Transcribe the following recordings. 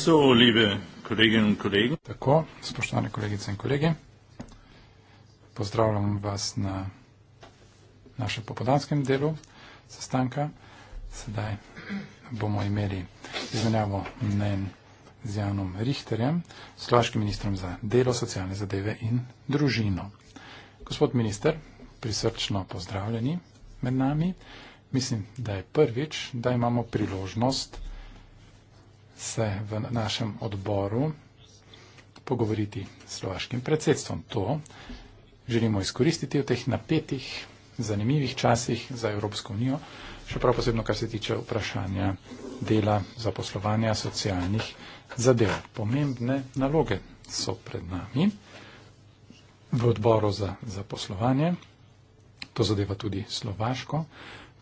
So, liebe Kolleginnen und Kollegen. Tako, spoštovane kolegice in kolegi, pozdravljam vas na našem popodanskem delu sestanka. Sedaj bomo imeli izmenjavo mnen z Janom Richterjem, slovaškim ministrom za delo, socialne zadeve in družino. Gospod minister, prisrčno pozdravljeni med nami. Mislim, da je prvič, da imamo priložnost, da imamo priložnost, se v našem odboru pogovoriti s slovaškim predsedstvom. To želimo izkoristiti v teh napetih, zanimivih časih za Evropsko unijo, še prav posebno, kar se tiče vprašanja dela, zaposlovanja, socialnih zadev. Pomembne naloge so pred nami v odboru za zaposlovanje. To zadeva tudi slovaško.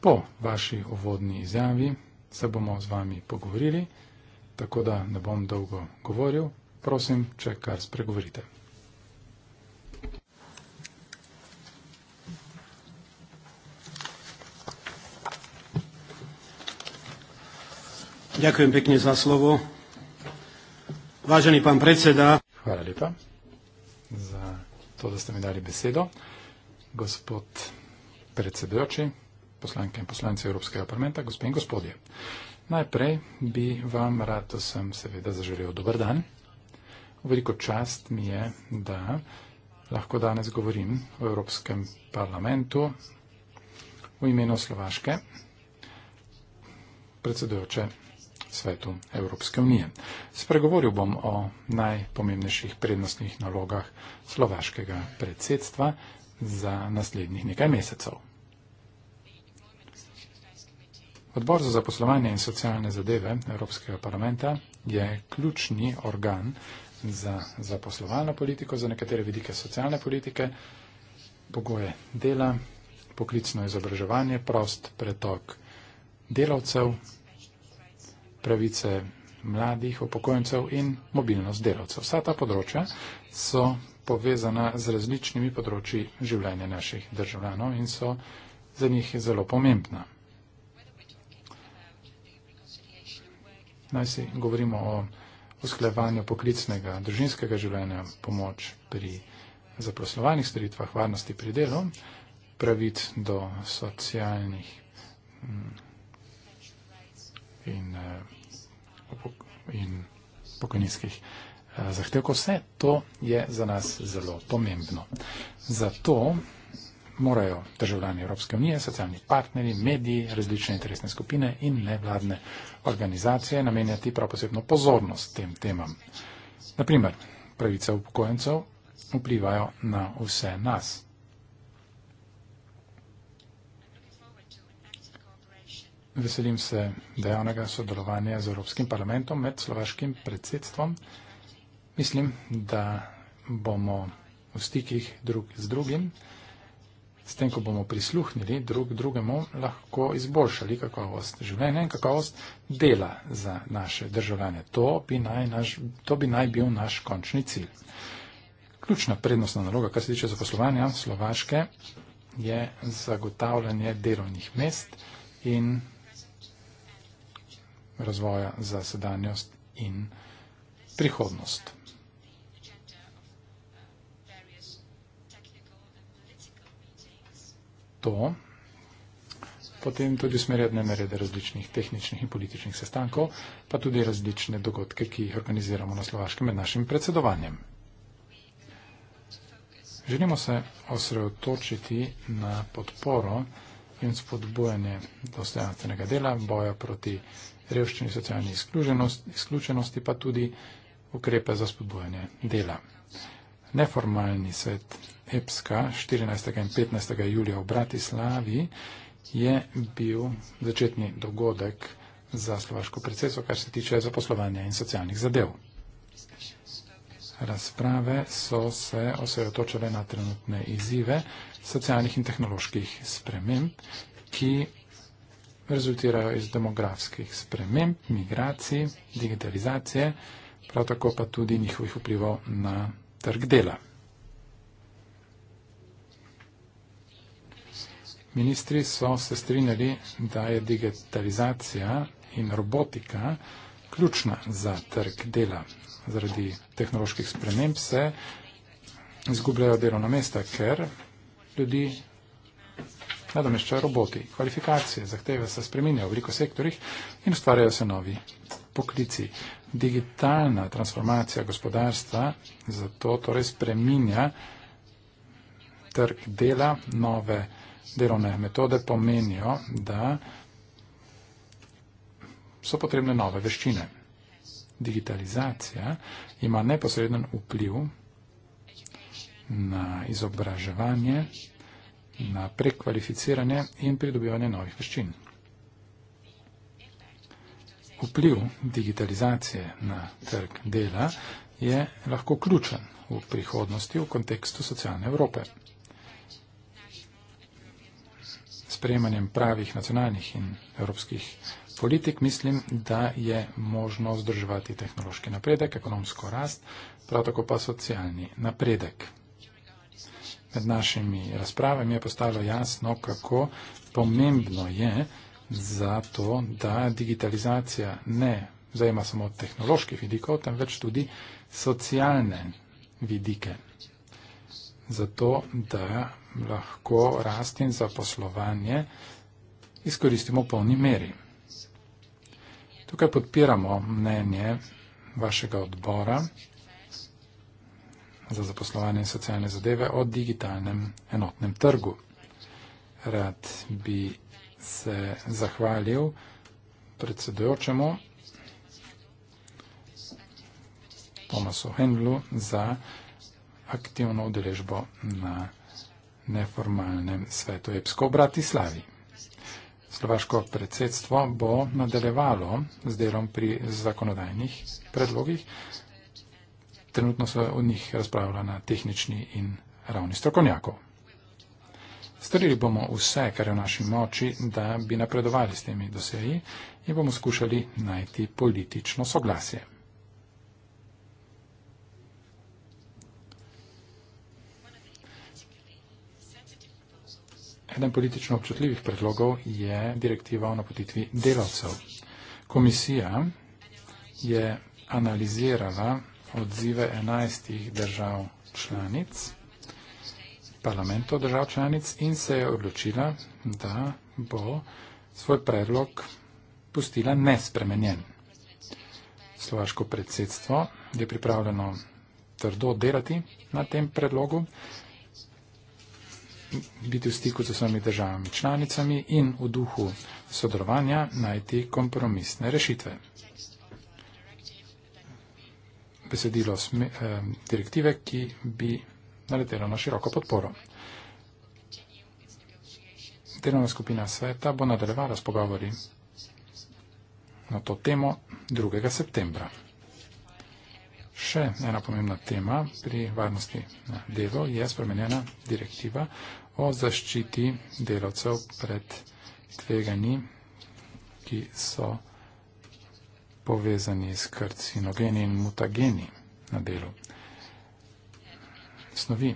Po vaši uvodni izjavi se bomo z vami pogovorili tako da ne bom dolgo govoril. Prosim, če kar spregovorite. Ďakujem pekne za slovo. Vážený pán predseda. Hvala lepa za to, da ste mi dali besedo. Gospod predsedujoči, poslanke in poslanci Evropskega parlamenta, gospe in gospodje. Najprej bi vam rad vsem seveda zaželel dober dan. Veliko čast mi je, da lahko danes govorim v Evropskem parlamentu v imenu Slovaške, predsedujoče svetu Evropske unije. Spregovoril bom o najpomembnejših prednostnih nalogah slovaškega predsedstva za naslednjih nekaj mesecev. Odbor za zaposlovanje in socialne zadeve Evropskega parlamenta je ključni organ za zaposlovalno politiko, za nekatere vidike socialne politike, pogoje dela, poklicno izobraževanje, prost pretok delavcev, pravice mladih upokojencev in mobilnost delavcev. Vsa ta področja so povezana z različnimi področji življenja naših državljanov in so za njih zelo pomembna. Naj si govorimo o usklevanju poklicnega družinskega življenja, pomoč pri zaposlovanih storitvah, varnosti pri delu, pravic do socialnih mm, in, eh, in pokojninskih eh, zahtevkov. Vse to je za nas zelo pomembno. Zato morajo državljani Evropske unije, socialni partnerji, mediji, različne interesne skupine in nevladne organizacije namenjati prav posebno pozornost tem temam. Naprimer, pravice upokojencev vplivajo na vse nas. Veselim se dejavnega sodelovanja z Evropskim parlamentom med slovaškim predsedstvom. Mislim, da bomo v stikih drug z drugim s tem, ko bomo prisluhnili drug drugemu, lahko izboljšali kakovost življenja in kakovost dela za naše državljane. To bi naj, naš, to bi naj bil naš končni cilj. Ključna prednostna naloga, kar se tiče zaposlovanja Slovaške, je zagotavljanje delovnih mest in razvoja za sedanjost in prihodnost. to, potem tudi usmerjene merede različnih tehničnih in političnih sestankov, pa tudi različne dogodke, ki jih organiziramo na Slovaškem med našim predsedovanjem. Želimo se osredotočiti na podporo in spodbujanje dostojanstvenega dela, boja proti revščini socialni izključenosti, pa tudi ukrepe za spodbujanje dela neformalni svet EPSKA 14. in 15. julija v Bratislavi je bil začetni dogodek za slovaško predsedstvo, kar se tiče zaposlovanja in socialnih zadev. Razprave so se osredotočile na trenutne izzive socialnih in tehnoloških sprememb, ki rezultirajo iz demografskih sprememb, migracij, digitalizacije, prav tako pa tudi njihovih vplivov na trg dela. Ministri so se strinjali, da je digitalizacija in robotika ključna za trg dela. Zaradi tehnoloških sprememb se izgubljajo delovna mesta, ker ljudi nadomeščajo roboti. Kvalifikacije zahteve se spreminjajo v veliko sektorjih in ustvarjajo se novi poklici digitalna transformacija gospodarstva zato torej spreminja trg dela, nove delovne metode pomenijo, da so potrebne nove veščine. Digitalizacija ima neposreden vpliv na izobraževanje, na prekvalificiranje in pridobivanje novih veščin vpliv digitalizacije na trg dela je lahko ključen v prihodnosti v kontekstu socialne Evrope. Sprejemanjem pravih nacionalnih in evropskih politik mislim, da je možno vzdrževati tehnološki napredek, ekonomsko rast, prav tako pa socialni napredek. Med našimi razpravami je postalo jasno, kako pomembno je, da je zato, da digitalizacija ne zajema samo tehnoloških vidikov, temveč tudi socialne vidike. Zato, da lahko rast in zaposlovanje izkoristimo v polni meri. Tukaj podpiramo mnenje vašega odbora za zaposlovanje in socialne zadeve o digitalnem enotnem trgu. Rad bi se zahvalil predsedujočemu Tomasu Henlu za aktivno udeležbo na neformalnem svetu EPSKO v Bratislavi. Slovaško predsedstvo bo nadaljevalo z delom pri zakonodajnih predlogih. Trenutno se od njih razpravlja na tehnični in ravni strokovnjakov. Strili bomo vse, kar je v naši moči, da bi napredovali s temi doseji in bomo skušali najti politično soglasje. Eden politično občutljivih predlogov je direktiva o napotitvi delavcev. Komisija je analizirala odzive enajstih držav članic, parlamentov držav članic in se je odločila, da bo svoj predlog pustila nespremenjen. Slovaško predsedstvo je pripravljeno trdo delati na tem predlogu, biti v stiku z vsemi državami članicami in v duhu sodelovanja najti kompromisne rešitve. Besedilo eh, direktive, ki bi naletelo na široko podporo. Delovna skupina sveta bo nadaljevala s pogovori na to temo 2. septembra. Še ena pomembna tema pri varnosti na delo je spremenjena direktiva o zaščiti delavcev pred tvegani, ki so povezani s karcinogeni in mutageni na delu snovi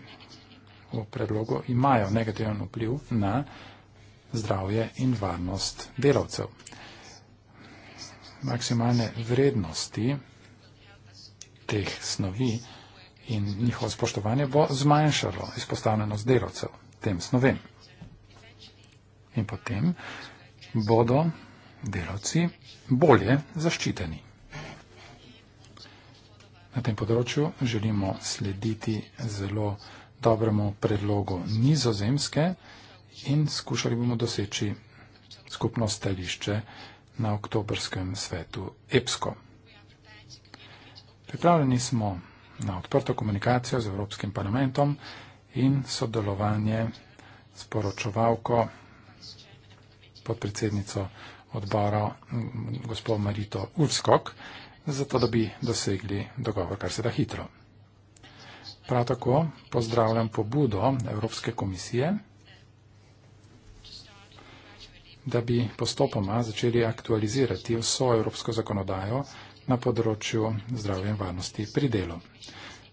v predlogu imajo negativen vpliv na zdravje in varnost delavcev. Maksimalne vrednosti teh snovi in njihovo spoštovanje bo zmanjšalo izpostavljenost delavcev tem snovem. In potem bodo delavci bolje zaščiteni na tem področju želimo slediti zelo dobremu predlogu nizozemske in skušali bomo doseči skupno stališče na oktobrskem svetu EPSCO. Pripravljeni smo na odprto komunikacijo z Evropskim parlamentom in sodelovanje s poročevalko podpredsednico odbora gospod Marito Ulskok zato da bi dosegli dogovor kar se da hitro. Prav tako pozdravljam pobudo Evropske komisije, da bi postopoma začeli aktualizirati vso evropsko zakonodajo na področju zdravja in varnosti pri delu.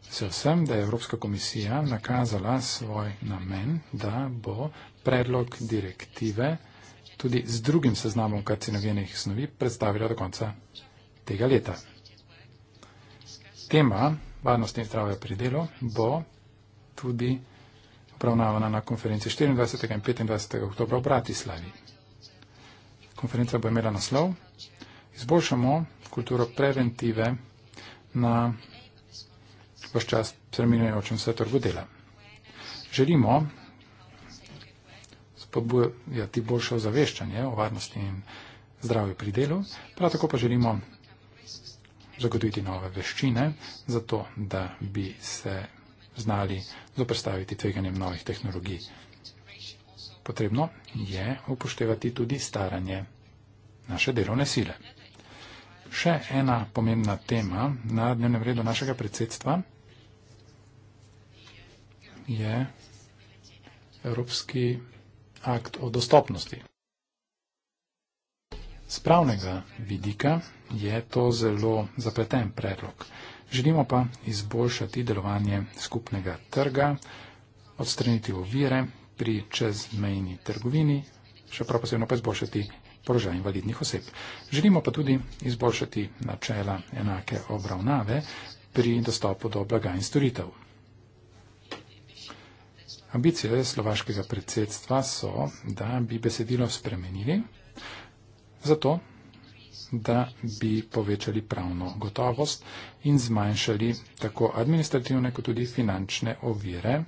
Vesel sem, da je Evropska komisija nakazala svoj namen, da bo predlog direktive tudi z drugim seznamom karcinogenih snovi predstavila do konca tega leta. Tema varnost in zdravja pri delu bo tudi obravnavana na konferenci 24. in 25. oktobra v Bratislavi. Konferenca bo imela naslov Izboljšamo kulturo preventive na vse čas spremenjajočem se trgu dela. Želimo spodbujati boljše ozaveščanje o varnosti in zdravju pri delu, prav tako pa želimo zagotoviti nove veščine, zato da bi se znali zoprstaviti tveganjem novih tehnologij. Potrebno je upoštevati tudi staranje naše delovne sile. Še ena pomembna tema na dnevnem redu našega predsedstva je Evropski akt o dostopnosti. Z pravnega vidika je to zelo zapleten predlog. Želimo pa izboljšati delovanje skupnega trga, odstraniti ovire pri čezmejni trgovini, še prav posebno pa izboljšati položaj invalidnih oseb. Želimo pa tudi izboljšati načela enake obravnave pri dostopu do blaga in storitev. Ambicije slovaškega predsedstva so, da bi besedilo spremenili, zato da bi povečali pravno gotovost in zmanjšali tako administrativne kot tudi finančne ovire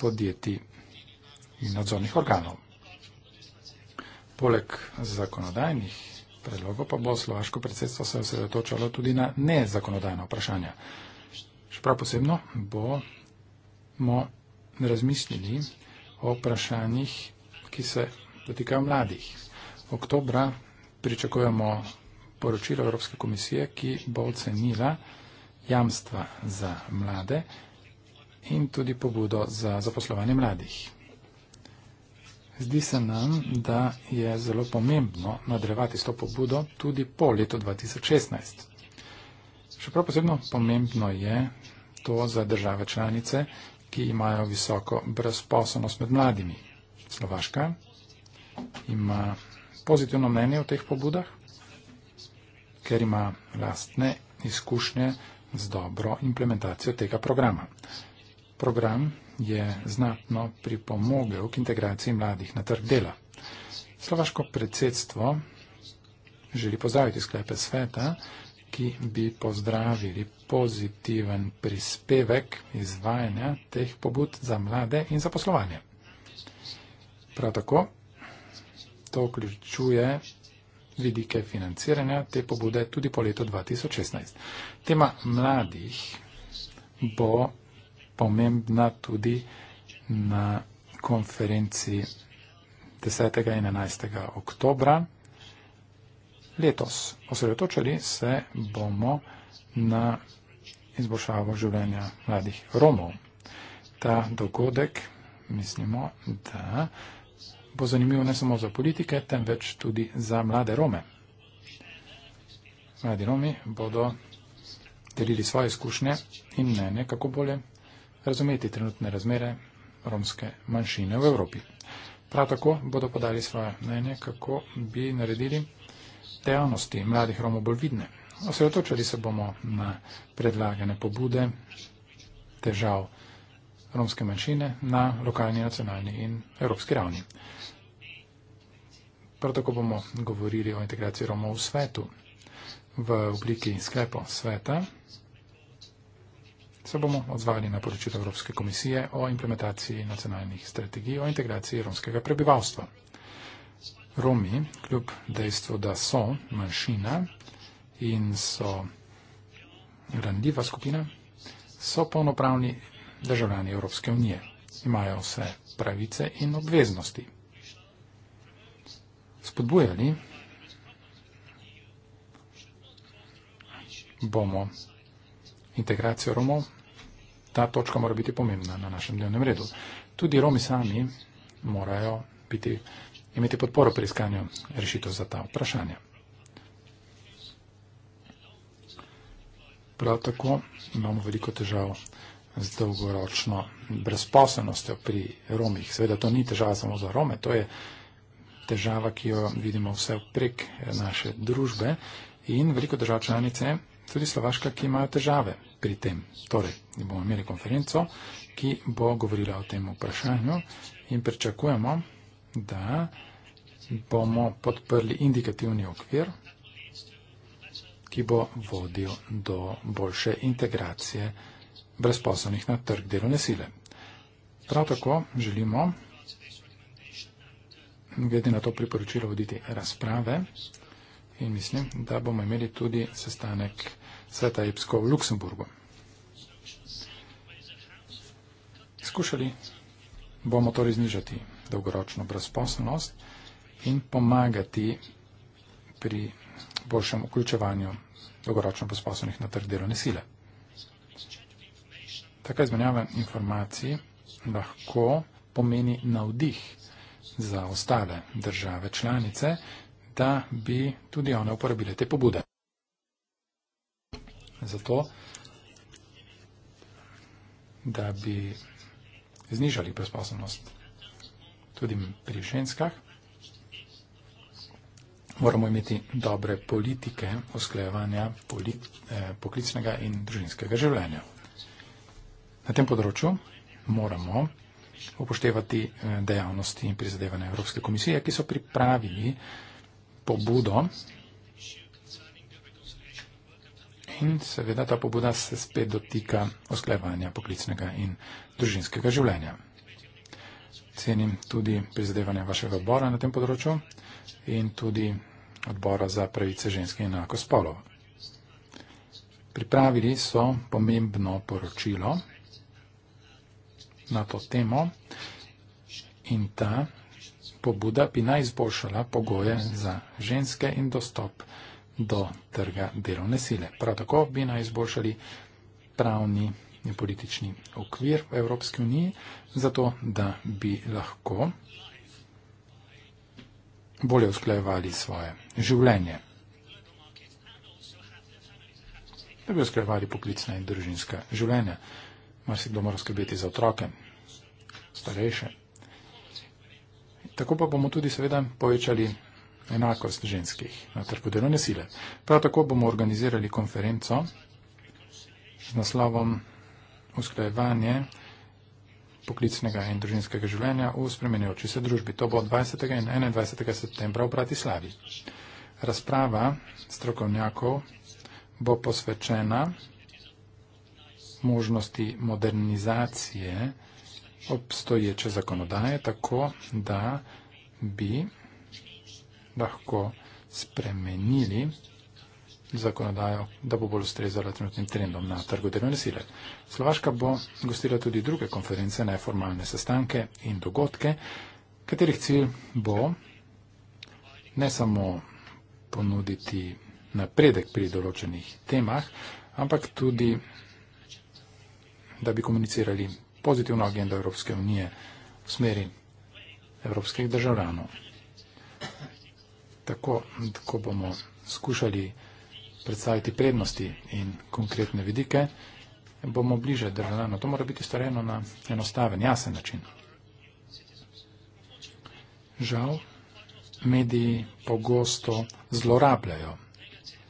podjetij in nadzornih organov. Poleg zakonodajnih predlogov pa bo slovaško predsedstvo se osredotočalo tudi na nezakonodajna vprašanja. Še prav posebno bomo razmislili o vprašanjih, ki se dotika mladih. Oktobra pričakujemo poročilo Evropske komisije, ki bo ocenila jamstva za mlade in tudi pobudo za zaposlovanje mladih. Zdi se nam, da je zelo pomembno nadrevati s to pobudo tudi po letu 2016. Še prav posebno pomembno je to za države članice, ki imajo visoko brezposobnost med mladimi. Slovaška, ima pozitivno mnenje o teh pobudah, ker ima lastne izkušnje z dobro implementacijo tega programa. Program je znatno pripomogel k integraciji mladih na trg dela. Slovaško predsedstvo želi pozdraviti sklepe sveta, ki bi pozdravili pozitiven prispevek izvajanja teh pobud za mlade in za poslovanje. Prav tako To vključuje vidike financiranja te pobude tudi po letu 2016. Tema mladih bo pomembna tudi na konferenci 10. in 11. oktobra. Letos osredotočili se bomo na izboljšavo življenja mladih Romov. Ta dogodek mislimo, da bo zanimivo ne samo za politike, temveč tudi za mlade Rome. Mladi Romi bodo delili svoje izkušnje in mnenje, kako bolje razumeti trenutne razmere romske manjšine v Evropi. Prav tako bodo podali svoje mnenje, kako bi naredili dejavnosti mladih Romov bolj vidne. Osredotočili se bomo na predlagane pobude težav romske manjšine na lokalni, nacionalni in evropski ravni. Prav tako bomo govorili o integraciji Romov v svetu. V obliki sklepo sveta se bomo odzvali na poročilo Evropske komisije o implementaciji nacionalnih strategij o integraciji romskega prebivalstva. Romi, kljub dejstvu, da so manjšina in so randljiva skupina, so polnopravni državljani Evropske unije. Imajo vse pravice in obveznosti. Spodbujali bomo integracijo Romov. Ta točka mora biti pomembna na našem dnevnem redu. Tudi Romi sami morajo biti, imeti podporo pri iskanju rešitev za ta vprašanja. Prav tako imamo veliko težav z dolgoročno brezposobnostjo pri Romih. Seveda to ni težava samo za Rome, to je težava, ki jo vidimo vse prek naše družbe in veliko držav članice, tudi Slovaška, ki imajo težave pri tem. Torej, bomo imeli konferenco, ki bo govorila o tem vprašanju in pričakujemo, da bomo podprli indikativni okvir, ki bo vodil do boljše integracije brezposobnih na trg delovne sile. Prav tako želimo, glede na to priporočilo, voditi razprave in mislim, da bomo imeli tudi sestanek sveta EPSKO v Luksemburgu. Skušali bomo torej znižati dolgoročno brezposobnost in pomagati pri boljšem vključevanju dolgoročno brezposobnih na trg delovne sile. Taka izmenjava informacij lahko pomeni navdih za ostale države članice, da bi tudi one uporabile te pobude. Zato, da bi znižali brezposobnost tudi pri ženskah, moramo imeti dobre politike usklejevanja polit, eh, poklicnega in družinskega življenja. Na tem področju moramo upoštevati eh, dejavnosti in prizadevanja Evropske komisije, ki so pripravili pobudo in seveda ta pobuda se spet dotika osklevanja poklicnega in družinskega življenja. Cenim tudi prizadevanja vašega odbora na tem področju in tudi odbora za pravice ženske in enako spolov. Pripravili so pomembno poročilo na to temo in ta pobuda bi naj izboljšala pogoje za ženske in dostop do trga delovne sile. Prav tako bi naj izboljšali pravni in politični okvir v Evropski uniji, zato da bi lahko bolje usklajevali svoje življenje. Da bi usklajevali poklicna in družinska življenja. Mar si kdo mora skrbeti za otroke, starejše. Tako pa bomo tudi seveda povečali enakost ženskih na trgu delovne sile. Prav tako bomo organizirali konferenco z naslovom Usklajevanje poklicnega in družinskega življenja v spremenjajoči se družbi. To bo 20. in 21. septembra v Bratislavi. Razprava strokovnjakov bo posvečena možnosti modernizacije obstoječe zakonodaje tako, da bi lahko spremenili zakonodajo, da bo bolj ustrezala trenutnim trendom na trgu delovne sile. Slovaška bo gostila tudi druge konference, neformalne sestanke in dogodke, katerih cilj bo ne samo ponuditi napredek pri določenih temah, ampak tudi, da bi komunicirali pozitivno agendo Evropske unije v smeri evropskih državljanov. Tako, tako bomo skušali predstaviti prednosti in konkretne vidike, bomo bliže državljanov. To mora biti storjeno na enostaven, jasen način. Žal, mediji pogosto zlorabljajo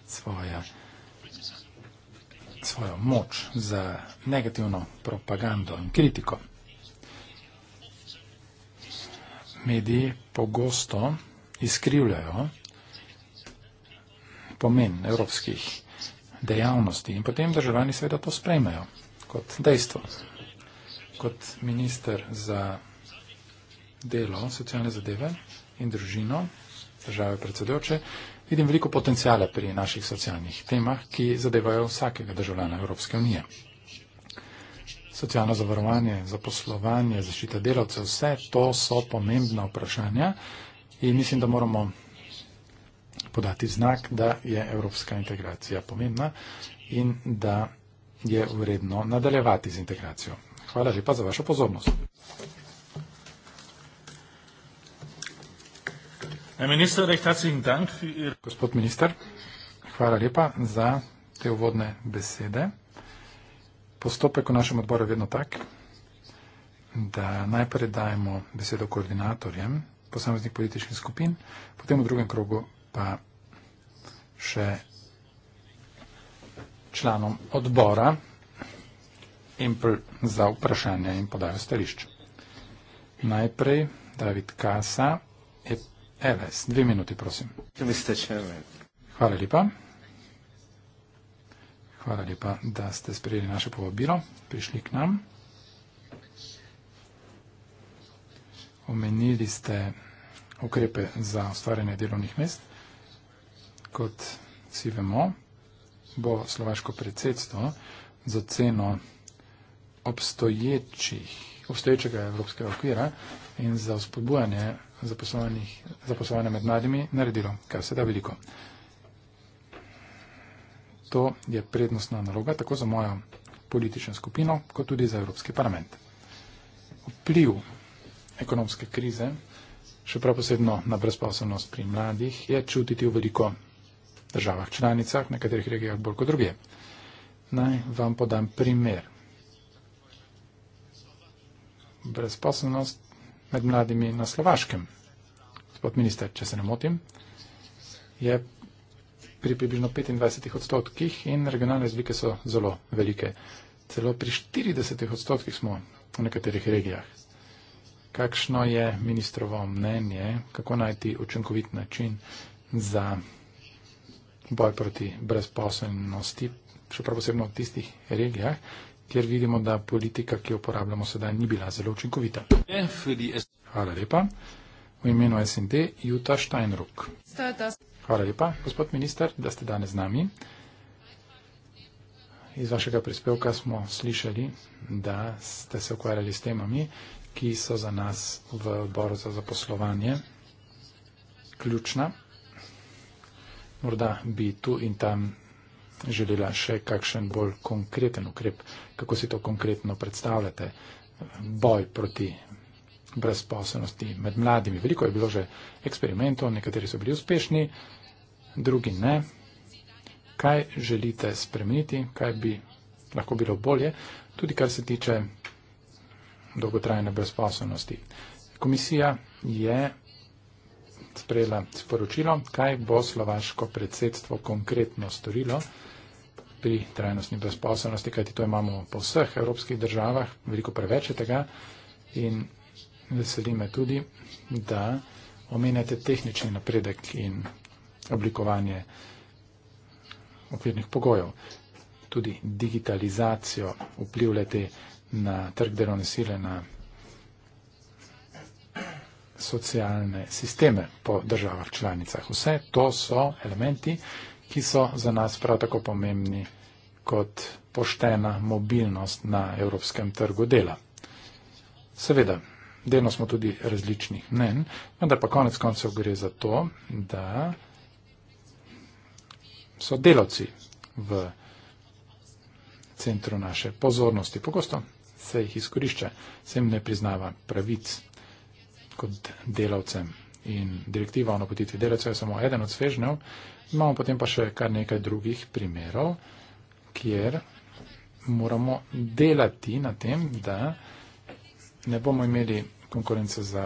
svoje svojo moč za negativno propagando in kritiko. Mediji pogosto izkrivljajo pomen evropskih dejavnosti in potem državljani seveda to sprejmejo kot dejstvo. Kot minister za delo, socialne zadeve in družino, države predsedoče, vidim veliko potencijala pri naših socialnih temah, ki zadevajo vsakega državljana Evropske unije. Socialno zavarovanje, zaposlovanje, zaščita delavcev, vse to so pomembna vprašanja in mislim, da moramo podati znak, da je evropska integracija pomembna in da je vredno nadaljevati z integracijo. Hvala lepa za vašo pozornost. Herr Minister, recht herzlichen Dank für Ihr. Gospod Minister, hvala lepa za te uvodne besede. Postopek v našem odboru je vedno tak, da najprej dajemo besedo koordinatorjem posameznih političnih skupin, potem v drugem krogu pa še članom odbora in za vprašanje in podajo stališče. Najprej David Kasa, Eves, dve minuti, prosim. Hvala lepa. Hvala lepa, da ste sprejeli naše povabilo, prišli k nam. Omenili ste ukrepe za ustvarjanje delovnih mest. Kot vsi vemo, bo slovaško predsedstvo za ceno obstoječih, obstoječega evropskega okvira in za vzpodbujanje zaposlovanja med mladimi naredilo kar se da veliko. To je prednostna naloga tako za mojo politično skupino, kot tudi za Evropski parlament. Vpliv ekonomske krize, še prav posebno na brezposobnost pri mladih, je čutiti v veliko državah članicah, nekaterih regijah bolj kot druge. Naj vam podam primer. Brezposobnost med mladimi na Slovaškem. Gospod minister, če se ne motim, je pri približno 25 odstotkih in regionalne razlike so zelo velike. Celo pri 40 odstotkih smo v nekaterih regijah. Kakšno je ministrovo mnenje, kako najti učinkovit način za boj proti brezposobnosti, še prav posebno v tistih regijah, kjer vidimo, da politika, ki jo uporabljamo sedaj, ni bila zelo učinkovita. Hvala lepa. V imenu SND Juta Steinruck. Hvala lepa, gospod minister, da ste danes z nami. Iz vašega prispevka smo slišali, da ste se ukvarjali s temami, ki so za nas v odboru za zaposlovanje ključna. Morda bi tu in tam želela še kakšen bolj konkreten ukrep. Kako si to konkretno predstavljate? Boj proti brezposobnosti med mladimi. Veliko je bilo že eksperimentov, nekateri so bili uspešni, drugi ne. Kaj želite spremeniti, kaj bi lahko bilo bolje, tudi kar se tiče dolgotrajne brezposobnosti. Komisija je sprejela sporočilo, kaj bo slovaško predsedstvo konkretno storilo pri trajnostni brezposobnosti, kajti to imamo po vseh evropskih državah, veliko preveč je tega in veseli me tudi, da omenjate tehnični napredek in oblikovanje okvirnih pogojev, tudi digitalizacijo vplivljate na trg delovne sile, na socialne sisteme po državah članicah. Vse to so elementi, ki ki so za nas prav tako pomembni kot poštena mobilnost na evropskem trgu dela. Seveda, delno smo tudi različnih mnen, vendar pa konec koncev gre za to, da so delavci v centru naše pozornosti. Pogosto se jih izkorišča, se jim ne priznava pravic kot delavcem. In direktiva o napotitvi delavcev je samo eden od svežnjev, Imamo potem pa še kar nekaj drugih primerov, kjer moramo delati na tem, da ne bomo imeli konkurence za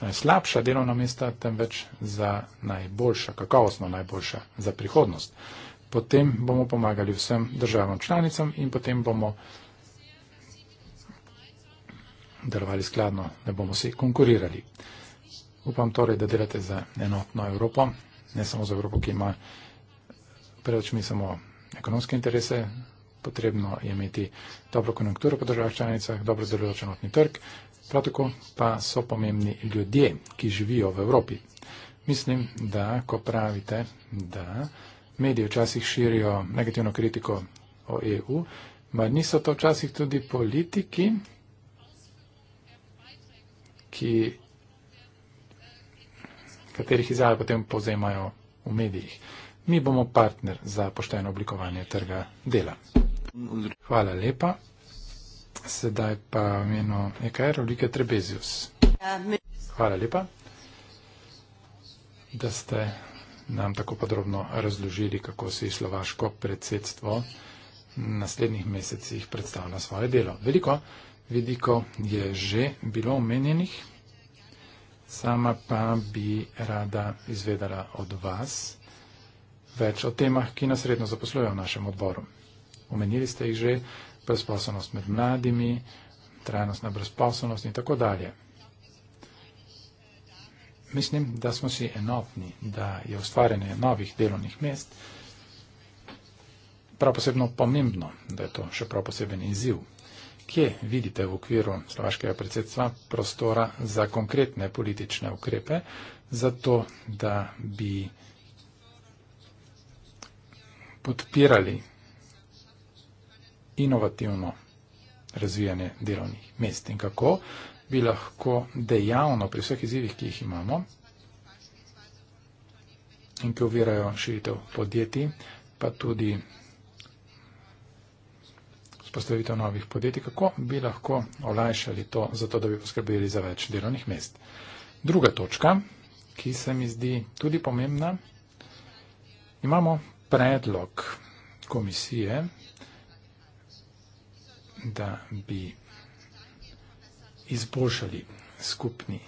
najslabša delovna mesta, temveč za najboljša, kakovostno najboljša za prihodnost. Potem bomo pomagali vsem državam članicam in potem bomo delovali skladno, da bomo si konkurirali. Upam torej, da delate za enotno Evropo ne samo za Evropo, ki ima preveč mi samo ekonomske interese, potrebno je imeti dobro konjunkturo po državah članicah, dobro zelo notni trg, prav tako pa so pomembni ljudje, ki živijo v Evropi. Mislim, da ko pravite, da mediji včasih širijo negativno kritiko o EU, mar niso to včasih tudi politiki, ki katerih izjave potem povzemajo v medijih. Mi bomo partner za pošteno oblikovanje trga dela. Hvala lepa. Sedaj pa meno EKR, oblike Trebezius. Hvala lepa, da ste nam tako podrobno razložili, kako si slovaško predsedstvo naslednjih mesecih predstavlja svoje delo. Veliko vidiko je že bilo omenjenih. Sama pa bi rada izvedela od vas več o temah, ki nas redno zaposlujejo v našem odboru. Omenili ste jih že, brezposobnost med mladimi, trajnostna brezposobnost in tako dalje. Mislim, da smo si enotni, da je ustvarjanje novih delovnih mest prav posebno pomembno, da je to še prav poseben izziv kje vidite v okviru slovaškega predsedstva prostora za konkretne politične ukrepe, zato da bi podpirali inovativno razvijanje delovnih mest in kako bi lahko dejavno pri vseh izzivih, ki jih imamo in ki ovirajo širitev podjetij, pa tudi postavitev novih podjetij, kako bi lahko olajšali to, zato da bi poskrbeli za več delovnih mest. Druga točka, ki se mi zdi tudi pomembna, imamo predlog komisije, da bi izboljšali skupni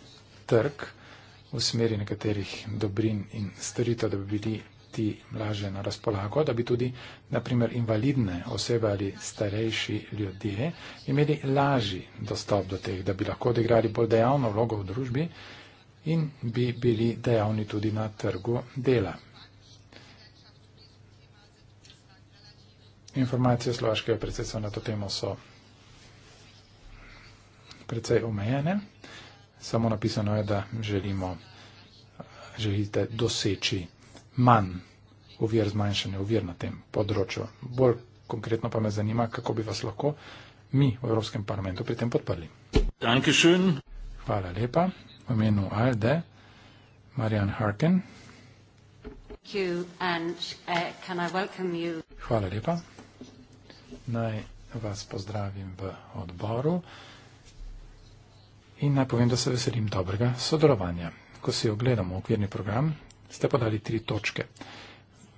trg v smeri nekaterih dobrin in storitev, da bi bili ti lažje na razpolago, da bi tudi, naprimer, invalidne osebe ali starejši ljudje imeli lažji dostop do teh, da bi lahko odigrali bolj dejavno vlogo v družbi in bi bili dejavni tudi na trgu dela. Informacije slovaškega predsedstva na to temo so precej omejene. Samo napisano je, da želimo, želite doseči manj ovir zmanjšanja, ovir na tem področju. Bolj konkretno pa me zanima, kako bi vas lahko mi v Evropskem parlamentu pri tem podprli. Dankeschön. Hvala lepa. V imenu ALDE, Marian Harkin. Uh, Hvala lepa. Naj vas pozdravim v odboru in naj povem, da se veselim dobrega sodelovanja. Ko si ogledamo okvirni program ste pa dali tri točke.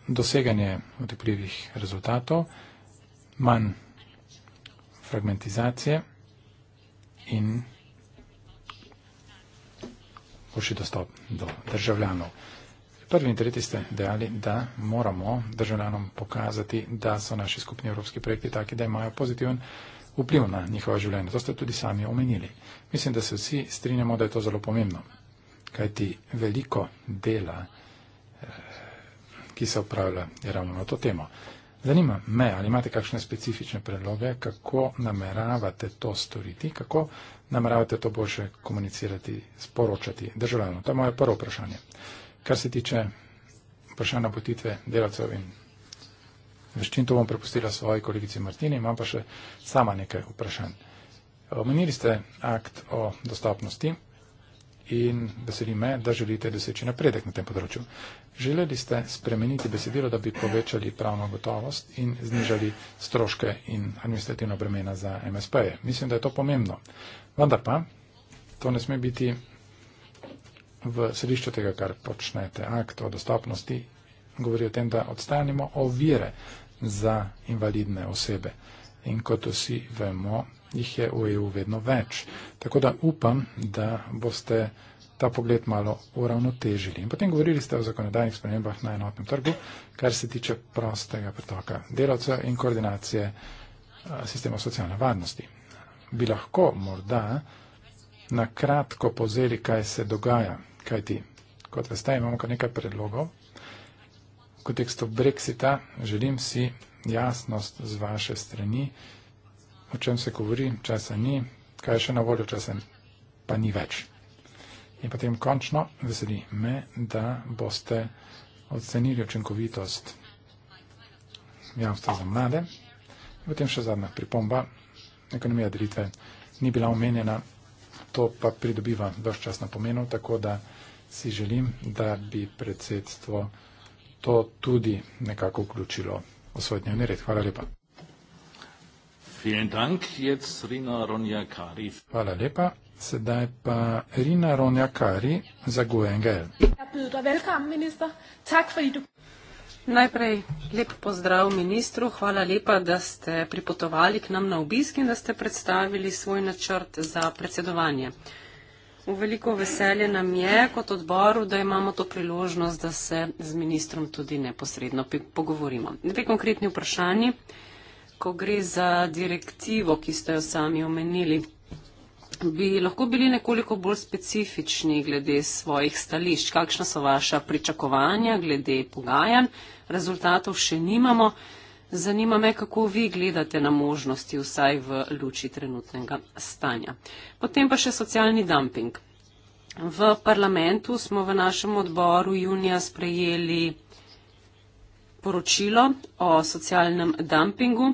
Doseganje otepljivih rezultatov, manj fragmentizacije in boljši dostop do državljanov. Prvi in tretji ste dejali, da moramo državljanom pokazati, da so naši skupni evropski projekti taki, da imajo pozitiven vpliv na njihova življenja. To ste tudi sami omenili. Mislim, da se vsi strinjamo, da je to zelo pomembno kajti veliko dela, eh, ki se upravlja, je ravno na to temo. Zanima me, ali imate kakšne specifične predloge, kako nameravate to storiti, kako nameravate to boljše komunicirati, sporočati državljanom. To je moje prvo vprašanje. Kar se tiče vprašanja potitve delavcev in veščin, to bom prepustila svoji kolegici Martini, imam pa še sama nekaj vprašanj. Omenili ste akt o dostopnosti, in veseli me, da želite doseči napredek na tem področju. Želeli ste spremeniti besedilo, da bi povečali pravno gotovost in znižali stroške in administrativno bremena za MSP-je. Mislim, da je to pomembno. Vendar pa, to ne sme biti v središču tega, kar počnete. Akt o dostopnosti govori o tem, da odstranimo ovire za invalidne osebe. In kot vsi vemo, jih je v EU vedno več. Tako da upam, da boste ta pogled malo uravnotežili. In potem govorili ste o zakonodajnih spremembah na enotnem trgu, kar se tiče prostega pretoka delavcev in koordinacije eh, sistema socialne varnosti. Bi lahko morda na kratko pozeli, kaj se dogaja, kaj ti. Kot veste, imamo kar nekaj predlogov. V kontekstu Brexita želim si jasnost z vaše strani, o čem se govori, časa ni, kaj je še na voljo, časa pa ni več. In potem končno veseli me, da boste ocenili očinkovitost jamstva za mlade. In potem še zadnja pripomba, ekonomija delitve ni bila omenjena, to pa pridobiva dož čas na pomenu, tako da si želim, da bi predsedstvo to tudi nekako vključilo v svoj dnevni red. Hvala lepa. Hvala lepa. Sedaj pa Rina Ronja Kari za Guengel. E ja, Najprej lep pozdrav ministru. Hvala lepa, da ste pripotovali k nam na obisk in da ste predstavili svoj načrt za predsedovanje. V veliko veselje nam je kot odboru, da imamo to priložnost, da se z ministrom tudi neposredno pogovorimo. Dve konkretni vprašanji ko gre za direktivo, ki ste jo sami omenili, bi lahko bili nekoliko bolj specifični glede svojih stališč. Kakšna so vaša pričakovanja glede pogajanj? Rezultatov še nimamo. Zanima me, kako vi gledate na možnosti vsaj v luči trenutnega stanja. Potem pa še socialni dumping. V parlamentu smo v našem odboru junija sprejeli priporočilo o socialnem dumpingu.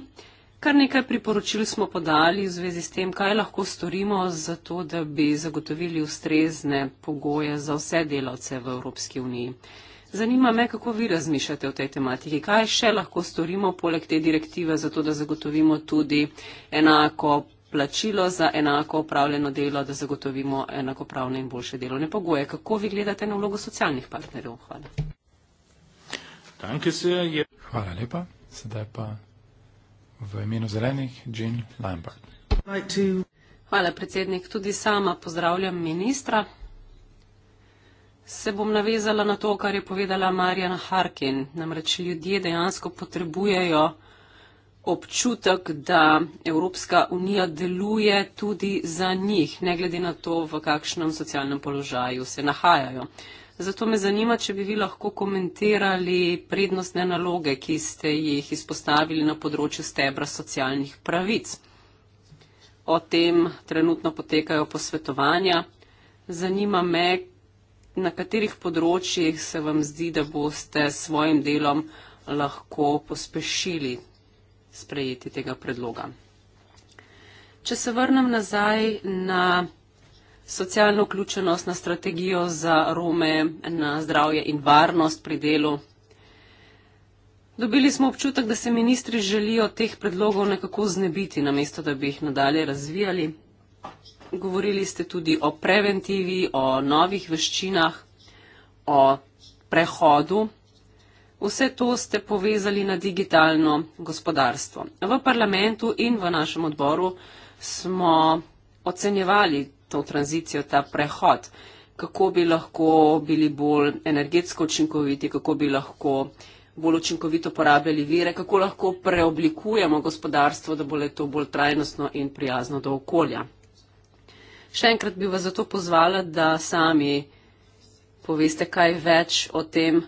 Kar nekaj priporočil smo podali v zvezi s tem, kaj lahko storimo za to, da bi zagotovili ustrezne pogoje za vse delavce v Evropski uniji. Zanima me, kako vi razmišljate o tej tematiki. Kaj še lahko storimo poleg te direktive za to, da zagotovimo tudi enako plačilo za enako upravljeno delo, da zagotovimo enakopravne in boljše delovne pogoje. Kako vi gledate na vlogo socialnih partnerjev? Hvala. Danke sehr. Je... Hvala lepa. Sedaj pa v imenu zelenih Jean Lambert. Hvala, predsednik. Tudi sama pozdravljam ministra. Se bom navezala na to, kar je povedala Marjan Harkin. Namreč ljudje dejansko potrebujejo občutek, da Evropska unija deluje tudi za njih, ne glede na to, v kakšnem socialnem položaju se nahajajo. Zato me zanima, če bi vi lahko komentirali prednostne naloge, ki ste jih izpostavili na področju stebra socialnih pravic. O tem trenutno potekajo posvetovanja. Zanima me, na katerih področjih se vam zdi, da boste s svojim delom lahko pospešili sprejeti tega predloga. Če se vrnem nazaj na socialno vključenost, na strategijo za Rome, na zdravje in varnost pri delu. Dobili smo občutek, da se ministri želijo teh predlogov nekako znebiti, namesto da bi jih nadalje razvijali. Govorili ste tudi o preventivi, o novih veščinah, o prehodu. Vse to ste povezali na digitalno gospodarstvo. V parlamentu in v našem odboru smo ocenjevali to tranzicijo, ta prehod, kako bi lahko bili bolj energetsko učinkoviti, kako bi lahko bolj učinkovito porabljali vire, kako lahko preoblikujemo gospodarstvo, da bo le to bolj trajnostno in prijazno do okolja. Še enkrat bi vas zato pozvala, da sami poveste kaj več o tem,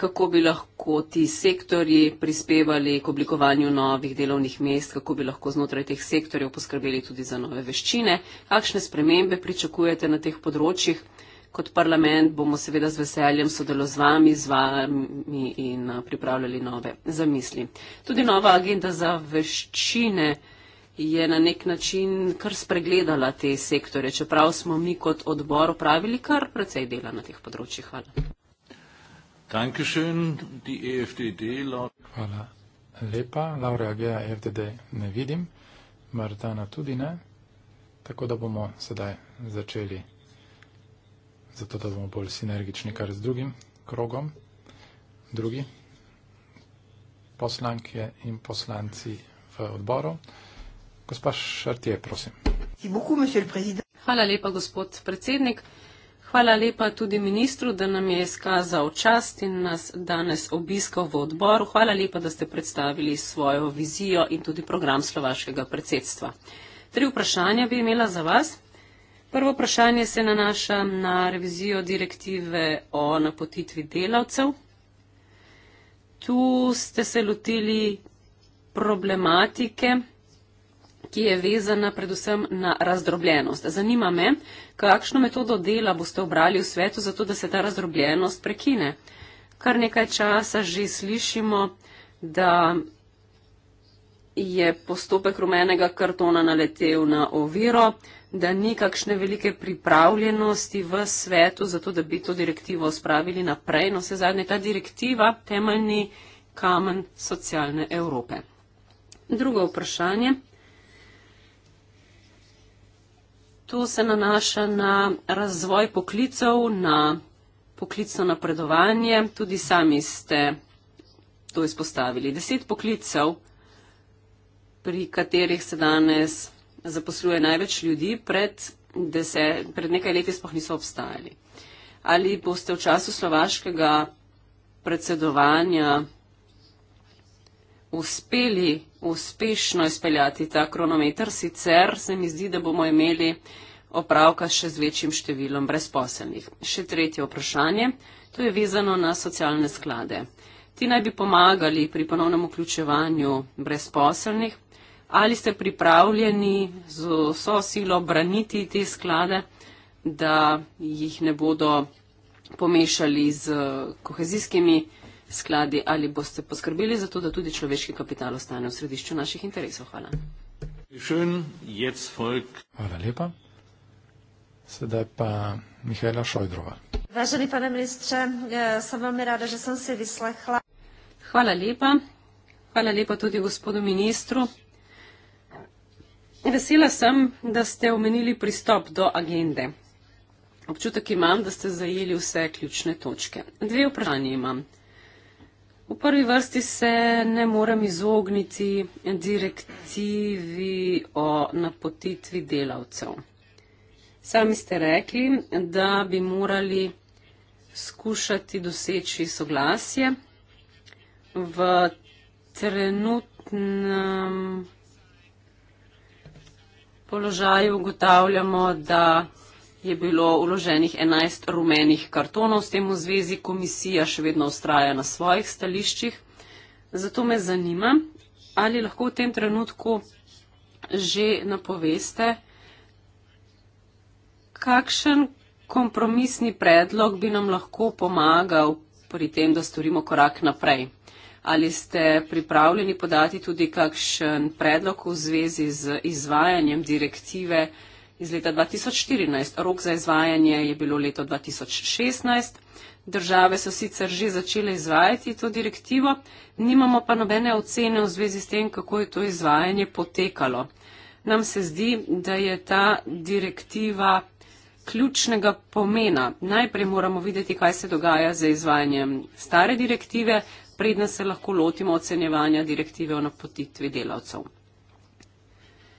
kako bi lahko ti sektori prispevali k oblikovanju novih delovnih mest, kako bi lahko znotraj teh sektorjev poskrbeli tudi za nove veščine. Kakšne spremembe pričakujete na teh področjih? Kot parlament bomo seveda z veseljem sodelovali z vami, z vami in eh, pripravljali nove zamisli. Tudi nova agenda za veščine je na nek način kar spregledala te sektore, čeprav smo mi kot odbor upravili kar precej dela na teh področjih. Hvala. Dankeschön, die EFDD, Hvala lepa. Laura Agea, EFDD ne vidim, Martana tudi ne. Tako da bomo sedaj začeli, zato da bomo bolj sinergični kar z drugim krogom. Drugi poslanke in poslanci v odboru. Gospa Šartije, prosim. Hvala lepa, gospod predsednik. Hvala lepa tudi ministru, da nam je izkazal čast in nas danes obiskal v odboru. Hvala lepa, da ste predstavili svojo vizijo in tudi program slovaškega predsedstva. Tri vprašanja bi imela za vas. Prvo vprašanje se nanaša na revizijo direktive o napotitvi delavcev. Tu ste se lotili problematike ki je vezana predvsem na razdrobljenost. Zanima me, kakšno metodo dela boste obrali v svetu, zato da se ta razdrobljenost prekine. Kar nekaj časa že slišimo, da je postopek rumenega kartona naletel na oviro, da ni kakšne velike pripravljenosti v svetu, zato da bi to direktivo spravili naprej. No, vse zadnje, ta direktiva temeljni kamen socialne Evrope. Drugo vprašanje. To se nanaša na razvoj poklicov, na poklicno napredovanje. Tudi sami ste to izpostavili. Deset poklicev, pri katerih se danes zaposluje največ ljudi, pred, deset, pred nekaj leti sploh niso obstajali. Ali boste v času slovaškega predsedovanja uspeli uspešno izpeljati ta kronometer, sicer se mi zdi, da bomo imeli opravka še z večjim številom brezposelnih. Še tretje vprašanje, to je vezano na socialne sklade. Ti naj bi pomagali pri ponovnem vključevanju brezposelnih. Ali ste pripravljeni z vso silo braniti te sklade, da jih ne bodo pomešali z kohezijskimi skladi, ali boste poskrbeli za to, da tudi človeški kapital ostane v središču naših interesov. Hvala. Hvala lepa. Sedaj pa Mihajla Šojdrova. Važeni pane ministre, eh, sem vam rada, že sem se vyslechla. Hvala lepa. Hvala lepa tudi gospodu ministru. Vesela sem, da ste omenili pristop do agende. Občutek imam, da ste zajeli vse ključne točke. Dve vprašanje imam. V prvi vrsti se ne morem izogniti direktivi o napotitvi delavcev. Sami ste rekli, da bi morali skušati doseči soglasje v trenutnem položaju ugotavljamo, da je bilo uloženih 11 rumenih kartonov, s tem v zvezi komisija še vedno ustraja na svojih stališčih. Zato me zanima, ali lahko v tem trenutku že napoveste, kakšen kompromisni predlog bi nam lahko pomagal pri tem, da storimo korak naprej. Ali ste pripravljeni podati tudi kakšen predlog v zvezi z izvajanjem direktive iz leta 2014. Rok za izvajanje je bilo leto 2016. Države so sicer že začele izvajati to direktivo, nimamo pa nobene ocene v zvezi s tem, kako je to izvajanje potekalo. Nam se zdi, da je ta direktiva ključnega pomena. Najprej moramo videti, kaj se dogaja z izvajanjem stare direktive, predna se lahko lotimo ocenjevanja direktive o napotitvi delavcev.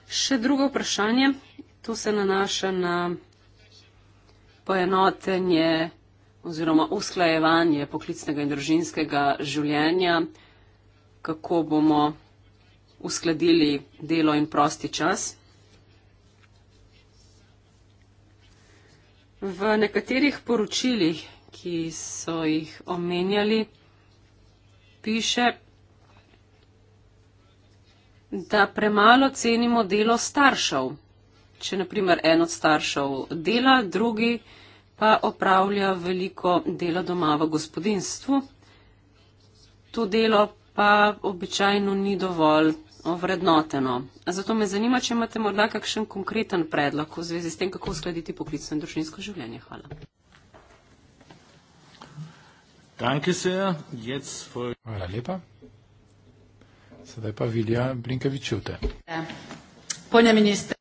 Še drugo vprašanje. Tu se nanaša na poenotenje oziroma usklajevanje poklicnega in družinskega življenja, kako bomo uskladili delo in prosti čas. V nekaterih poročilih, ki so jih omenjali, piše, da premalo cenimo delo staršev če naprimer en od staršev dela, drugi pa opravlja veliko dela doma v gospodinstvu. To delo pa običajno ni dovolj ovrednoteno. Zato me zanima, če imate morda kakšen konkreten predlog v zvezi s tem, kako uskladiti poklicno in družinsko življenje. Hvala. Hvala lepa. Sedaj pa Vilja Brinkevičute. Ponja minister.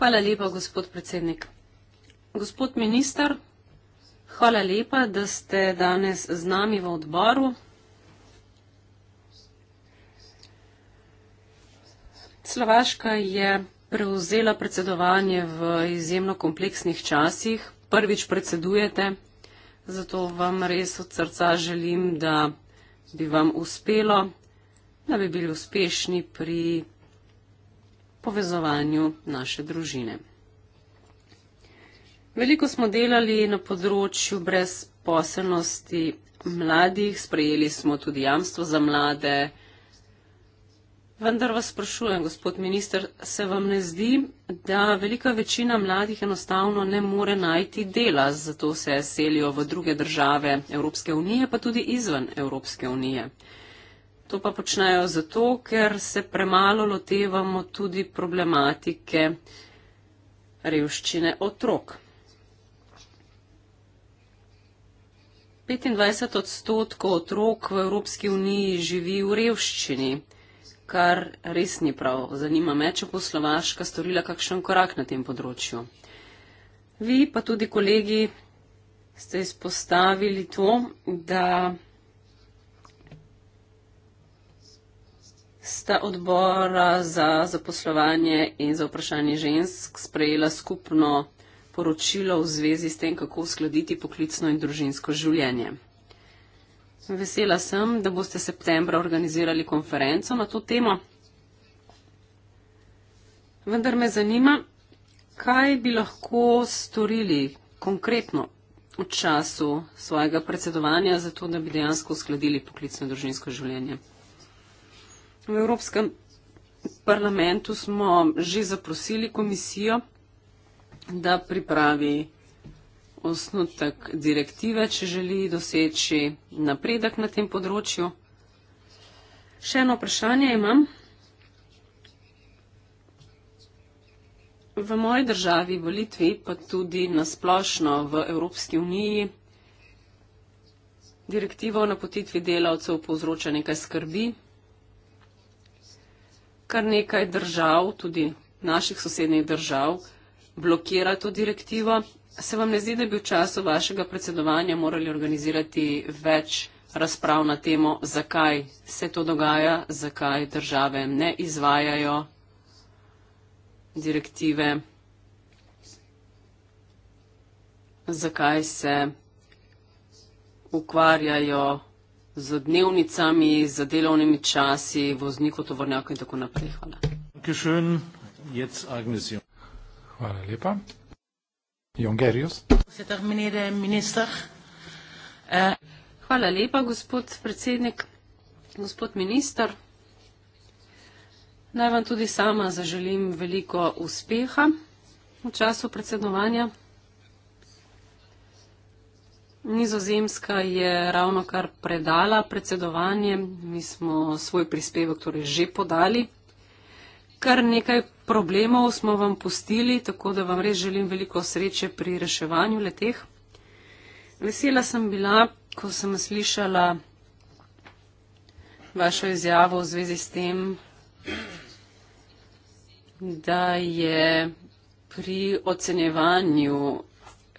Hvala lepa, gospod predsednik. Gospod minister, hvala lepa, da ste danes z nami v odboru. Slovaška je prevzela predsedovanje v izjemno kompleksnih časih. Prvič predsedujete, zato vam res od srca želim, da bi vam uspelo, da bi bili uspešni pri povezovanju naše družine. Veliko smo delali na področju brezposelnosti mladih, sprejeli smo tudi jamstvo za mlade. Vendar vas sprašujem, gospod minister, se vam ne zdi, da velika večina mladih enostavno ne more najti dela, zato se selijo v druge države Evropske unije, pa tudi izven Evropske unije. To pa počnejo zato, ker se premalo lotevamo tudi problematike revščine otrok. 25 odstotkov otrok v Evropski uniji živi v revščini, kar res ni prav. Zanima me, če bo Slovaška storila kakšen korak na tem področju. Vi pa tudi kolegi ste izpostavili to, da sta odbora za zaposlovanje in za vprašanje žensk sprejela skupno poročilo v zvezi s tem, kako uskladiti poklicno in družinsko življenje. Vesela sem, da boste septembra organizirali konferenco na to temo. Vendar me zanima, kaj bi lahko storili konkretno v času svojega predsedovanja, zato da bi dejansko uskladili poklicno in družinsko življenje. V Evropskem parlamentu smo že zaprosili komisijo, da pripravi osnutek direktive, če želi doseči napredek na tem področju. Še eno vprašanje imam. V moji državi, v Litvi, pa tudi nasplošno v Evropski uniji, direktiva o napotitvi delavcev povzroča nekaj skrbi, kar nekaj držav, tudi naših sosednjih držav, blokira to direktivo. Se vam ne zdi, da bi v času vašega predsedovanja morali organizirati več razprav na temo, zakaj se to dogaja, zakaj države ne izvajajo direktive, zakaj se ukvarjajo z dnevnicami, z delovnimi časi, vozniku tovornjaka in tako naprej. Hvala. Hvala lepa. Jongerius. Eh. Hvala lepa, gospod predsednik, gospod minister. Naj vam tudi sama zaželim veliko uspeha v času predsedovanja Nizozemska je ravno kar predala predsedovanje, mi smo svoj prispevek torej že podali. Kar nekaj problemov smo vam pustili, tako da vam res želim veliko sreče pri reševanju leteh. Vesela sem bila, ko sem slišala vašo izjavo v zvezi s tem, da je pri ocenjevanju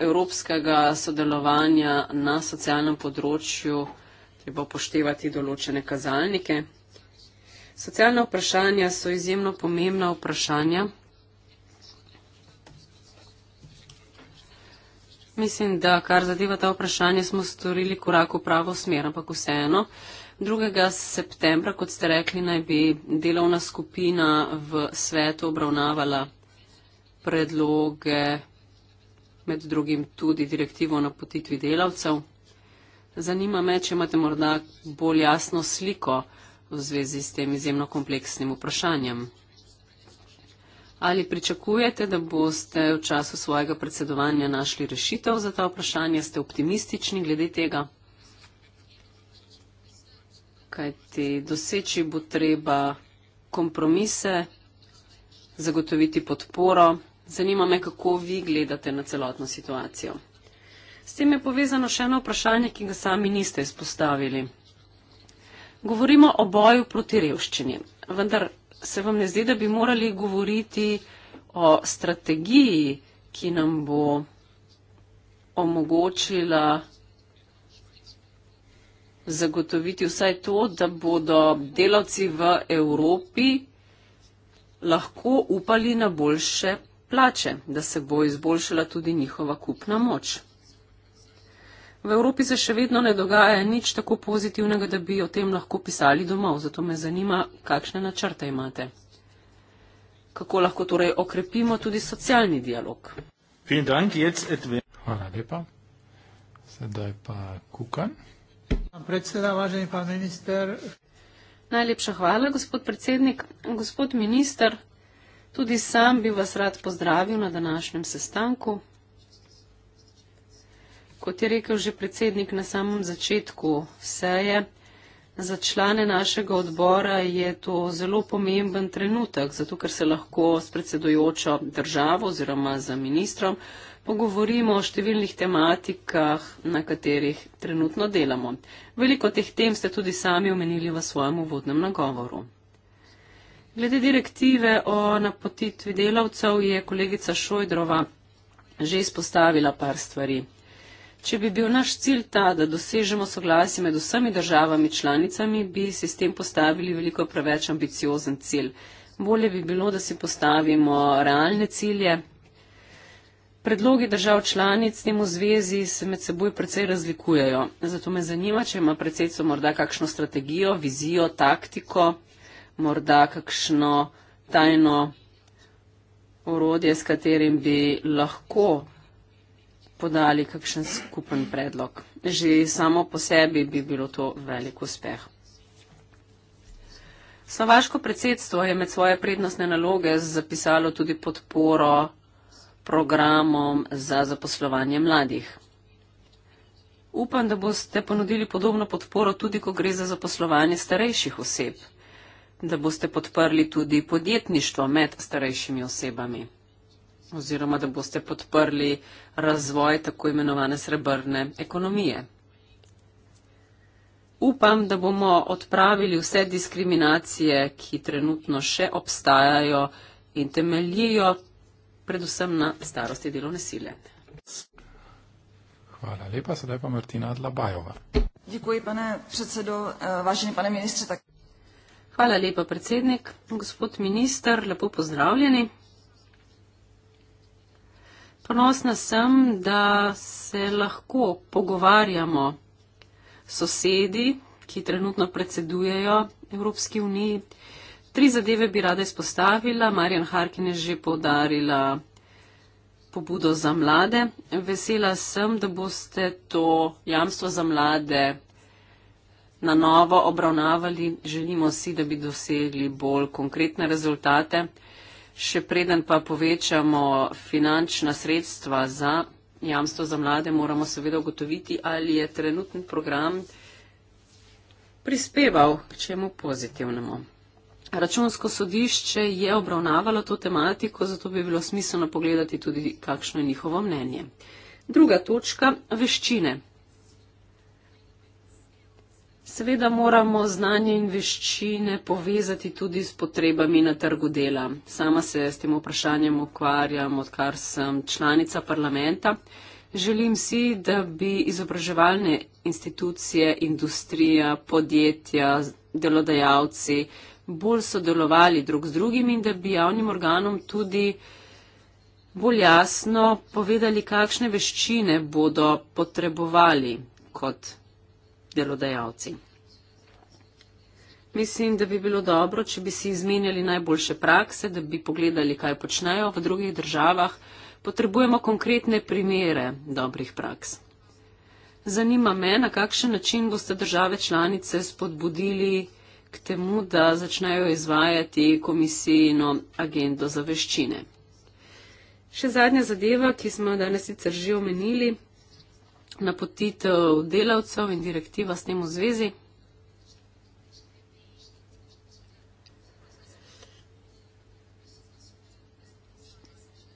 evropskega sodelovanja na socialnem področju treba upoštevati določene kazalnike. Socialna vprašanja so izjemno pomembna vprašanja. Mislim, da kar zadeva ta vprašanja, smo storili korak v pravo smer, ampak vseeno. 2. septembra, kot ste rekli, naj bi delovna skupina v svetu obravnavala predloge med drugim tudi direktivo o napotitvi delavcev. Zanima me, če imate morda bolj jasno sliko v zvezi s tem izjemno kompleksnim vprašanjem. Ali pričakujete, da boste v času svojega predsedovanja našli rešitev za ta vprašanja? Ste optimistični glede tega? Kajti doseči bo treba kompromise, zagotoviti podporo. Zanima me, kako vi gledate na celotno situacijo. S tem je povezano še eno vprašanje, ki ga sami niste izpostavili. Govorimo o boju proti revščini, vendar se vam ne zdi, da bi morali govoriti o strategiji, ki nam bo omogočila zagotoviti vsaj to, da bodo delavci v Evropi lahko upali na boljše plače, da se bo izboljšala tudi njihova kupna moč. V Evropi se še vedno ne dogaja nič tako pozitivnega, da bi o tem lahko pisali domov, zato me zanima, kakšne načrte imate. Kako lahko torej okrepimo tudi socialni dialog? Hvala lepa. Sedaj pa Kukan. Najlepša hvala, gospod predsednik. Gospod minister, Tudi sam bi vas rad pozdravil na današnjem sestanku. Kot je rekel že predsednik na samem začetku seje, za člane našega odbora je to zelo pomemben trenutek, zato ker se lahko s predsedujočo državo oziroma z ministrom pogovorimo o številnih tematikah, na katerih trenutno delamo. Veliko teh tem ste tudi sami omenili v svojem uvodnem nagovoru. Glede direktive o napotitvi delavcev je kolegica Šojdrova že izpostavila par stvari. Če bi bil naš cilj ta, da dosežemo soglasje med vsemi državami članicami, bi si s tem postavili veliko preveč ambiciozen cilj. Bolje bi bilo, da si postavimo realne cilje. Predlogi držav članic s tem v zvezi se med seboj precej razlikujejo. Zato me zanima, če ima predsedstvo morda kakšno strategijo, vizijo, taktiko morda kakšno tajno orodje, s katerim bi lahko podali kakšen skupen predlog. Že samo po sebi bi bilo to velik uspeh. Slovaško predsedstvo je med svoje prednostne naloge zapisalo tudi podporo programom za zaposlovanje mladih. Upam, da boste ponudili podobno podporo tudi, ko gre za zaposlovanje starejših oseb da boste podprli tudi podjetništvo med starejšimi osebami oziroma da boste podprli razvoj tako imenovane srebrne ekonomije. Upam, da bomo odpravili vse diskriminacije, ki trenutno še obstajajo in temeljijo predvsem na starosti delovne sile. Hvala lepa, sedaj pa Martina Dlabajova. Děkuji, pane předsedo, eh, vážený pane ministře. Tak... Hvala lepa, predsednik. Gospod minister, lepo pozdravljeni. Ponosna sem, da se lahko pogovarjamo sosedi, ki trenutno predsedujejo Evropski uniji. Tri zadeve bi rada izpostavila. Marjan Harkin je že podarila pobudo za mlade. Vesela sem, da boste to jamstvo za mlade na novo obravnavali. Želimo si, da bi dosegli bolj konkretne rezultate. Še preden pa povečamo finančna sredstva za jamstvo za mlade, moramo seveda ugotoviti, ali je trenutni program prispeval k čemu pozitivnemu. Računsko sodišče je obravnavalo to tematiko, zato bi bilo smiselno pogledati tudi, kakšno je njihovo mnenje. Druga točka, veščine. Seveda moramo znanje in veščine povezati tudi s potrebami na trgu dela. Sama se s tem vprašanjem ukvarjam, odkar sem članica parlamenta. Želim si, da bi izobraževalne institucije, industrija, podjetja, delodajalci bolj sodelovali drug z drugim in da bi javnim organom tudi bolj jasno povedali, kakšne veščine bodo potrebovali kot delodajalci. Mislim, da bi bilo dobro, če bi si izmenjali najboljše prakse, da bi pogledali, kaj počnejo v drugih državah. Potrebujemo konkretne primere dobrih praks. Zanima me, na kakšen način boste države članice spodbudili k temu, da začnejo izvajati komisijino agendo za veščine. Še zadnja zadeva, ki smo jo danes sicer že omenili napotitev delavcev in direktiva s tem v zvezi.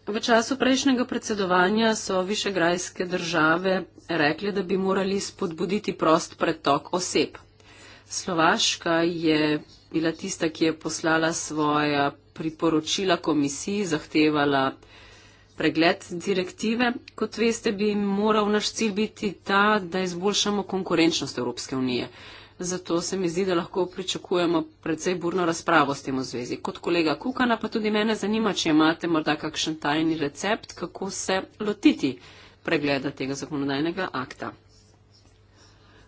V času prejšnjega predsedovanja so višegrajske države rekli, da bi morali spodbuditi prost pretok oseb. Slovaška je bila tista, ki je poslala svoja priporočila komisiji, zahtevala pregled direktive. Kot veste, bi moral naš cilj biti ta, da izboljšamo konkurenčnost Evropske unije. Zato se mi zdi, da lahko pričakujemo predvsej burno razpravo s tem v zvezi. Kot kolega Kukana pa tudi mene zanima, če imate morda kakšen tajni recept, kako se lotiti pregleda tega zakonodajnega akta.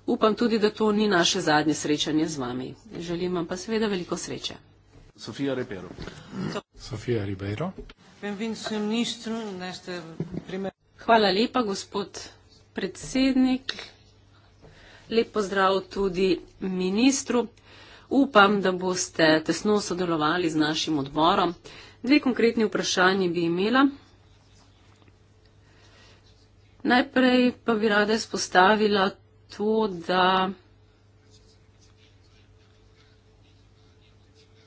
Upam tudi, da to ni naše zadnje srečanje z vami. Želim vam pa seveda veliko sreče. Sofia Ribeiro. Sofia Ribeiro. Hvala lepa, gospod predsednik. Lep pozdrav tudi ministru. Upam, da boste tesno sodelovali z našim odborom. Dve konkretni vprašanji bi imela. Najprej pa bi rada izpostavila to, da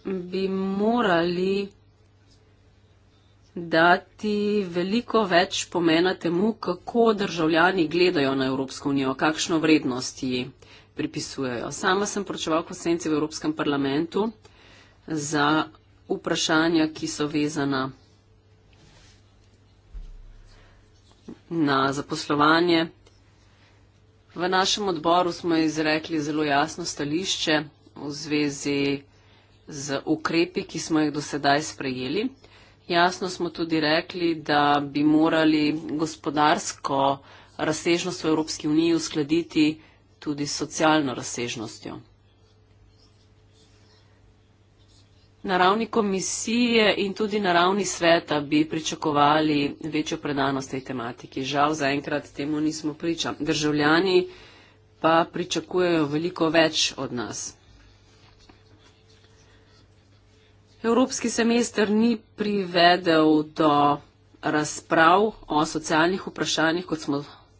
bi morali dati veliko več pomena temu, kako državljani gledajo na Evropsko unijo, kakšno vrednost ji pripisujejo. Sama sem pročeval konsenci v Evropskem parlamentu za vprašanja, ki so vezana na zaposlovanje. V našem odboru smo izrekli zelo jasno stališče v zvezi z ukrepi, ki smo jih dosedaj sprejeli. Jasno smo tudi rekli, da bi morali gospodarsko razsežnost v Evropski uniji uskladiti tudi s socialno razsežnostjo. Na ravni komisije in tudi na ravni sveta bi pričakovali večjo predanost tej tematiki. Žal zaenkrat temu nismo priča. Državljani pa pričakujejo veliko več od nas. Evropski semester ni privedel do razprav o socialnih vprašanjih, kot smo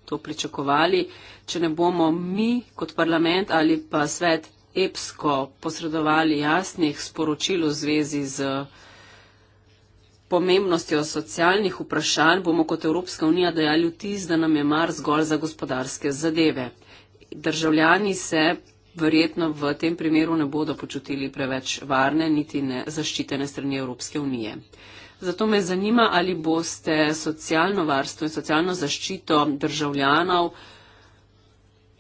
to pričakovali, če ne bomo mi kot parlament ali pa svet EPSKO posredovali jasnih sporočil v zvezi z pomembnostjo socialnih vprašanj, bomo kot Evropska unija dajali vtis, da nam je mar zgolj za gospodarske zadeve. Državljani se verjetno v tem primeru ne bodo počutili preveč varne, niti ne zaščitene strani Evropske unije. Zato me zanima, ali boste socialno varstvo in socialno zaščito državljanov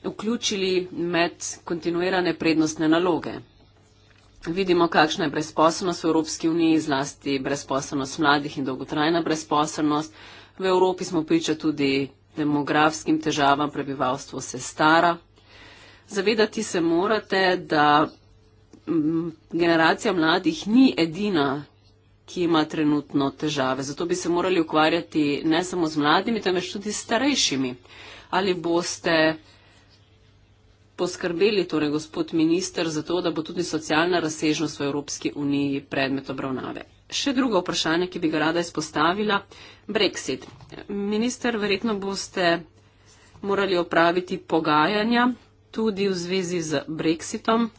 vključili med kontinuirane prednostne naloge. Vidimo, kakšna je brezposobnost v Evropski uniji, zlasti brezposobnost mladih in dolgotrajna brezposobnost. V Evropi smo priča tudi demografskim težavam, prebivalstvo se stara, Zavedati se morate, da mm, generacija mladih ni edina, ki ima trenutno težave. Zato bi se morali ukvarjati ne samo z mladimi, temveč tudi s starejšimi. Ali boste poskrbeli, torej gospod minister, za to, da bo tudi socialna razsežnost v Evropski uniji predmet obravnave? Še drugo vprašanje, ki bi ga rada izpostavila, Brexit. Minister, verjetno boste morali opraviti pogajanja tudi v zvezi z Brexitom.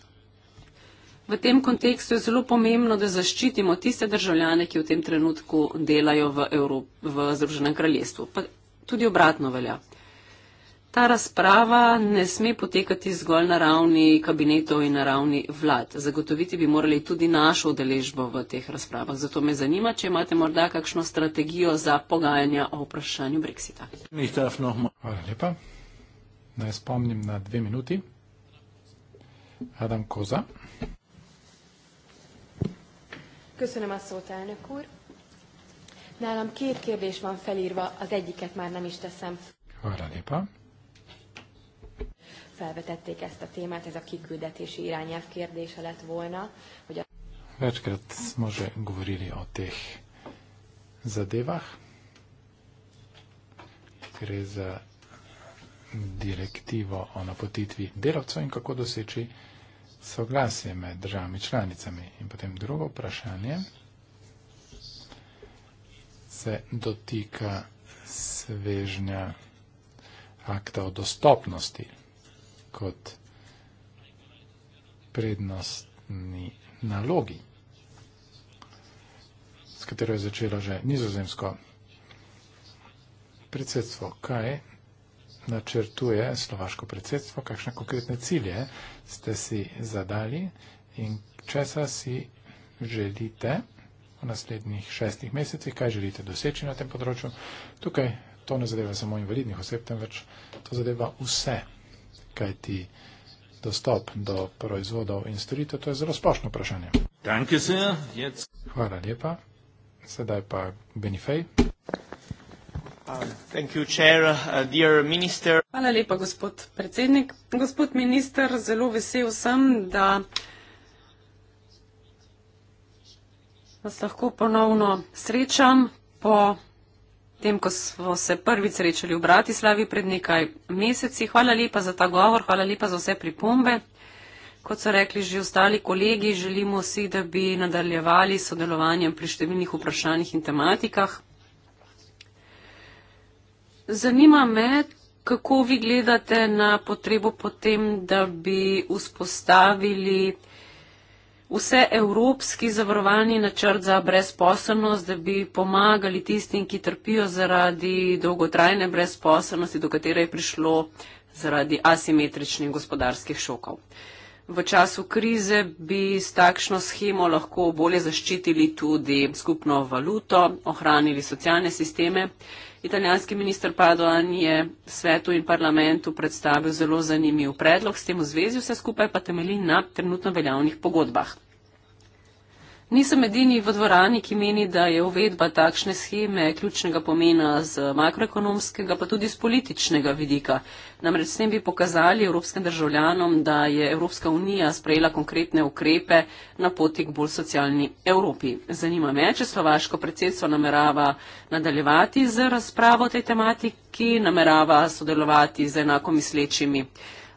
V tem kontekstu je zelo pomembno, da zaščitimo tiste državljane, ki v tem trenutku delajo v, Evrop v Združenem kraljestvu. Pa tudi obratno velja. Ta razprava ne sme potekati zgolj na ravni kabinetov in na ravni vlad. Zagotoviti bi morali tudi našo udeležbo v teh razpravah. Zato me zanima, če imate morda kakšno strategijo za pogajanja o vprašanju Brexita. Hvala lepa. Naj spomnim na dve minuti. Adam Koza. Köszönöm a szót, elnök úr. Nálam két kérdés van felírva, az egyiket már nem is teszem. Hára lépa. Felvetették ezt a témát, ez a kiküldetési irányelv kérdése lett volna, hogy a... Večkrat smo že govorili o teh zadevah. Gre za direktivo o napotitvi delavcev in kako doseči soglasje med državami članicami. In potem drugo vprašanje se dotika svežnja akta o dostopnosti kot prednostni nalogi, s katero je začelo že nizozemsko predsedstvo. Kaj načrtuje slovaško predsedstvo, kakšne konkretne cilje ste si zadali in česa si želite v naslednjih šestih mesecih, kaj želite doseči na tem področju. Tukaj to ne zadeva samo invalidnih oseb, temveč to zadeva vse, kaj ti dostop do proizvodov in storitev, to je zelo splošno vprašanje. Hvala lepa. Sedaj pa Benifej. Uh, hvala lepa, gospod predsednik. Gospod minister, zelo vesel sem, da vas lahko ponovno srečam po tem, ko smo se prvič srečali v Bratislavi pred nekaj meseci. Hvala lepa za ta govor, hvala lepa za vse pripombe. Kot so rekli že ostali kolegi, želimo si, da bi nadaljevali sodelovanjem pri številnih vprašanjih in tematikah. Zanima me, kako vi gledate na potrebo potem, da bi vzpostavili vse evropski zavarovalni načrt za brezposobnost, da bi pomagali tistim, ki trpijo zaradi dolgotrajne brezposobnosti, do katere je prišlo zaradi asimetričnih gospodarskih šokov. V času krize bi s takšno schemo lahko bolje zaščitili tudi skupno valuto, ohranili socialne sisteme. Italijanski minister Padoan je svetu in parlamentu predstavil zelo zanimiv predlog, s tem v zvezi vse skupaj pa temelji na trenutno veljavnih pogodbah. Nisem edini v dvorani, ki meni, da je uvedba takšne scheme ključnega pomena z makroekonomskega, pa tudi z političnega vidika. Namreč s tem bi pokazali evropskim državljanom, da je Evropska unija sprejela konkretne ukrepe na poti k bolj socialni Evropi. Zanima me, če slovaško predsedstvo namerava nadaljevati z razpravo tej tematiki, namerava sodelovati z enako mislečimi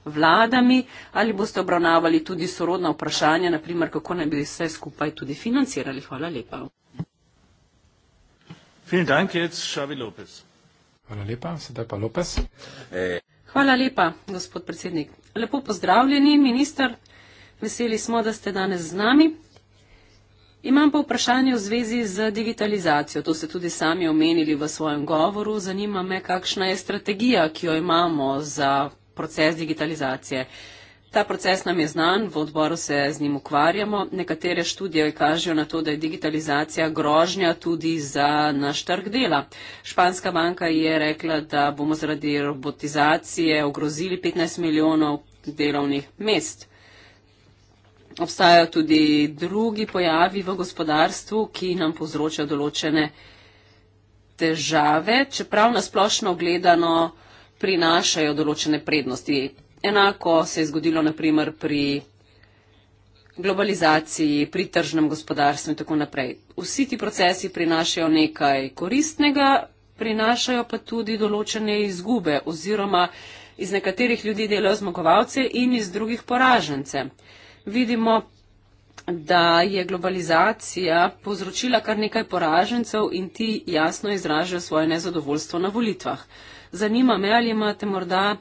vladami ali boste obravnavali tudi sorodna vprašanja, naprimer, kako naj bi vse skupaj tudi financirali. Hvala lepa. Hvala lepa, sedaj pa Lopes. Hvala lepa, gospod predsednik. Lepo pozdravljeni, minister. Veseli smo, da ste danes z nami. Imam pa vprašanje v zvezi z digitalizacijo. To ste tudi sami omenili v svojem govoru. Zanima me, kakšna je strategija, ki jo imamo za proces digitalizacije. Ta proces nam je znan, v odboru se z njim ukvarjamo. Nekatere študije kažejo na to, da je digitalizacija grožnja tudi za naš trg dela. Španska banka je rekla, da bomo zaradi robotizacije ogrozili 15 milijonov delovnih mest. Obstajajo tudi drugi pojavi v gospodarstvu, ki nam povzročajo določene težave. Čeprav nasplošno gledano prinašajo določene prednosti. Enako se je zgodilo naprimer pri globalizaciji, pri tržnem gospodarstvu in tako naprej. Vsi ti procesi prinašajo nekaj koristnega, prinašajo pa tudi določene izgube oziroma iz nekaterih ljudi delajo zmagovalce in iz drugih poražence. Vidimo, da je globalizacija povzročila kar nekaj poražencev in ti jasno izražajo svoje nezadovoljstvo na volitvah. Zanima me, ali imate morda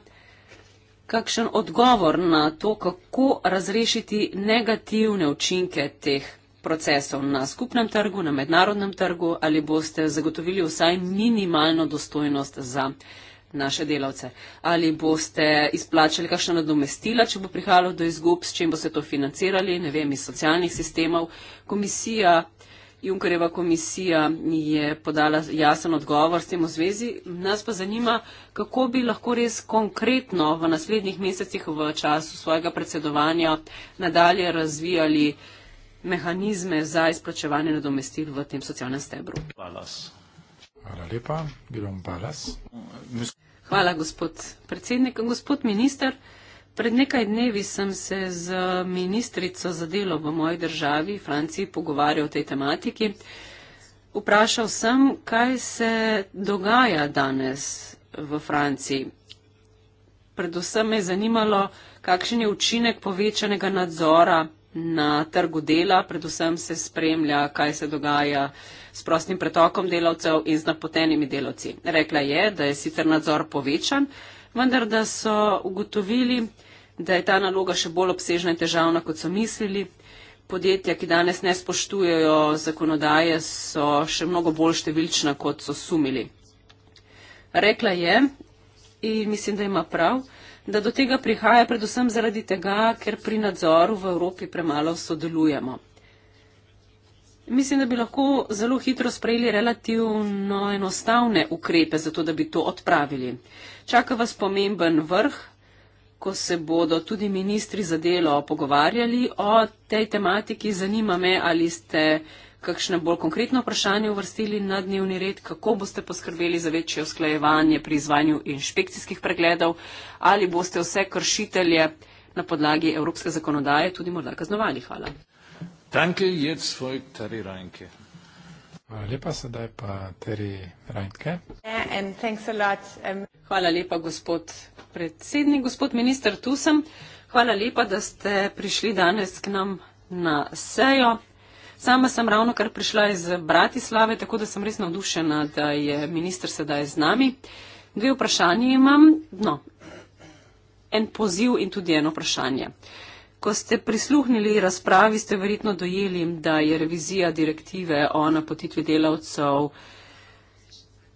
kakšen odgovor na to, kako razrešiti negativne učinke teh procesov na skupnem trgu, na mednarodnem trgu, ali boste zagotovili vsaj minimalno dostojnost za naše delavce, ali boste izplačali kakšna nadomestila, če bo prihajalo do izgub, s čim bo se to financirali, ne vem, iz socialnih sistemov, komisija. Junkareva komisija je podala jasen odgovor s tem v zvezi. Nas pa zanima, kako bi lahko res konkretno v naslednjih mesecih v času svojega predsedovanja nadalje razvijali mehanizme za izplačevanje nadomestil v tem socialnem stebru. Hvala lepa, Giron Balas. Hvala, gospod predsednik in gospod minister. Pred nekaj dnevi sem se z ministrico za delo v moji državi, Franciji, pogovarjal o tej tematiki. Vprašal sem, kaj se dogaja danes v Franciji. Predvsem me je zanimalo, kakšen je učinek povečanega nadzora na trgu dela, predvsem se spremlja, kaj se dogaja s prostim pretokom delavcev in z napotenimi delavci. Rekla je, da je sicer nadzor povečan, vendar da so ugotovili, da je ta naloga še bolj obsežna in težavna, kot so mislili. Podjetja, ki danes ne spoštujejo zakonodaje, so še mnogo bolj številčna, kot so sumili. Rekla je, in mislim, da ima prav, da do tega prihaja predvsem zaradi tega, ker pri nadzoru v Evropi premalo sodelujemo. Mislim, da bi lahko zelo hitro sprejeli relativno enostavne ukrepe, zato da bi to odpravili. Čaka vas pomemben vrh ko se bodo tudi ministri za delo pogovarjali o tej tematiki. Zanima me, ali ste kakšne bolj konkretne vprašanje uvrstili na dnevni red, kako boste poskrbeli za večje usklajevanje pri izvanju inšpekcijskih pregledov, ali boste vse kršitelje na podlagi evropske zakonodaje tudi morda kaznovali. Hvala. Danke, jetzt folgt Tari Reinke. Hvala lepa, sedaj pa Teri Rajnke. Um, Hvala lepa, gospod predsednik, gospod minister, tu sem. Hvala lepa, da ste prišli danes k nam na sejo. Sama sem ravno kar prišla iz Bratislave, tako da sem res navdušena, da je minister sedaj z nami. Dve vprašanje imam, no, en poziv in tudi eno vprašanje. Uh, Ko ste prisluhnili razpravi, ste verjetno dojeli, da je revizija direktive o napotitvi delavcev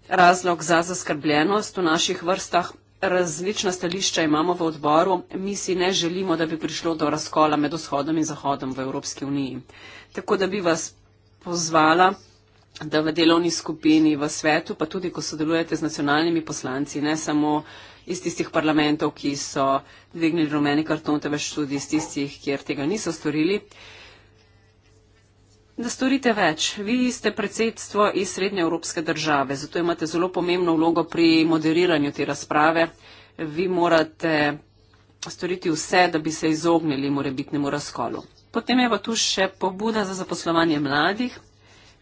razlog za zaskrbljenost v naših vrstah. Različna stališča imamo v odboru. Mi si ne želimo, da bi prišlo do razkola med vzhodom in zahodom v Evropski uniji. Tako da bi vas pozvala da v delovni skupini, v svetu, pa tudi, ko sodelujete z nacionalnimi poslanci, ne samo iz tistih parlamentov, ki so dvignili rumeni karton, te več tudi iz tistih, kjer tega niso storili, da storite več. Vi ste predsedstvo iz Srednje Evropske države, zato imate zelo pomembno vlogo pri moderiranju te razprave. Vi morate storiti vse, da bi se izognili morebitnemu razkolu. Potem je pa tu še pobuda za zaposlovanje mladih,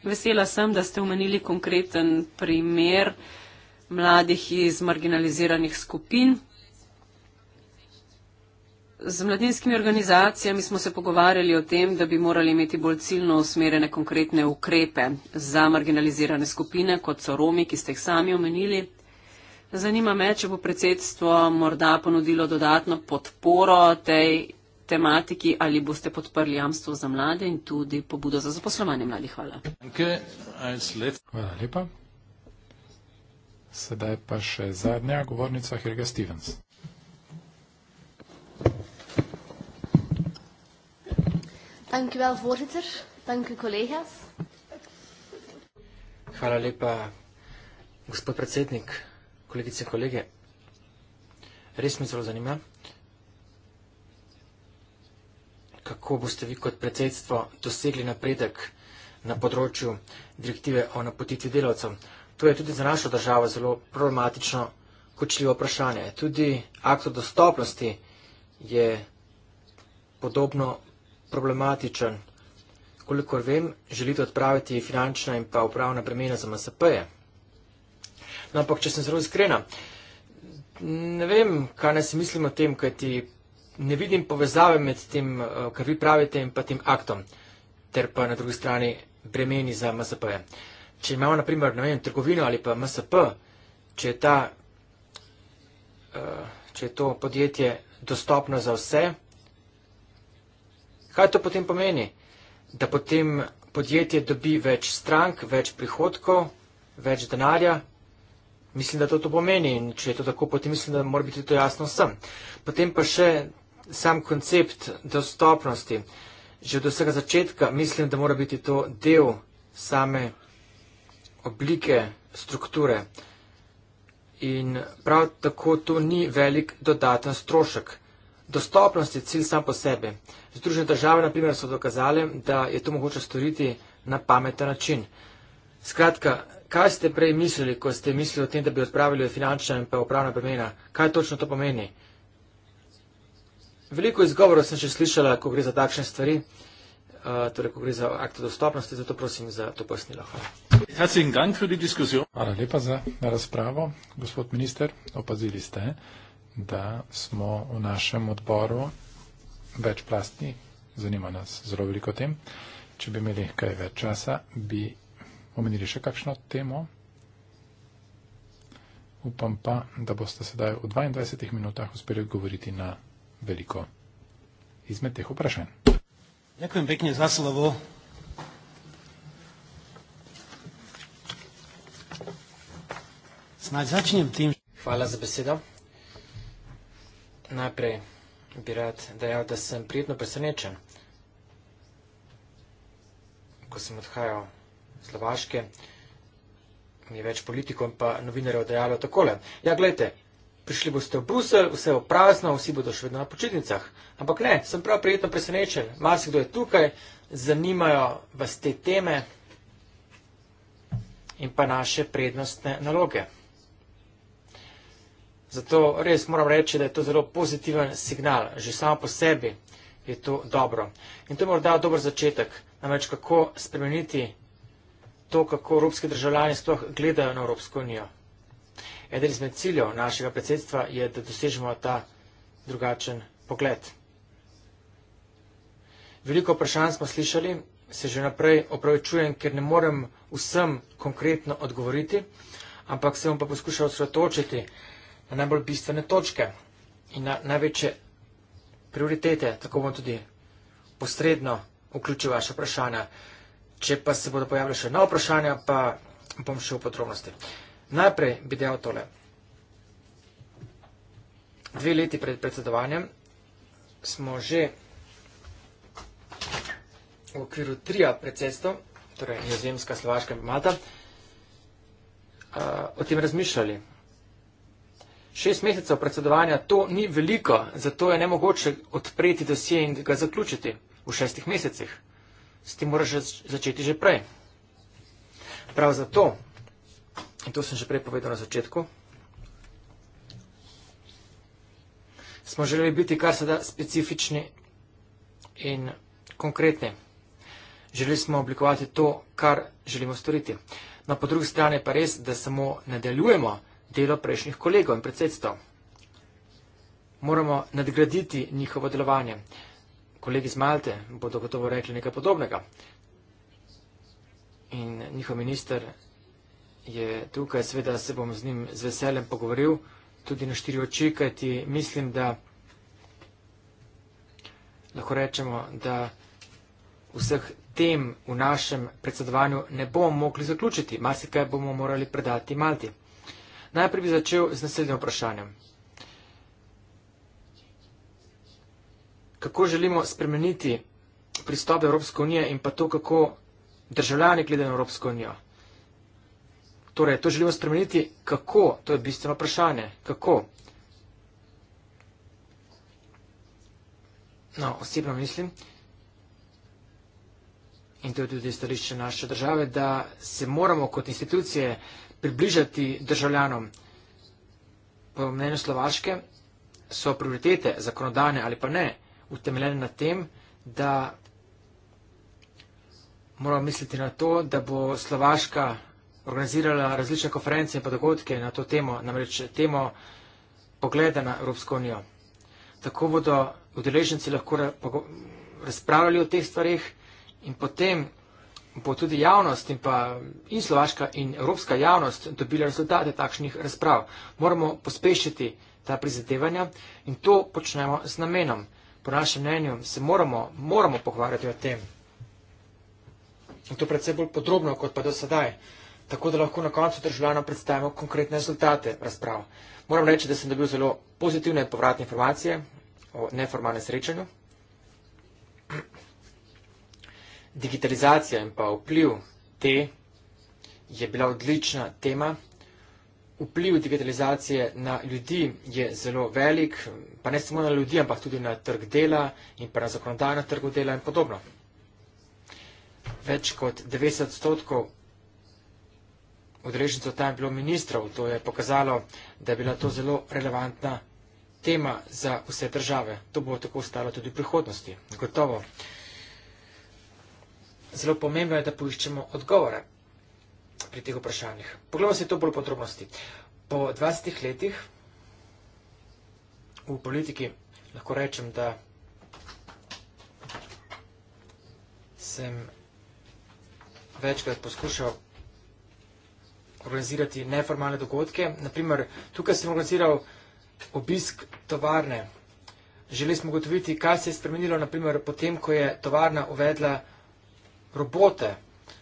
Vesela sem, da ste omenili konkreten primer mladih iz marginaliziranih skupin. Z mladinskimi organizacijami smo se pogovarjali o tem, da bi morali imeti bolj ciljno usmerjene konkretne ukrepe za marginalizirane skupine, kot so Romi, ki ste jih sami omenili. Zanima me, če bo predsedstvo morda ponudilo dodatno podporo tej tematiki, ali boste podprli jamstvo za mlade in tudi pobudo za zaposlovanje mladih. Hvala. Hvala lepa. Sedaj pa še zadnja govornica Helga Stevens. Hvala lepa, gospod predsednik, kolegice in kolege. Res me zelo zanima. kako boste vi kot predsedstvo dosegli napredek na področju direktive o napotitvi delavcev. To je tudi za našo državo zelo problematično, kočljivo vprašanje. Tudi akt o dostopnosti je podobno problematičen. Kolikor vem, želite odpraviti finančna in pa upravna bremena za MSP-je. No, ampak, če sem zelo iskrena, ne vem, kaj naj si mislim o tem, kaj ti ne vidim povezave med tem, eh, kar vi pravite, in pa tem aktom, ter pa na drugi strani bremeni za MSP. -je. Če imamo, naprimer, ne vem, trgovino ali pa MSP, če je, ta, eh, če je to podjetje dostopno za vse, kaj to potem pomeni? Da potem podjetje dobi več strank, več prihodkov, več denarja. Mislim, da to to pomeni in če je to tako, potem mislim, da mora biti to jasno vsem. Potem pa še sam koncept dostopnosti. Že od vsega začetka mislim, da mora biti to del same oblike strukture. In prav tako to ni velik dodaten strošek. Dostopnost je cilj sam po sebi. Združene države, na primer, so dokazale, da je to mogoče storiti na pameten način. Skratka, kaj ste prej mislili, ko ste mislili o tem, da bi odpravili finančna in pa upravna bremena? Kaj točno to pomeni? Veliko izgovorov sem še slišala, ko gre za takšne stvari, eh, torej ko gre za akte dostopnosti, zato prosim za to pojasnilo. Hvala. Hvala lepa za razpravo, gospod minister. Opazili ste, da smo v našem odboru večplastni, zanima nas zelo veliko tem. Če bi imeli kaj več časa, bi omenili še kakšno temo. Upam pa, da boste sedaj v 22 minutah uspeli odgovoriti na veliko izmed teh vprašanj. Ďakujem pekne za slovo. Snaď začnem tým. Hvala za besedo. Najprej bi rad dejal, da sem prijetno presenečen, ko sem odhajal v Slovaške, mi je več politikov in pa novinarjev dejalo takole. Ja, gledajte, prišli boste v Bruselj, vse je prazno, vsi bodo še vedno na počitnicah. Ampak ne, sem prav prijetno presenečen. Marsikdo je tukaj, zanimajo vas te teme in pa naše prednostne naloge. Zato res moram reči, da je to zelo pozitiven signal. Že samo po sebi je to dobro. In to je morda dober začetek. Namreč kako spremeniti to, kako evropski državljani sploh gledajo na Evropsko unijo. Eden izmed ciljev našega predsedstva je, da dosežemo ta drugačen pogled. Veliko vprašanj smo slišali, se že naprej opravičujem, ker ne morem vsem konkretno odgovoriti, ampak se bom pa poskušal osredotočiti na najbolj bistvene točke in na največje prioritete, tako bom tudi posredno vključil vaše vprašanja. Če pa se bodo pojavljali še nove vprašanja, pa bom šel v podrobnosti. Najprej bi dejal tole. Dve leti pred predsedovanjem smo že v okviru trija predsedstva, torej Nizozemska, Slovaška in Malta, o tem razmišljali. Šest mesecev predsedovanja to ni veliko, zato je nemogoče odpreti dosje in ga zaključiti v šestih mesecih. S tem moraš začeti že prej. Prav zato In to sem že prej povedal na začetku. Smo želeli biti kar se da specifični in konkretni. Želeli smo oblikovati to, kar želimo storiti. Na no, po drugi strani pa res, da samo nadaljujemo delo prejšnjih kolegov in predsedstv. Moramo nadgraditi njihovo delovanje. Kolegi iz Malte bodo gotovo rekli nekaj podobnega. In njihov minister je tukaj, seveda se bom z njim z veseljem pogovoril, tudi na štiri oči, kajti mislim, da lahko rečemo, da vseh tem v našem predsedovanju ne bomo mogli zaključiti. Marsikaj bomo morali predati Malti. Najprej bi začel z naslednjim vprašanjem. Kako želimo spremeniti pristop Evropske unije in pa to, kako državljani gledajo na Evropsko unijo? Torej, to želimo spremeniti, kako? To je bistveno vprašanje. Kako? No, osebno mislim, in to je tudi stališče naše države, da se moramo kot institucije približati državljanom. Po mnenju Slovaške so prioritete, zakonodane ali pa ne, utemeljene na tem, da moramo misliti na to, da bo Slovaška organizirala različne konference in pa dogodke na to temo, namreč temo pogleda na Evropsko unijo. Tako bodo udeleženci lahko razpravljali o teh stvarih in potem bo tudi javnost in pa in slovaška in evropska javnost dobila rezultate takšnih razprav. Moramo pospešiti ta prizadevanja in to počnemo z namenom. Po našem mnenju se moramo, moramo pohvarjati o tem. In to predvsem bolj podrobno kot pa do sedaj tako da lahko na koncu državljanom predstavimo konkretne rezultate razprav. Moram reči, da sem dobil zelo pozitivne povratne informacije o neformalnem srečanju. Digitalizacija in pa vpliv te je bila odlična tema. Vpliv digitalizacije na ljudi je zelo velik, pa ne samo na ljudi, ampak tudi na trg dela in pa na zakonodajno trgu dela in podobno. Več kot 90 odstotkov odrežnico tam bilo ministrov. To je pokazalo, da je bila to zelo relevantna tema za vse države. To bo tako ostalo tudi v prihodnosti. Gotovo. Zelo pomembno je, da poiščemo odgovore pri teh vprašanjih. Poglejmo si to bolj podrobnosti. Po 20 letih v politiki lahko rečem, da sem večkrat poskušal organizirati neformalne dogodke. Naprimer, tukaj sem organiziral obisk tovarne. Želeli smo gotoviti, kaj se je spremenilo, naprimer, potem, ko je tovarna uvedla robote,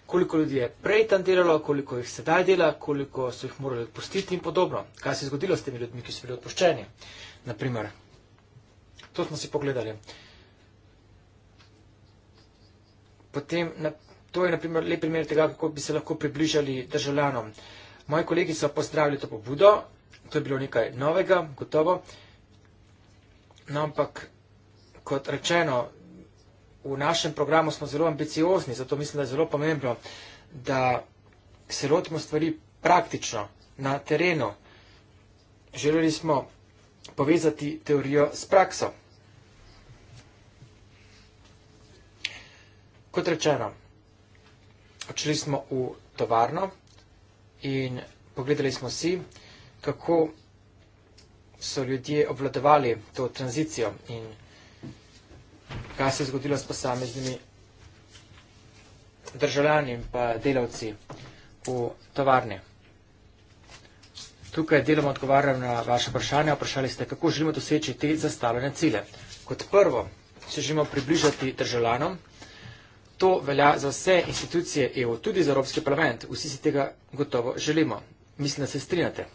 koliko ljudi je prej tam delalo, koliko jih sedaj dela, koliko so jih morali odpustiti in podobno. Kaj se je zgodilo s temi ljudmi, ki so bili odpuščeni, naprimer. To smo si pogledali. Potem, To je naprimer, le primer tega, kako bi se lahko približali državljanom. Moji kolegi so pozdravili to pobudo, to je bilo nekaj novega, gotovo. No, ampak, kot rečeno, v našem programu smo zelo ambiciozni, zato mislim, da je zelo pomembno, da se lotimo stvari praktično, na terenu. Želeli smo povezati teorijo s prakso. Kot rečeno, odšli smo v tovarno in pogledali smo si, kako so ljudje obvladovali to tranzicijo in kaj se je zgodilo s posameznimi državljani in pa delavci v tovarni. Tukaj delom odgovarjam na vaše vprašanje. Vprašali ste, kako želimo doseči te zastavljene cilje. Kot prvo, se želimo približati državljanom To velja za vse institucije EU, tudi za Evropski parlament. Vsi si tega gotovo želimo. Mislim, da se strinjate.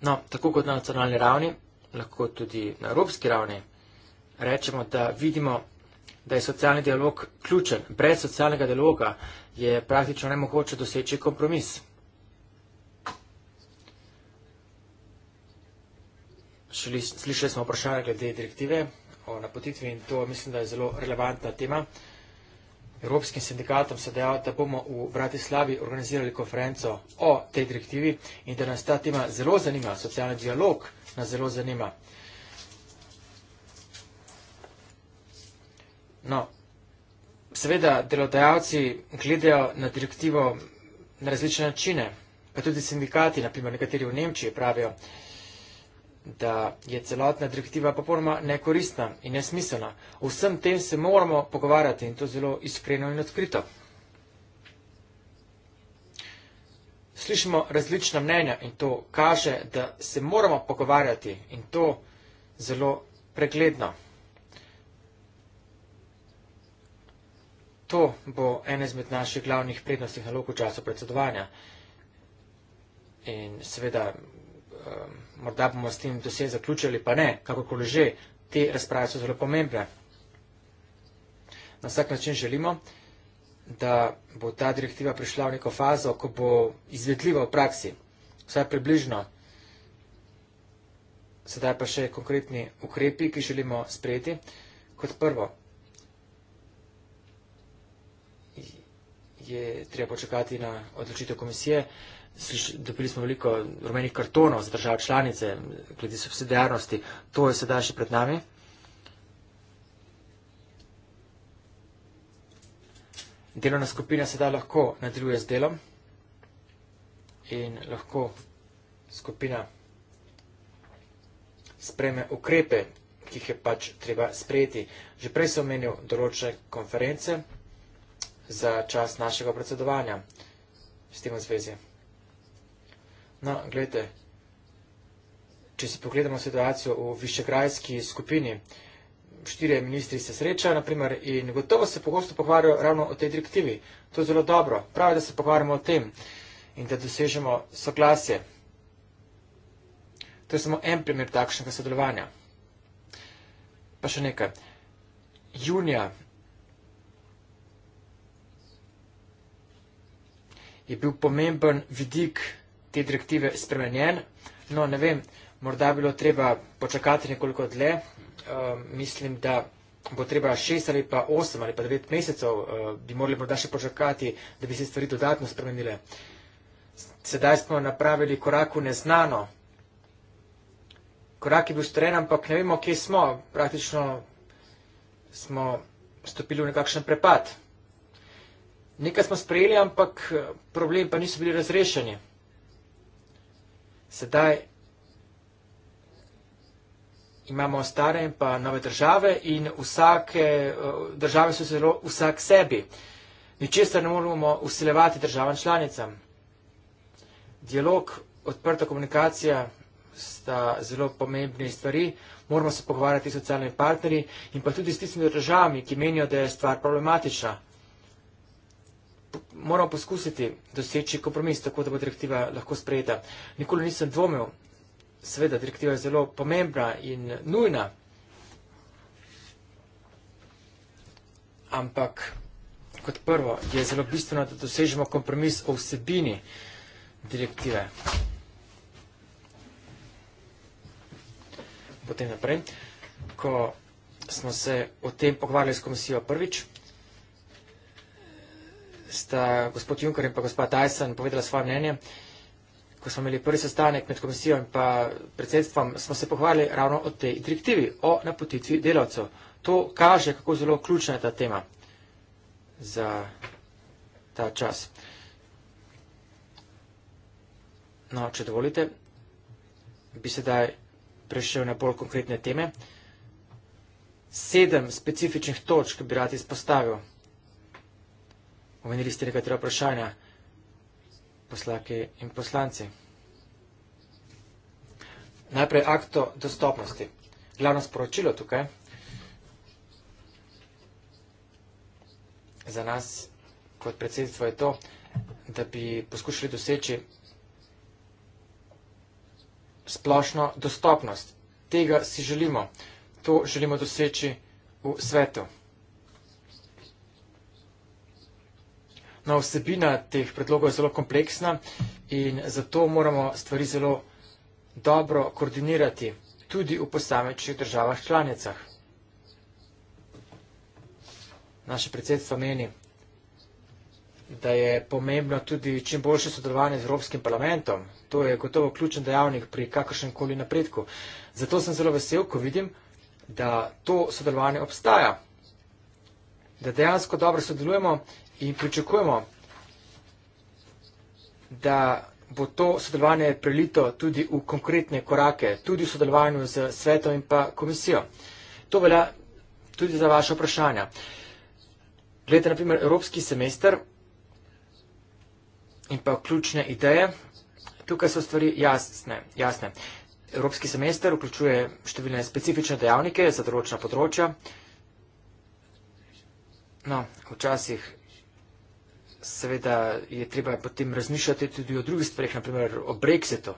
No, tako kot na nacionalni ravni, lahko tudi na evropski ravni, rečemo, da vidimo, da je socialni dialog ključen. Brez socialnega dialoga je praktično nemogoče doseči kompromis. Šli, slišali smo vprašanje glede direktive o napotitvi in to mislim, da je zelo relevantna tema. Evropskim sindikatom se dejal, da bomo v Bratislavi organizirali konferenco o tej direktivi in da nas ta tema zelo zanima, socialni dialog nas zelo zanima. No, seveda delodajalci gledajo na direktivo na različne načine, pa tudi sindikati, naprimer nekateri v Nemčiji pravijo, da je celotna direktiva popolnoma nekoristna in nesmiselna. O vsem tem se moramo pogovarjati in to zelo iskreno in odkrito. Slišimo različna mnenja in to kaže, da se moramo pogovarjati in to zelo pregledno. To bo ena izmed naših glavnih prednosti na loku času predsedovanja. In seveda. Um, morda bomo s tem dosej zaključili, pa ne, kakokoli že, te razprave so zelo pomembne. Na vsak način želimo, da bo ta direktiva prišla v neko fazo, ko bo izvedljiva v praksi, vsaj približno. Sedaj pa še konkretni ukrepi, ki želimo sprejeti. Kot prvo, je treba počakati na odločitev komisije dobili smo veliko rumenih kartonov za države članice, glede subsidijarnosti. To je sedaj še pred nami. Delovna skupina sedaj lahko nadaljuje z delom in lahko skupina spreme ukrepe, ki jih je pač treba sprejeti. Že prej sem omenil določene konference za čas našega predsedovanja s tem v zvezi. No, gledajte, če si pogledamo situacijo v višegrajski skupini, štirje ministri se srečajo, naprimer, in gotovo se pogosto pogovarjajo ravno o tej direktivi. To je zelo dobro. Prav je, da se pogovarjamo o tem in da dosežemo soglasje. To je samo en primer takšnega sodelovanja. Pa še nekaj. Junija je bil pomemben vidik te direktive spremenjen. No, ne vem, morda bilo treba počakati nekoliko dlje. Ehm, mislim, da bo treba šest ali pa osem ali pa devet mesecev, ehm, bi morali morda še počakati, da bi se stvari dodatno spremenile. Sedaj smo napravili korak v neznano. Korak je bil storjen, ampak ne vemo, kje smo. Praktično smo stopili v nekakšen prepad. Nekaj smo sprejeli, ampak eh, problem pa niso bili razrešeni. Sedaj imamo stare in pa nove države in vsake eh, države so zelo vsak sebi. Ničesar ne moramo usilevati državam članicam. Dialog, odprta komunikacija sta zelo pomembne stvari. Moramo se pogovarjati s socialnimi partnerji in pa tudi s tistimi državami, ki menijo, da je stvar problematična moral poskusiti doseči kompromis, tako da bo direktiva lahko sprejeta. Nikoli nisem dvomil, seveda direktiva je zelo pomembna in nujna, ampak kot prvo je zelo bistveno, da dosežemo kompromis o vsebini direktive. Potem naprej, ko smo se o tem pogovarjali s komisijo prvič, sta gospod Juncker in pa gospod Tyson povedala svoje mnenje. Ko smo imeli prvi sestanek med komisijo in predsedstvom, smo se pohvali ravno o tej direktivi, o napotitvi delavcev. To kaže, kako zelo ključna je ta tema za ta čas. No, če dovolite, bi sedaj prešel na bolj konkretne teme. Sedem specifičnih točk bi rad izpostavil. Omenili ste nekatera vprašanja, poslake in poslanci. Najprej akto dostopnosti. Glavno sporočilo tukaj za nas kot predsedstvo je to, da bi poskušali doseči splošno dostopnost. Tega si želimo. To želimo doseči v svetu. No, vsebina teh predlogov je zelo kompleksna in zato moramo stvari zelo dobro koordinirati tudi v posamečnih državah članicah. Naše predsedstvo meni, da je pomembno tudi čim boljše sodelovanje z Evropskim parlamentom. To je gotovo ključen dejavnik pri kakršenkoli napredku. Zato sem zelo vesel, ko vidim, da to sodelovanje obstaja. Da dejansko dobro sodelujemo in pričakujemo, da bo to sodelovanje prelito tudi v konkretne korake, tudi v sodelovanju z svetom in pa komisijo. To velja tudi za vaše vprašanja. Glede na primer Evropski semester in pa ključne ideje, tukaj so stvari jasne. jasne. Evropski semester vključuje številne specifične dejavnike za določena področja. No, včasih seveda je treba potem razmišljati tudi o drugih stvarih, naprimer o Brexitu.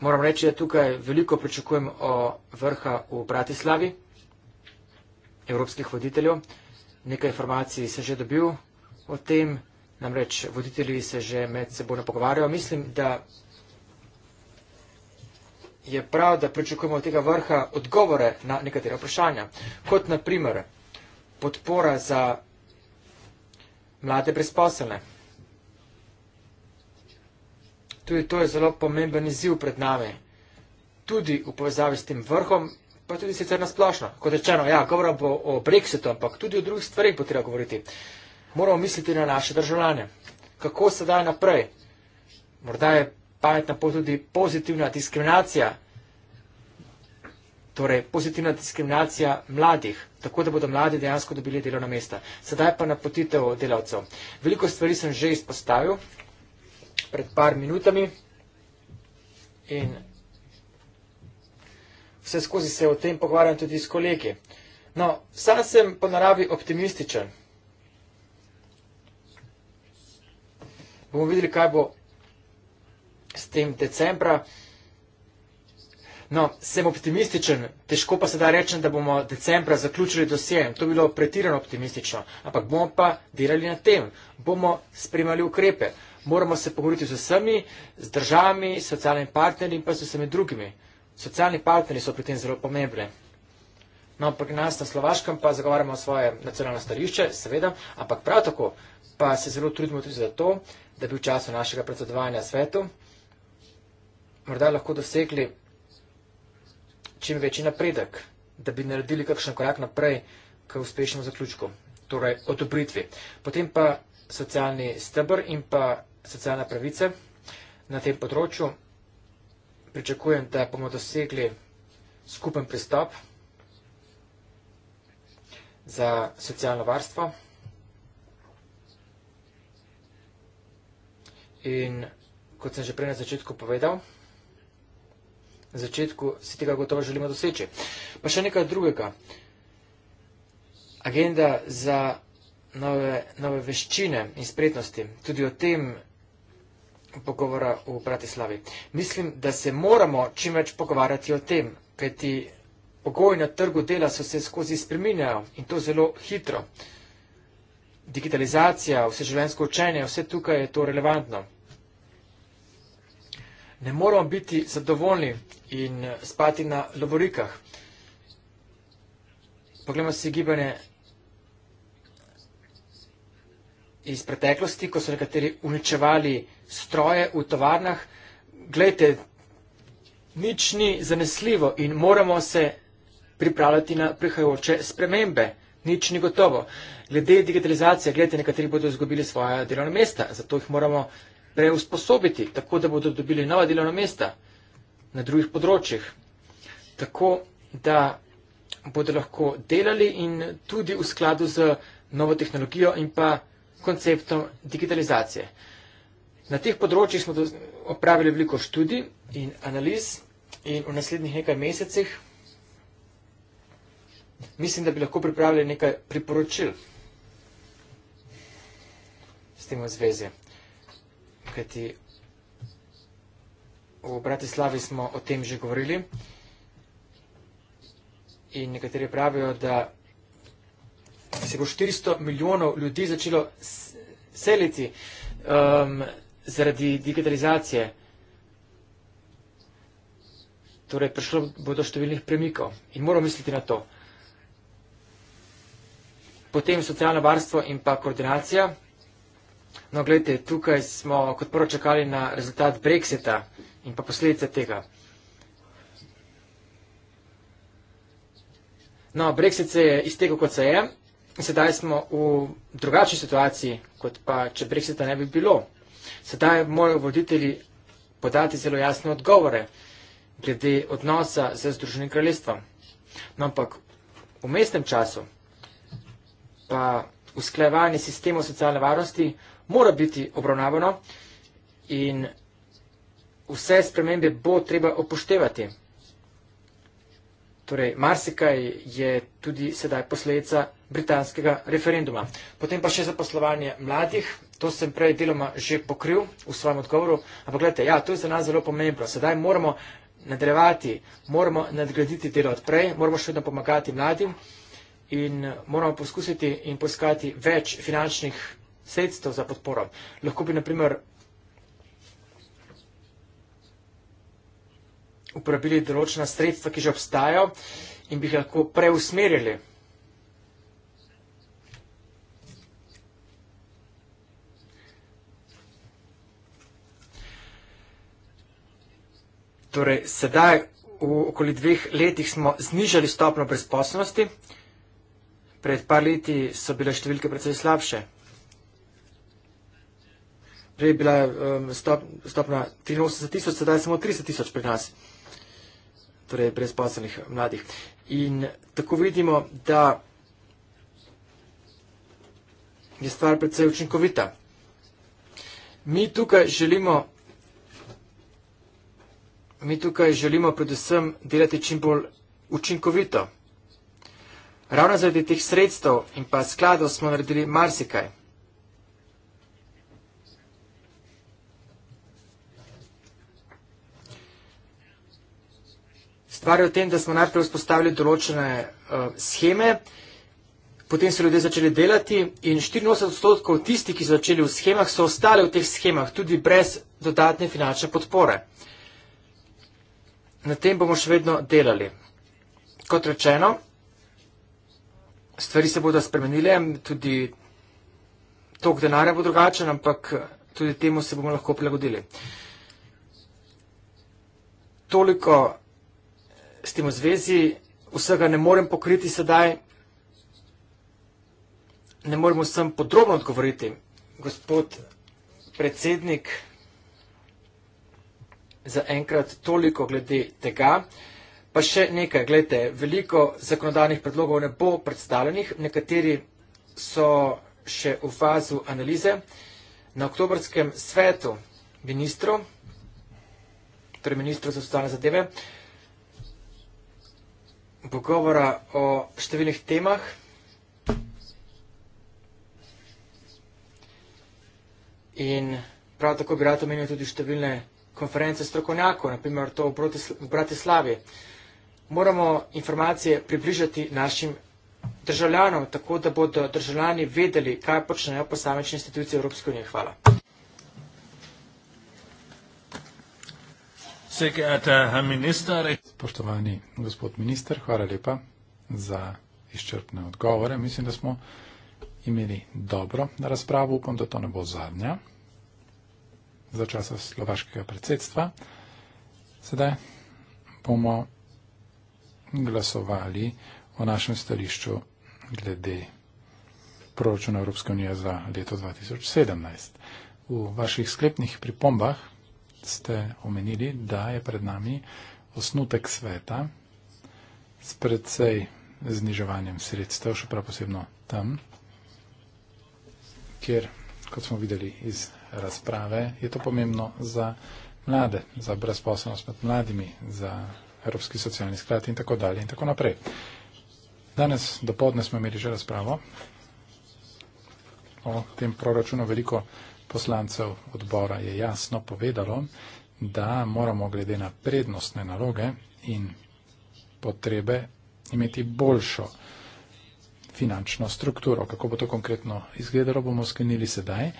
Moram reči, da tukaj veliko pričakujem o vrha v Bratislavi, evropskih voditeljev. Nekaj informacij se že dobil o tem, namreč voditelji se že med seboj pogovarjajo. Mislim, da je prav, da pričakujemo od tega vrha odgovore na nekatera vprašanja. Kot naprimer podpora za mlade brezposelne. Tudi to je zelo pomemben izziv pred nami. Tudi v povezavi s tem vrhom, pa tudi sicer nasplošno. Kot rečeno, ja, govora bo o brexitu, ampak tudi o drugih stvarih bo treba govoriti. Moramo misliti na naše državljane. Kako se daje naprej? Morda je pametna pot tudi pozitivna diskriminacija torej pozitivna diskriminacija mladih, tako da bodo mladi dejansko dobili delovna mesta. Sedaj pa napotitev delavcev. Veliko stvari sem že izpostavil pred par minutami in vse skozi se o tem pogovarjam tudi s kolegi. No, sam sem po naravi optimističen. Bomo videli, kaj bo s tem decembra. No, sem optimističen, težko pa se da rečem, da bomo decembra zaključili dosje. To bi bilo pretirano optimistično, ampak bomo pa delali na tem, bomo spremljali ukrepe. Moramo se pogovoriti z vsemi, z državami, s socialnimi partnerji in pa s vsemi drugimi. Socialni partnerji so pri tem zelo pomembni. No, pri nas na Slovaškem pa zagovarjamo svoje nacionalno stališče, seveda, ampak prav tako pa se zelo trudimo tudi za to, da bi v času našega predsedovanja svetu morda lahko dosegli čim večji napredek, da bi naredili kakšen korak naprej k uspešnemu zaključku, torej odobritvi. Potem pa socialni stebr in pa socialna pravice na tem področju. Pričakujem, da bomo dosegli skupen pristop za socialno varstvo in kot sem že prej na začetku povedal, na začetku si tega gotovo želimo doseči. Pa še nekaj drugega. Agenda za nove, nove veščine in spretnosti. Tudi o tem pogovora v Bratislavi. Mislim, da se moramo čim več pogovarjati o tem, kajti pogoji na trgu dela so se skozi spreminjajo in to zelo hitro. Digitalizacija, vseživljenjsko učenje, vse tukaj je to relevantno ne moramo biti zadovoljni in spati na lovorikah. Poglejmo si gibanje iz preteklosti, ko so nekateri uničevali stroje v tovarnah. Glejte, nič ni zanesljivo in moramo se pripravljati na prihajajoče spremembe. Nič ni gotovo. Glede digitalizacije, gledajte, nekateri bodo izgubili svoja delovna mesta, zato jih moramo preusposobiti, tako da bodo dobili nova delovna mesta na drugih področjih, tako da bodo lahko delali in tudi v skladu z novo tehnologijo in pa konceptom digitalizacije. Na teh področjih smo opravili veliko študij in analiz in v naslednjih nekaj mesecih mislim, da bi lahko pripravili nekaj priporočil s tem v zvezi čakati. V Bratislavi smo o tem že govorili in nekateri pravijo, da se bo 400 milijonov ljudi začelo seliti um, zaradi digitalizacije. Torej, prišlo bo do številnih premikov in moramo misliti na to. Potem socialno varstvo in pa koordinacija. No, gledajte, tukaj smo kot prvo čakali na rezultat Brexita in pa posledice tega. No, Brexit se je iztekel, kot se je. Sedaj smo v drugačni situaciji, kot pa če Brexita ne bi bilo. Sedaj morajo voditelji podati zelo jasne odgovore glede odnosa z Združenim kraljestvom. No, ampak v mestnem času pa usklajevanje sistemov socialne varnosti mora biti obravnavano in vse spremembe bo treba upoštevati. Torej, marsikaj je tudi sedaj posledica britanskega referenduma. Potem pa še zaposlovanje mladih. To sem prej deloma že pokril v svojem odgovoru. Ampak gledajte, ja, to je za nas zelo pomembno. Sedaj moramo nadrevati, moramo nadgraditi delo od prej, moramo še vedno pomagati mladim in moramo poskusiti in poiskati več finančnih sredstev za podporo. Lahko bi, na primer, uporabili določena sredstva, ki že obstajajo in bi jih lahko preusmerili. Torej, sedaj v okoli dveh letih smo znižali stopno brezposobnosti, pred par leti so bile številke predvsej slabše prej bila um, stop, stopna 83 tisoč, sedaj je samo 30 tisoč pri nas, torej brezposobnih mladih. In tako vidimo, da je stvar predvsej učinkovita. Mi tukaj želimo. Mi tukaj želimo predvsem delati čim bolj učinkovito. Ravno zaradi teh sredstev in pa skladov smo naredili marsikaj. stvar je v tem, da smo najprej vzpostavili določene uh, eh, scheme, potem so ljudje začeli delati in 84 odstotkov tisti, ki so začeli v schemah, so ostali v teh schemah tudi brez dodatne finančne podpore. Na tem bomo še vedno delali. Kot rečeno, stvari se bodo spremenile, tudi tok denarja bo drugačen, ampak tudi temu se bomo lahko prilagodili. Toliko s tem v zvezi, vsega ne morem pokriti sedaj, ne morem vsem podrobno odgovoriti. Gospod predsednik, za enkrat toliko glede tega. Pa še nekaj, gledajte, veliko zakonodajnih predlogov ne bo predstavljenih, nekateri so še v fazu analize. Na oktobrskem svetu ministru, torej ministru za socialne zadeve, pogovora o številnih temah. In prav tako bi rad omenil tudi številne konference strokovnjakov, naprimer to v Bratislavi. Moramo informacije približati našim državljanom, tako da bodo državljani vedeli, kaj počnejo posamečne institucije Evropske unije. Hvala. Spoštovani gospod minister, hvala lepa za izčrpne odgovore. Mislim, da smo imeli dobro na razpravo. Upam, da to ne bo zadnja za časa slovaškega predsedstva. Sedaj bomo glasovali o našem stališču glede proračuna Evropske unije za leto 2017. V vaših sklepnih pripombah ste omenili, da je pred nami osnutek sveta s predvsej zniževanjem sredstev, še prav posebno tam, kjer, kot smo videli iz razprave, je to pomembno za mlade, za brezposobnost med mladimi, za Evropski socialni sklad in tako dalje in tako naprej. Danes do podne smo imeli že razpravo o tem proračunu veliko poslancev odbora je jasno povedalo, da moramo glede na prednostne naloge in potrebe imeti boljšo finančno strukturo. Kako bo to konkretno izgledalo, bomo sklenili sedaj.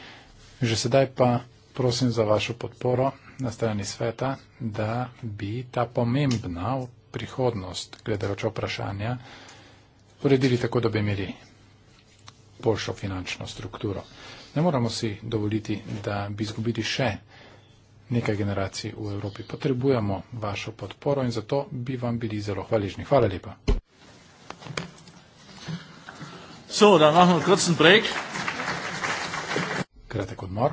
Že sedaj pa prosim za vašo podporo na strani sveta, da bi ta pomembna prihodnost gledajoča vprašanja uredili tako, da bi imeli boljšo finančno strukturo. Ne moramo si dovoliti, da bi izgubili še nekaj generacij v Evropi. Potrebujemo vašo podporo in zato bi vam bili zelo hvaležni. Hvala lepa. So, da imamo kratek odmor. Kratek odmor.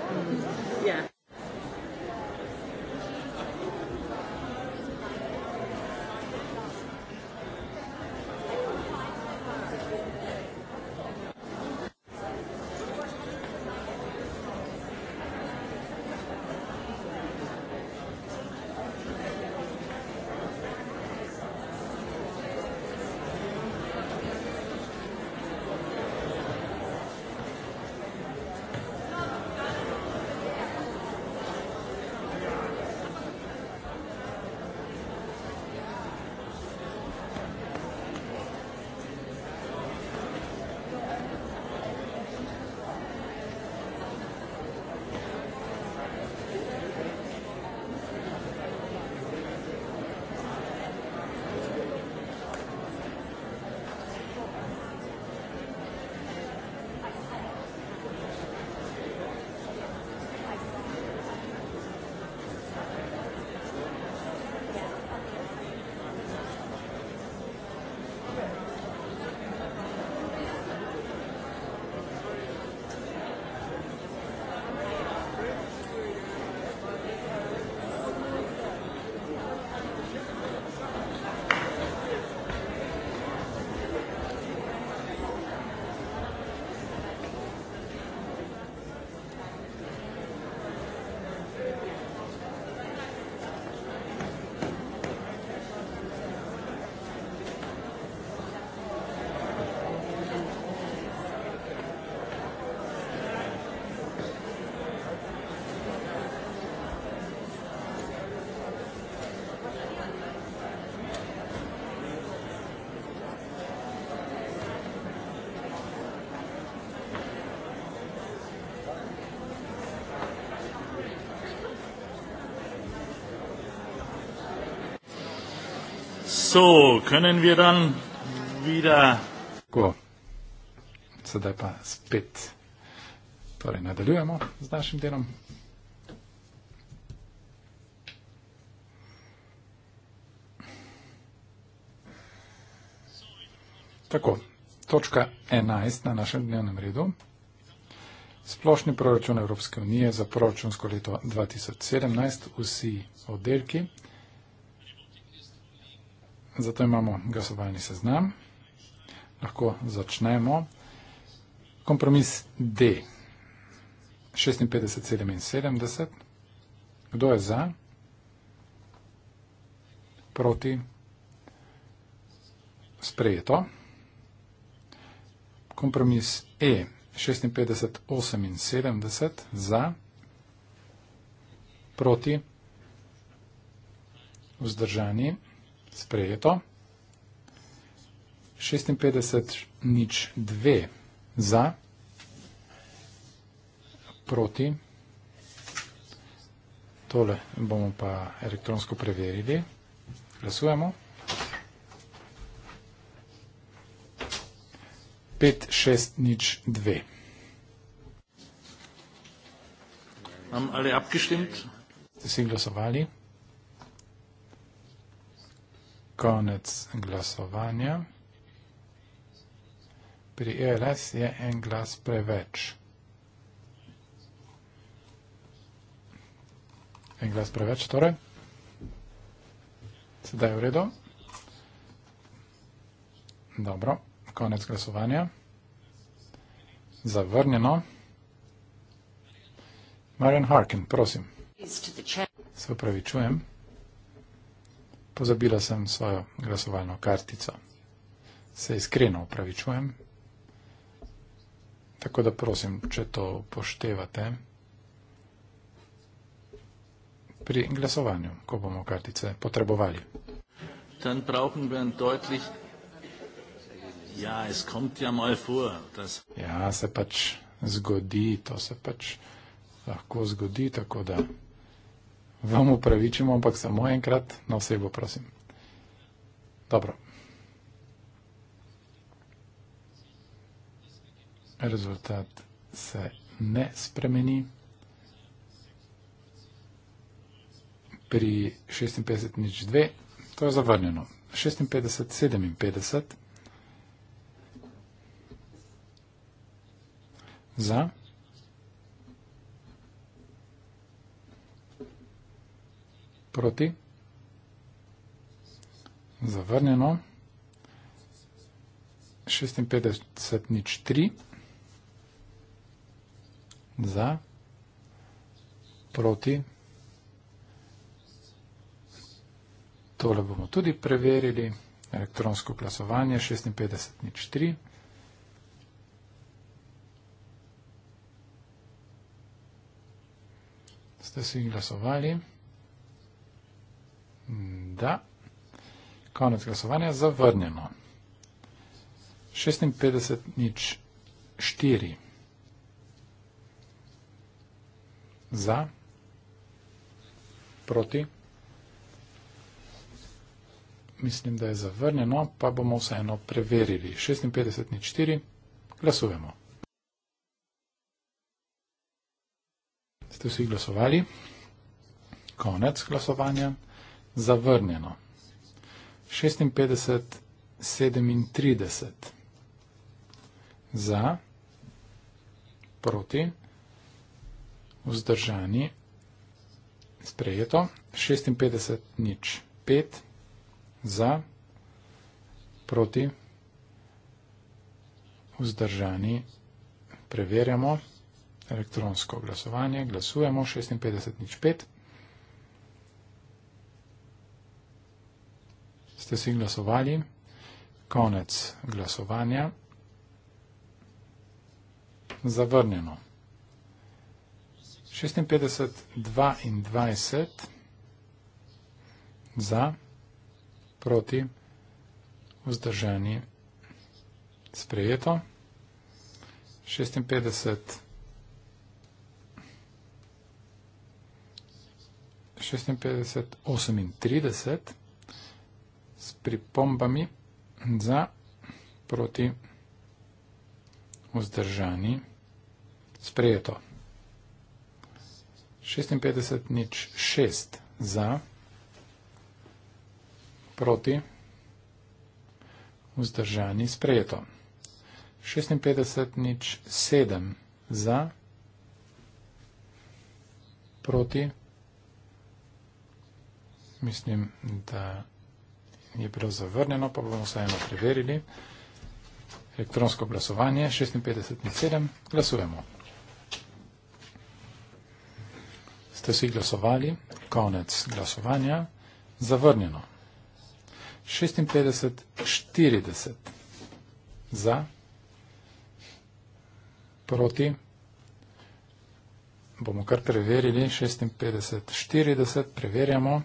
So, können wir dann wieder. Go. Sedaj pa spet. Torej, nadaljujemo z našim delom. Tako, točka 11 na našem dnevnem redu. Splošni proračun Evropske unije za proračunsko leto 2017, vsi oddelki. Zato imamo glasovalni seznam. Lahko začnemo. Kompromis D. 56,77. Kdo je za? Proti? Sprejeto. Kompromis E. 56,78. Za? Proti? Vzdržanje sprejeto. 56 nič 2 za, proti. Tole bomo pa elektronsko preverili. Glasujemo. 5, 6, nič, 2. Haben alle abgestimmt? Sie sind glasowali konec glasovanja. Pri ELS je en glas preveč. En glas preveč torej. Sedaj je v redu. Dobro, konec glasovanja. Zavrnjeno. Marjan Harkin, prosim. Se upravičujem pozabila sem svojo glasovalno kartico. Se iskreno upravičujem. Tako da prosim, če to poštevate pri glasovanju, ko bomo kartice potrebovali. Dann brauchen wir ein deutlich. Ja, es kommt ja mal vor. Dass... Ja, se pač zgodi, to se pač lahko zgodi, tako da vam upravičimo, ampak samo enkrat na osebo, prosim. Dobro. Rezultat se ne spremeni. Pri 56 nič 2, to je zavrnjeno. 56, 57 za proti, zavrnjeno, 56 nič 3, za, proti, tole bomo tudi preverili, elektronsko glasovanje, 56 nič 3, ste si glasovali, Da. Konec glasovanja zavrnjeno. 56 nič 4. Za. Proti. Mislim, da je zavrnjeno, pa bomo vseeno preverili. 56 nič 4. Glasujemo. Ste vsi glasovali? Konec glasovanja zavrnjeno. 56, 37 za, proti, vzdržani, sprejeto, 56, nič, 5 za, proti, vzdržani, preverjamo, elektronsko glasovanje, glasujemo, 56, nič, 5 za, Ste si glasovali? Konec glasovanja. Zavrnjeno. 56, 22 za, proti, vzdržani, sprejeto. 56, 56, 38 s pripombami za proti vzdržani sprejeto. 56 nič 6 za proti vzdržani sprejeto. 56 nič 7 za proti mislim, da je je bilo zavrnjeno, pa bomo vseeno preverili. Elektronsko glasovanje 56.7. Glasujemo. Ste si glasovali? Konec glasovanja. Zavrnjeno. 56.40. Za. Proti. Bomo kar preverili. 56.40. Preverjamo. 56.40.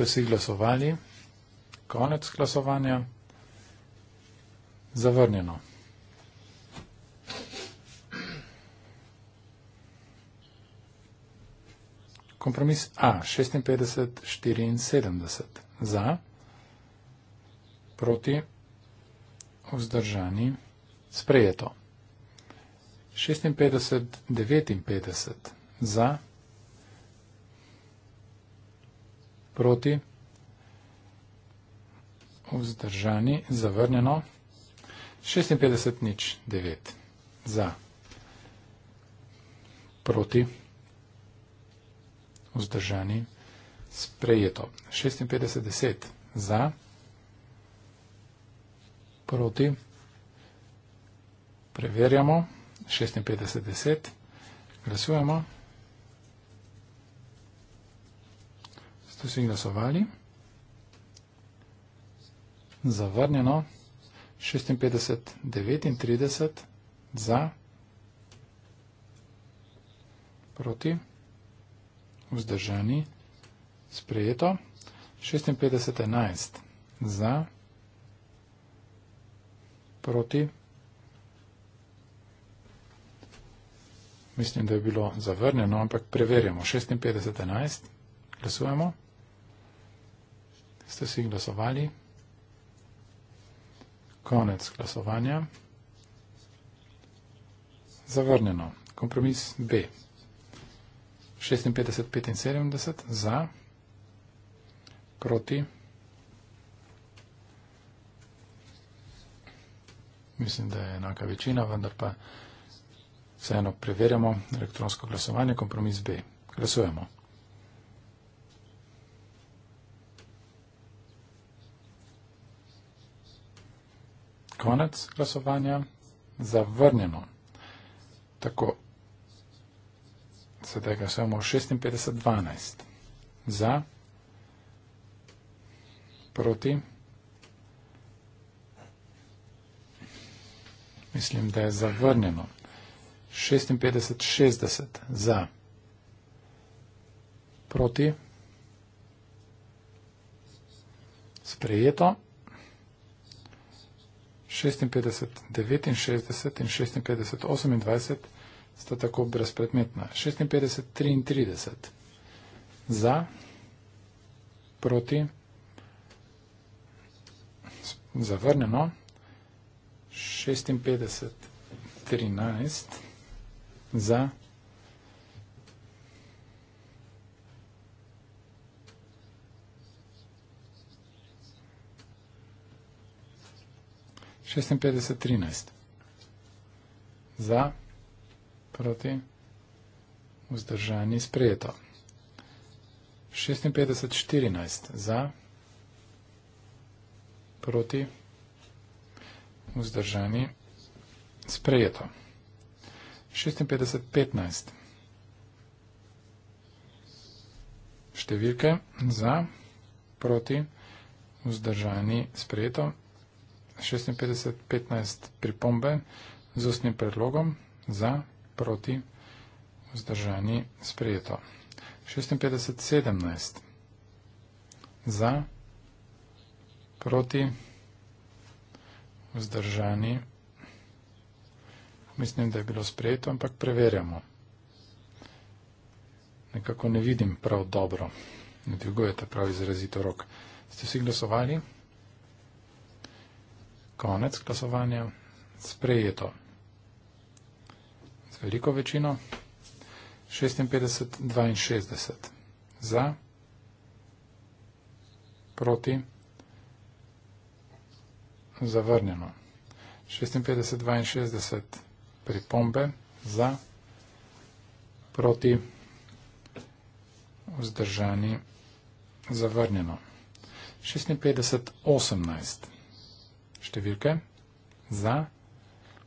ste si glasovali, konec glasovanja, zavrnjeno. Kompromis A 56, 74 za, proti, vzdržani, sprejeto. 56, 59 za, proti, vzdržani, sprejeto. proti, vzdržani, zavrnjeno, 56 nič 9 za, proti, vzdržani, sprejeto, 56 10 za, proti, preverjamo, 56 10, glasujemo, 56 10, ste vsi glasovali. Zavrnjeno 56, 39 za, proti, vzdržani, sprejeto 56, 11 za, proti, mislim, da je bilo zavrnjeno, ampak preverjamo 56, 11, glasujemo ste si glasovali. Konec glasovanja. Zavrnjeno. Kompromis B. 56-75 za, proti. Mislim, da je enaka večina, vendar pa vseeno preverjamo elektronsko glasovanje. Kompromis B. Glasujemo. Konec glasovanja. Zavrnjeno. Tako. Sedaj ga samo 56.12. Za. Proti. Mislim, da je zavrnjeno. 56.60. Za. Proti. Sprejeto. 56, 69 in 56, 28 sta tako brezpredmetna. 56, 33 za, proti, zavrnjeno. 56, 13 za, 56, 13. Za, proti, vzdržani, sprejeto. 56, 14. Za, proti, vzdržani, sprejeto. 56, 15. Številke za, proti, vzdržani, sprejeto. 56-15 pripombe z ustnim predlogom za, proti, vzdržani, sprejeto. 56-17 za, proti, vzdržani, mislim, da je bilo sprejeto, ampak preverjamo. Nekako ne vidim prav dobro. Ne dvigujete prav izrazito rok. Ste vsi glasovali? Ne. Konec glasovanja. Sprejeto. Z veliko večino. 56-62. Za. Proti. Zavrnjeno. 56-62. Pripombe. Za. Proti. Vzdržani. Zavrnjeno. 56-18 številke za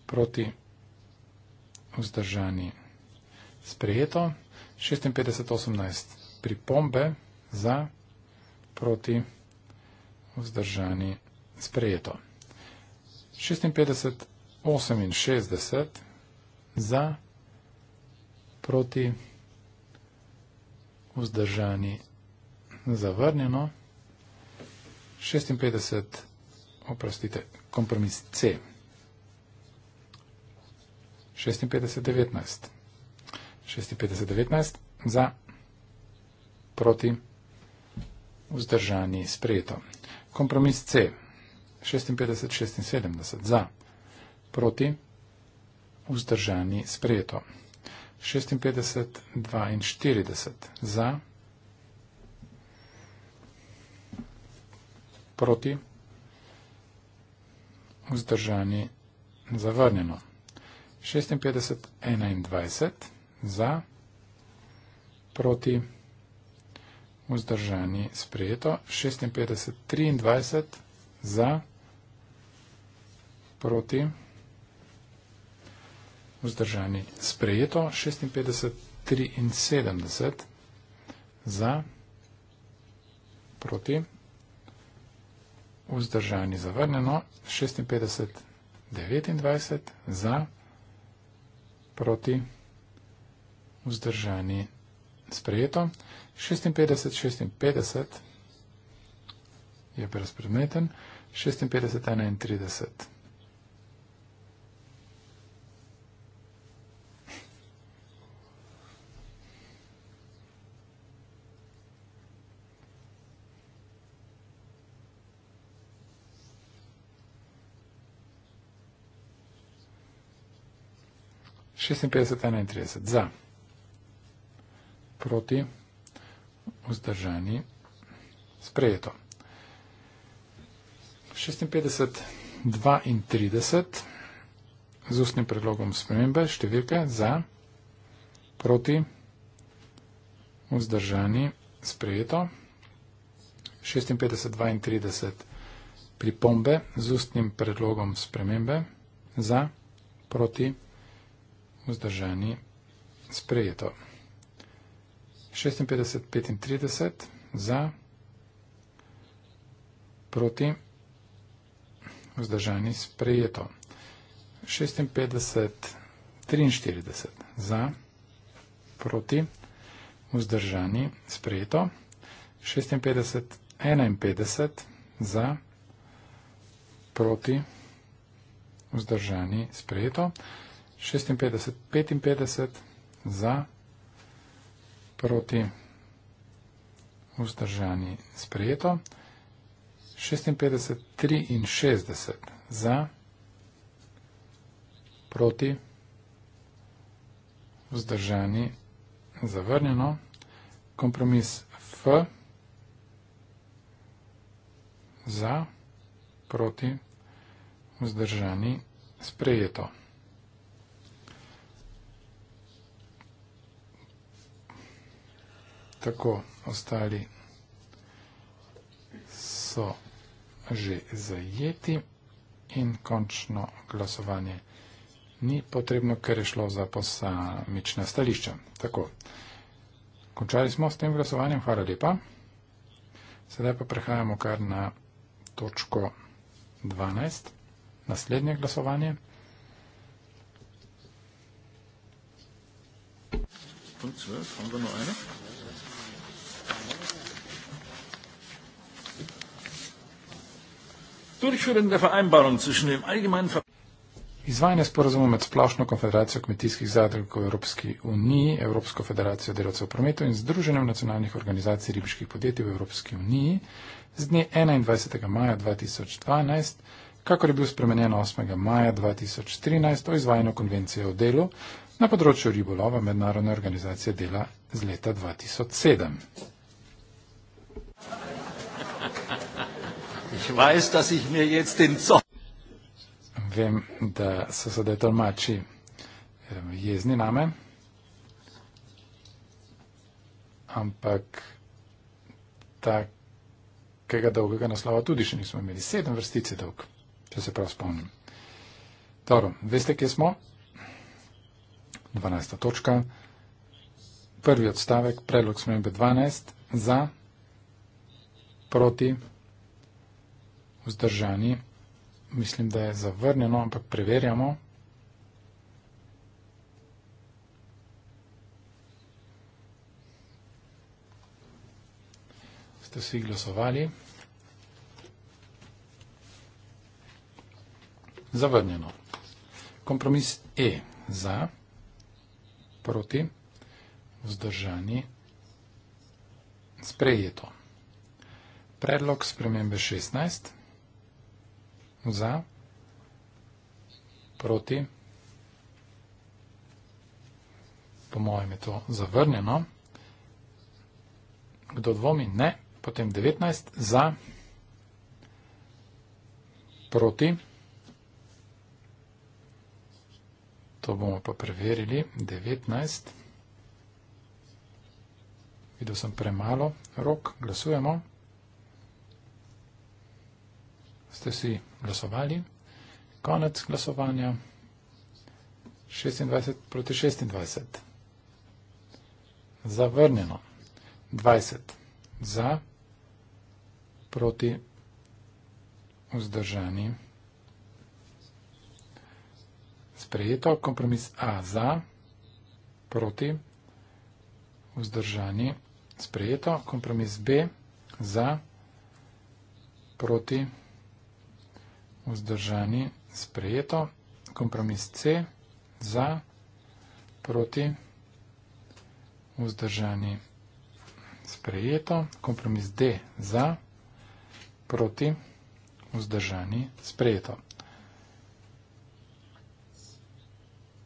proti vzdržani sprejeto 5618 pripombe za proti vzdržani sprejeto 5668 za proti vzdržani zavrnjeno 5618 oprostite, kompromis C. 56-19. 56-19 za proti vzdržani sprejeto. Kompromis C. 56-76 za proti vzdržani sprejeto. 56-42 za proti vzdržani sprejeto vzdržani zavrnjeno. 56, 21 za, proti, vzdržani sprejeto, 56, 23 za, proti, vzdržani sprejeto, 56, 73 za, proti, vzdržani sprejeto, vzdržani zavrnjeno, 56, 29 za, proti, vzdržani sprejeto, 56, 56 je brezpredmeten, 56, 31. 56-31 za, proti, vzdržani, sprejeto. 56-32 z ustnim predlogom spremembe številke za, proti, vzdržani, sprejeto. 56-32 pripombe z ustnim predlogom spremembe za, proti, vzdržani vzdržani, sprejeto. 56-35 za, proti, vzdržani, sprejeto. 56-43 za, proti, vzdržani, sprejeto. 56-51 za, proti, vzdržani, sprejeto. 56 56, 55 za, proti vzdržani sprejeto, 56, 63 za, proti vzdržani zavrnjeno, kompromis F za, proti vzdržani sprejeto. tako ostali so že zajeti in končno glasovanje ni potrebno, ker je šlo za posamična stališča. Tako, končali smo s tem glasovanjem, hvala lepa. Sedaj pa prehajamo kar na točko 12, naslednje glasovanje. Funktioniert, haben wir noch eine? durchführende Vereinbarung zwischen dem allgemeinen Ver Izvajanje sporozuma med Splošno konfederacijo kmetijskih zadrug v Evropski uniji, Evropsko federacijo delavcev prometov in Združenjem nacionalnih organizacij ribiških podjetij v Evropski uniji z dne 21. maja 2012, kakor je bil spremenjen 8. maja 2013 o izvajanju konvencije o delu na področju ribolova Mednarodne organizacije dela z leta 2007 ich weiß, dass ich mir jetzt den Zorn. Vem, da so sedaj tolmači jezni name, ampak takega dolgega naslova tudi še nismo imeli. Sedem vrstic je dolg, če se prav spomnim. Dobro, veste, kje smo? 12. točka. Prvi odstavek, predlog smo imeli 12 za, proti vzdržani. Mislim, da je zavrnjeno, ampak preverjamo. Ste vsi glasovali? Zavrnjeno. Kompromis E za, proti, vzdržani, sprejeto. Predlog spremembe 16. Za. Proti. Po mojem je to zavrnjeno. Kdo dvomi? Ne. Potem 19. Za. Proti. To bomo pa preverili. 19. Videl sem premalo rok. Glasujemo. 19 ste si glasovali. Konec glasovanja 26 proti 26. Zavrnjeno 20 za proti vzdržani. Sprejeto kompromis A za proti vzdržani. Sprejeto kompromis B za proti vzdržani vzdržani, sprejeto, kompromis C, za, proti, vzdržani, sprejeto, kompromis D, za, proti, vzdržani, sprejeto.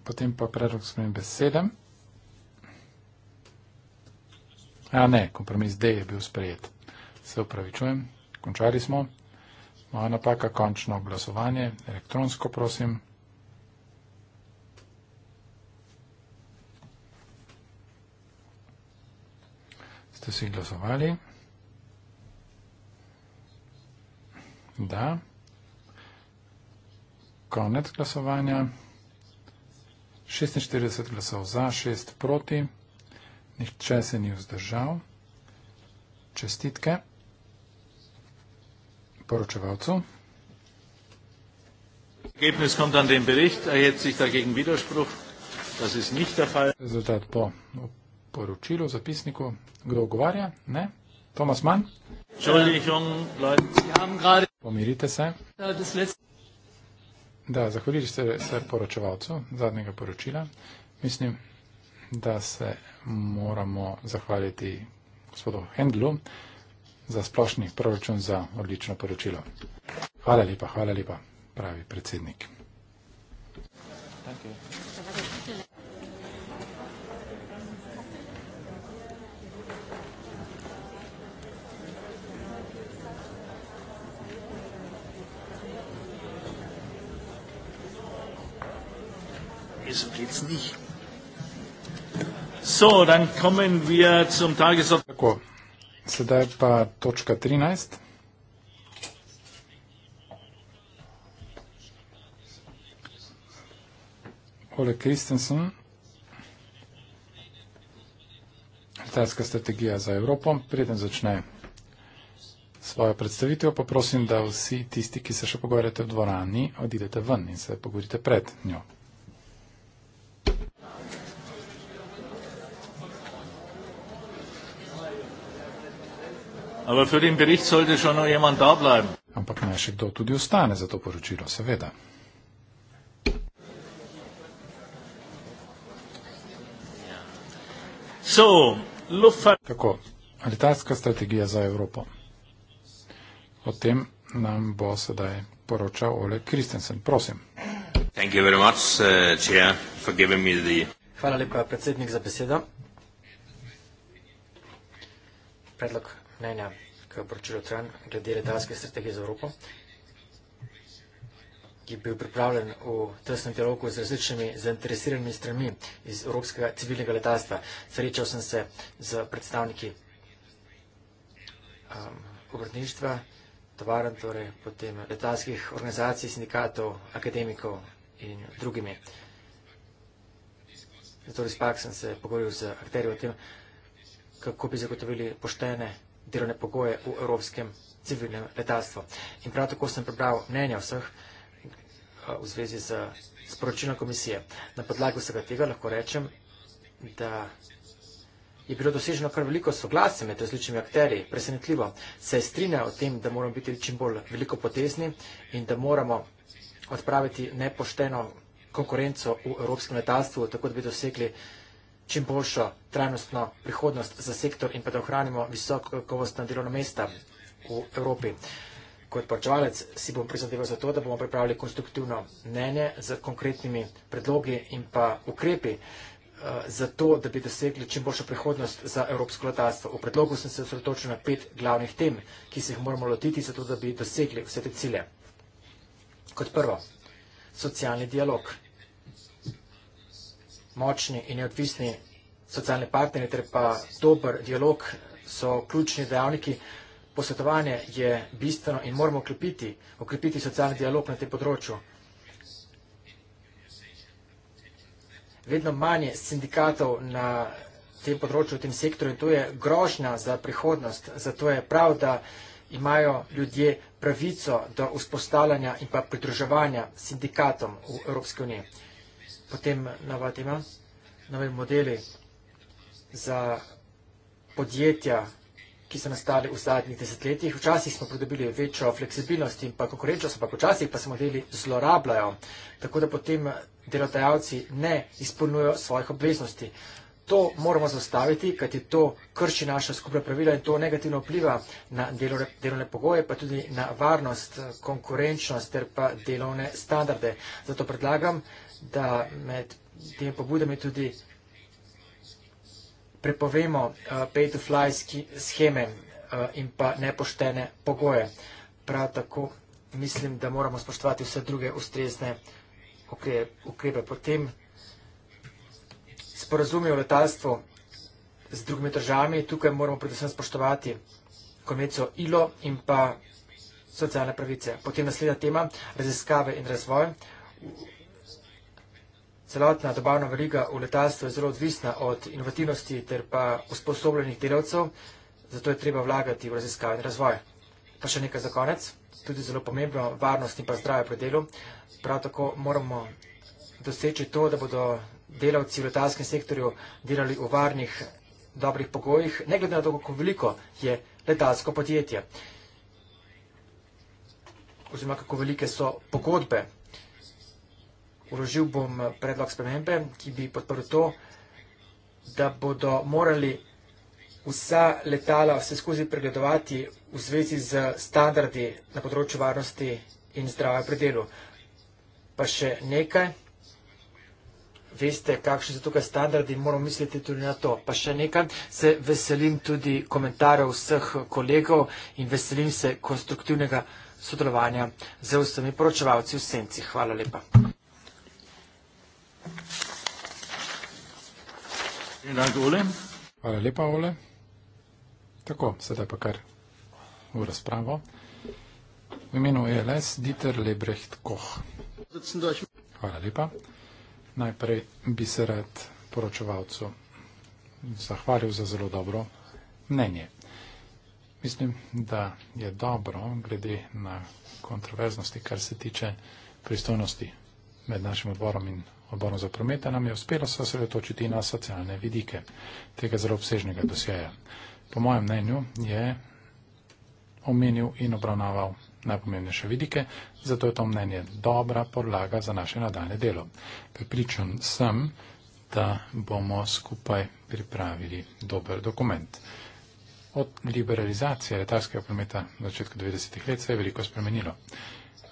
Potem pa predlog spremembe 7. A ne, kompromis D je bil sprejet. Se upravičujem, končali smo. Moja napaka, končno glasovanje, elektronsko prosim. Ste si glasovali? Da. Konec glasovanja. 46 glasov za, 6 proti. Nihče se ni vzdržal. Čestitke poročevalcu. Er Rezultat po poročilu, zapisniku, kdo ogovarja? Ne. Thomas Mann. Pomirite se. Ja, da, zahvalili ste se poročevalcu zadnjega poročila. Mislim, da se moramo zahvaliti gospodu Hendlu za splošni proračun za odlično poročilo. Hvala lepa, hvala lepa, pravi predsednik. So, dann kommen wir zum Tagesordnungspunkt. Sedaj pa točka 13. Ole Kristensen, letalska strategija za Evropo. Preden začne svojo predstavitev, pa prosim, da vsi tisti, ki se še pogovarjate v dvorani, odidete ven in se pogovorite pred njo. Ampak naj še kdo tudi ostane za to poročilo, seveda. Kako? Letalska strategija za Evropo. O tem nam bo sedaj poročal Ole Kristensen. Prosim. Uh, Hvala lepa, predsednik, za besedo. Predlog mnenja k poročilu Tran glede letalske strategije za Evropo, ki je bil pripravljen v tesnem dialogu z različnimi zainteresiranimi stranmi iz evropskega civilnega letalstva. Srečal sem se z predstavniki um, obrtništva, tovaren, torej potem letalskih organizacij, sindikatov, akademikov in drugimi. Zato res pak sem se pogovoril z akterjev o tem, kako bi zagotovili poštene delovne pogoje v evropskem civilnem letalstvu. In prav tako sem prebral mnenja vseh eh, v zvezi z sporočilno komisije. Na podlagu vsega tega lahko rečem, da je bilo doseženo kar veliko soglasje med različnimi akterji, presenetljivo, se strinja o tem, da moramo biti čim bolj veliko potezni in da moramo odpraviti nepošteno konkurenco v evropskem letalstvu, tako da bi dosegli uh, čim boljšo trajnostno prihodnost za sektor in pa da ohranimo visoko kakovostna delovna mesta v Evropi. Kot poročevalec si bom prizadeval za to, da bomo pripravili konstruktivno mnenje z konkretnimi predlogi in pa ukrepi eh, za to, da bi dosegli čim boljšo prihodnost za evropsko letalstvo. V predlogu sem se osredotočil na pet glavnih tem, ki se jih moramo lotiti za to, da bi dosegli vse te cilje. Kot prvo, socialni dialog močni in neodvisni socialni partneri ter pa dober dialog so ključni dejavniki. Posvetovanje je bistveno in moramo okrepiti, okrepiti socialni dialog na tem področju. Vedno manj sindikatov na tem področju, v tem sektorju in to je grožnja za prihodnost. Zato je prav, da imajo ljudje pravico do vzpostavljanja in pa pridruževanja sindikatom v Evropske unije potem navadi ima nove modele za podjetja, ki so nastali v zadnjih desetletjih. Včasih smo pridobili večjo fleksibilnost in pa konkurenčnost, ampak včasih pa se modeli zlorabljajo, tako da potem delodajalci ne izpolnjujo svojih obveznosti. To moramo zastaviti, kajti to krši naša skupna pravila in to negativno vpliva na delovne, delovne pogoje, pa tudi na varnost, konkurenčnost ter pa delovne standarde. Zato predlagam, da med tem pobudami tudi prepovemo uh, pay-to-fly scheme uh, in pa nepoštene pogoje. Prav tako mislim, da moramo spoštovati vse druge ustrezne ukrepe. ukrepe. Potem sporazumijo letalstvo z drugimi državami. Tukaj moramo predvsem spoštovati konvencijo ILO in pa socialne pravice. Potem naslednja tema, raziskave in razvoj celotna dobavna veriga v letalstvu je zelo odvisna od inovativnosti ter pa usposobljenih delavcev, zato je treba vlagati v raziskave in razvoj. Pa še nekaj za konec, tudi zelo pomembno, varnost in pa zdravje pri delu. Prav tako moramo doseči to, da bodo delavci v letalskem sektorju delali v varnih, dobrih pogojih, ne glede na to, kako veliko je letalsko podjetje oziroma kako velike so pogodbe uložil bom eh, predlog spremembe, ki bi podprl to, da bodo morali vsa letala vse skozi pregledovati v zvezi z standardi na področju varnosti in zdravja pri delu. Pa še nekaj, veste, kakšni so tukaj standardi, moramo misliti tudi na to. Pa še nekaj, se veselim tudi komentarjev vseh kolegov in veselim se konstruktivnega sodelovanja z vsemi poročevalci v Senci. Hvala lepa. Enak Ole. Hvala lepa, Ole. Tako, sedaj pa kar v razpravo. V imenu ELS Dieter Lebrecht Koch. Hvala lepa. Najprej bi se rad poročevalcu zahvalil za zelo dobro mnenje. Mislim, da je dobro, glede na kontroverznosti, kar se tiče pristojnosti med našim odborom in odboru za prometa nam je uspelo se osredotočiti na socialne vidike tega zelo obsežnega dosjeja. Po mojem mnenju je omenil in obravnaval najpomembnejše vidike, zato je to mnenje dobra podlaga za naše nadaljne delo. Pripričan sem, da bomo skupaj pripravili dober dokument. Od liberalizacije letalskega prometa v začetku 90-ih let se je veliko spremenilo.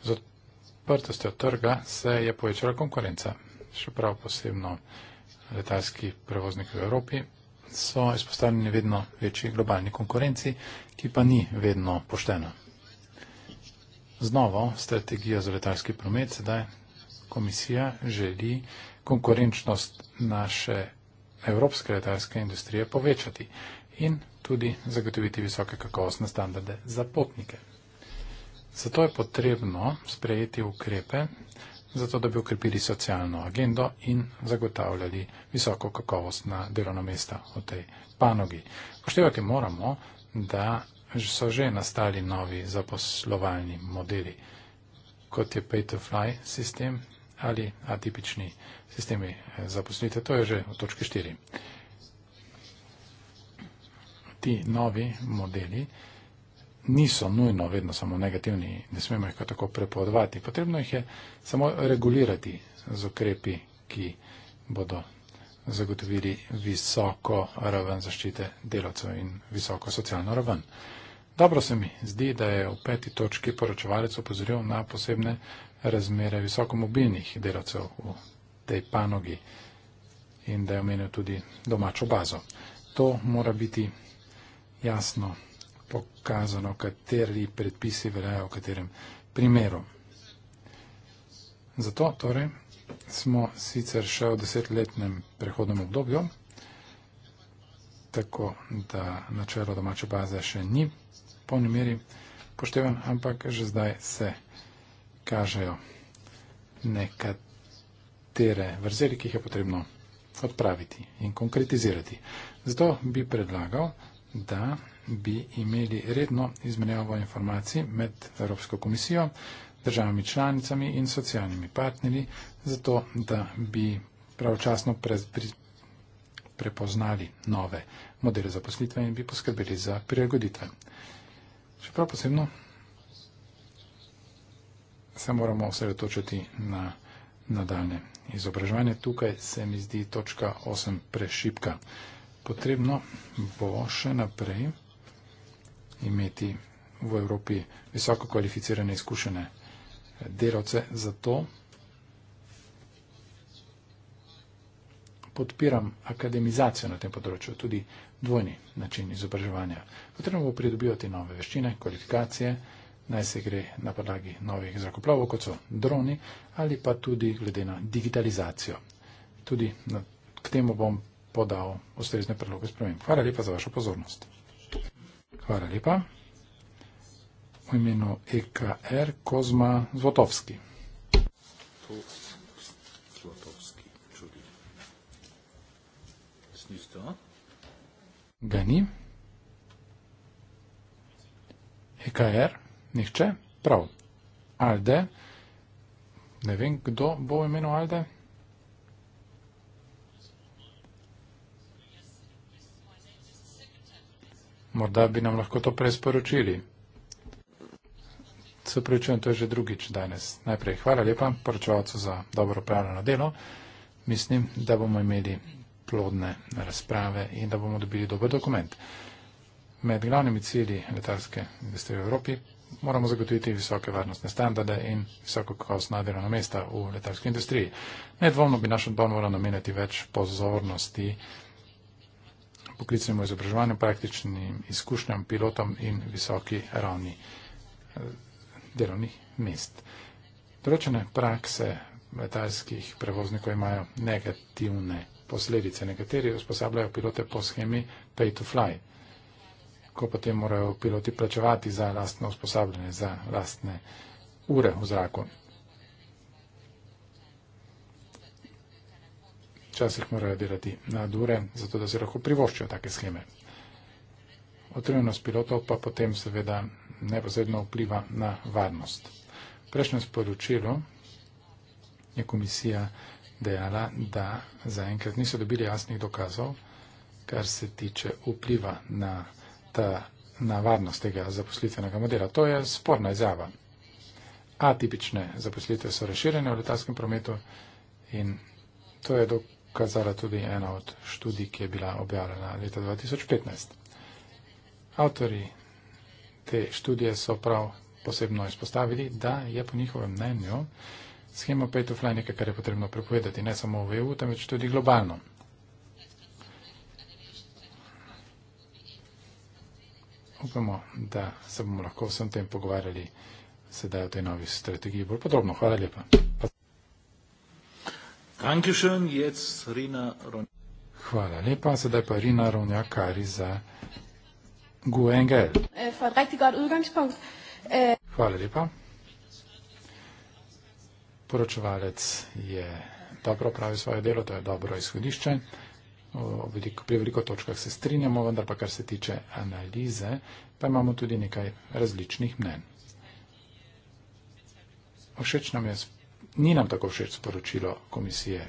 Z odprtostjo trga se je povečala konkurenca še prav posebno letalski prevozniki v Evropi, so izpostavljeni vedno večji globalni konkurenci, ki pa ni vedno poštena. Z novo strategijo za letalski promet sedaj komisija želi konkurenčnost naše evropske letalske industrije povečati in tudi zagotoviti visoke kakovostne standarde za potnike. Zato je potrebno sprejeti ukrepe, zato da bi ukrepili socialno agendo in zagotavljali visoko kakovost na delovna mesta v tej panogi. Poštevati moramo, da so že nastali novi zaposlovalni modeli, kot je pay-to-fly sistem ali atipični sistemi eh, zaposlitev. To je že v točki 4. Ti novi modeli niso nujno vedno samo negativni, ne smemo jih tako prepovedovati. Potrebno jih je samo regulirati z ukrepi, ki bodo zagotovili visoko raven zaščite delavcev in visoko socialno raven. Dobro se mi zdi, da je v peti točki poročevalec opozoril na posebne razmere visokomobilnih delavcev v tej panogi in da je omenil tudi domačo bazo. To mora biti jasno pokazano, kateri predpisi veljajo v katerem primeru. Zato torej smo sicer še v desetletnem prehodnem obdobju, tako da načelo domače baze še ni v polni meri pošteven, ampak že zdaj se kažejo nekatere vrzeli, ki jih je potrebno odpraviti in konkretizirati. Zato bi predlagal, da bi imeli redno izmenjavo informacij med Evropsko komisijo, državami članicami in socialnimi partnerji, zato da bi pravočasno pre, pre, prepoznali nove modele zaposlitve in bi poskrbeli za prilagoditve. Čeprav posebno se moramo osredotočiti na nadaljne izobraževanje. Tukaj se mi zdi točka 8 prešipka. Potrebno bo še naprej imeti v Evropi visoko kvalificirane izkušene eh, delavce. Zato podpiram akademizacijo na tem področju, tudi dvojni način izobraževanja. Potrebno bo pridobivati nove veščine, kvalifikacije, naj se gre na podlagi novih zrakoplovov, kot so droni, ali pa tudi glede na digitalizacijo. Tudi k temu bom podal ustrezne predloge sprememb. Hvala lepa za vašo pozornost. Hvala lepa. V imenu EKR Kozma Zvotovski. Zvotovski, čudi. Snisto. Ga ni. EKR, nihče, prav. Alde, ne vem, kdo bo imenoval Alde. Morda bi nam lahko to prej sporočili. Se pravičujem, to je že drugič danes. Najprej hvala lepa poročevalcu za dobro upravljeno delo. Mislim, da bomo imeli plodne razprave in da bomo dobili dober dokument. Med glavnimi cilji letalske industrije v Evropi moramo zagotoviti visoke varnostne standarde in visoko kakovostna delovna mesta v letalski industriji. Nedvomno bi naš odbor moral namenjati več pozornosti poklicnemu izobraževanju, praktičnim izkušnjam, pilotom in visoki ravni eh, delovnih mest. Določene prakse letalskih prevoznikov imajo negativne posledice. Nekateri usposabljajo pilote po schemi pay to fly, ko potem morajo piloti plačevati za lastno usposabljanje, za lastne ure v zraku. včasih morajo delati nadure, zato da si lahko privoščijo take scheme. Otrujenost pilotov pa potem seveda neposredno vpliva na varnost. Prejšnje sporočilo je komisija dejala, da zaenkrat niso dobili jasnih dokazov, kar se tiče vpliva na, ta, na varnost tega zaposlitvenega modela. To je sporna izjava. Atipične zaposlitve so razširjene v letalskem prometu in to je dokaz pokazala tudi ena od študij, ki je bila objavljena leta 2015. Avtori te študije so prav posebno izpostavili, da je po njihovem mnenju schema pay to fly nekaj, kar je potrebno prepovedati ne samo v EU, temveč tudi globalno. Upamo, da se bomo lahko vsem tem pogovarjali sedaj o tej novi strategiji bolj podrobno. Hvala lepa. Hvala lepa, sedaj pa Rina Ronjakari za Guengel. Äh, äh, Hvala lepa. Poročevalec je dobro pravi svoje delo, to je dobro izhodišče. Veliko, pri veliko točkah se strinjamo, vendar pa kar se tiče analize, pa imamo tudi nekaj različnih mnen. Všeč nam je spremljati ni nam tako všeč sporočilo komisije.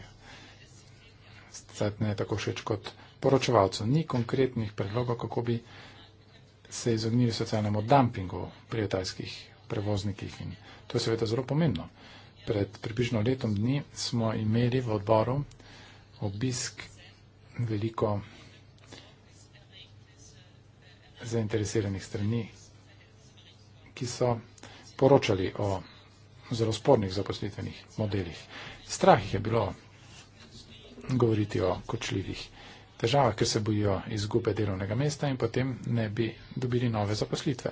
Ne tako všeč kot poročevalcu. Ni konkretnih predlogov, kako bi se izognili socialnemu dumpingu pri letalskih prevoznikih. In to je seveda zelo pomembno. Pred približno letom dni smo imeli v odboru obisk veliko zainteresiranih strani, ki so poročali o zelo spornih zaposlitvenih modelih. Strah jih je bilo govoriti o kočljivih težavah, ker se bojijo izgube delovnega mesta in potem ne bi dobili nove zaposlitve.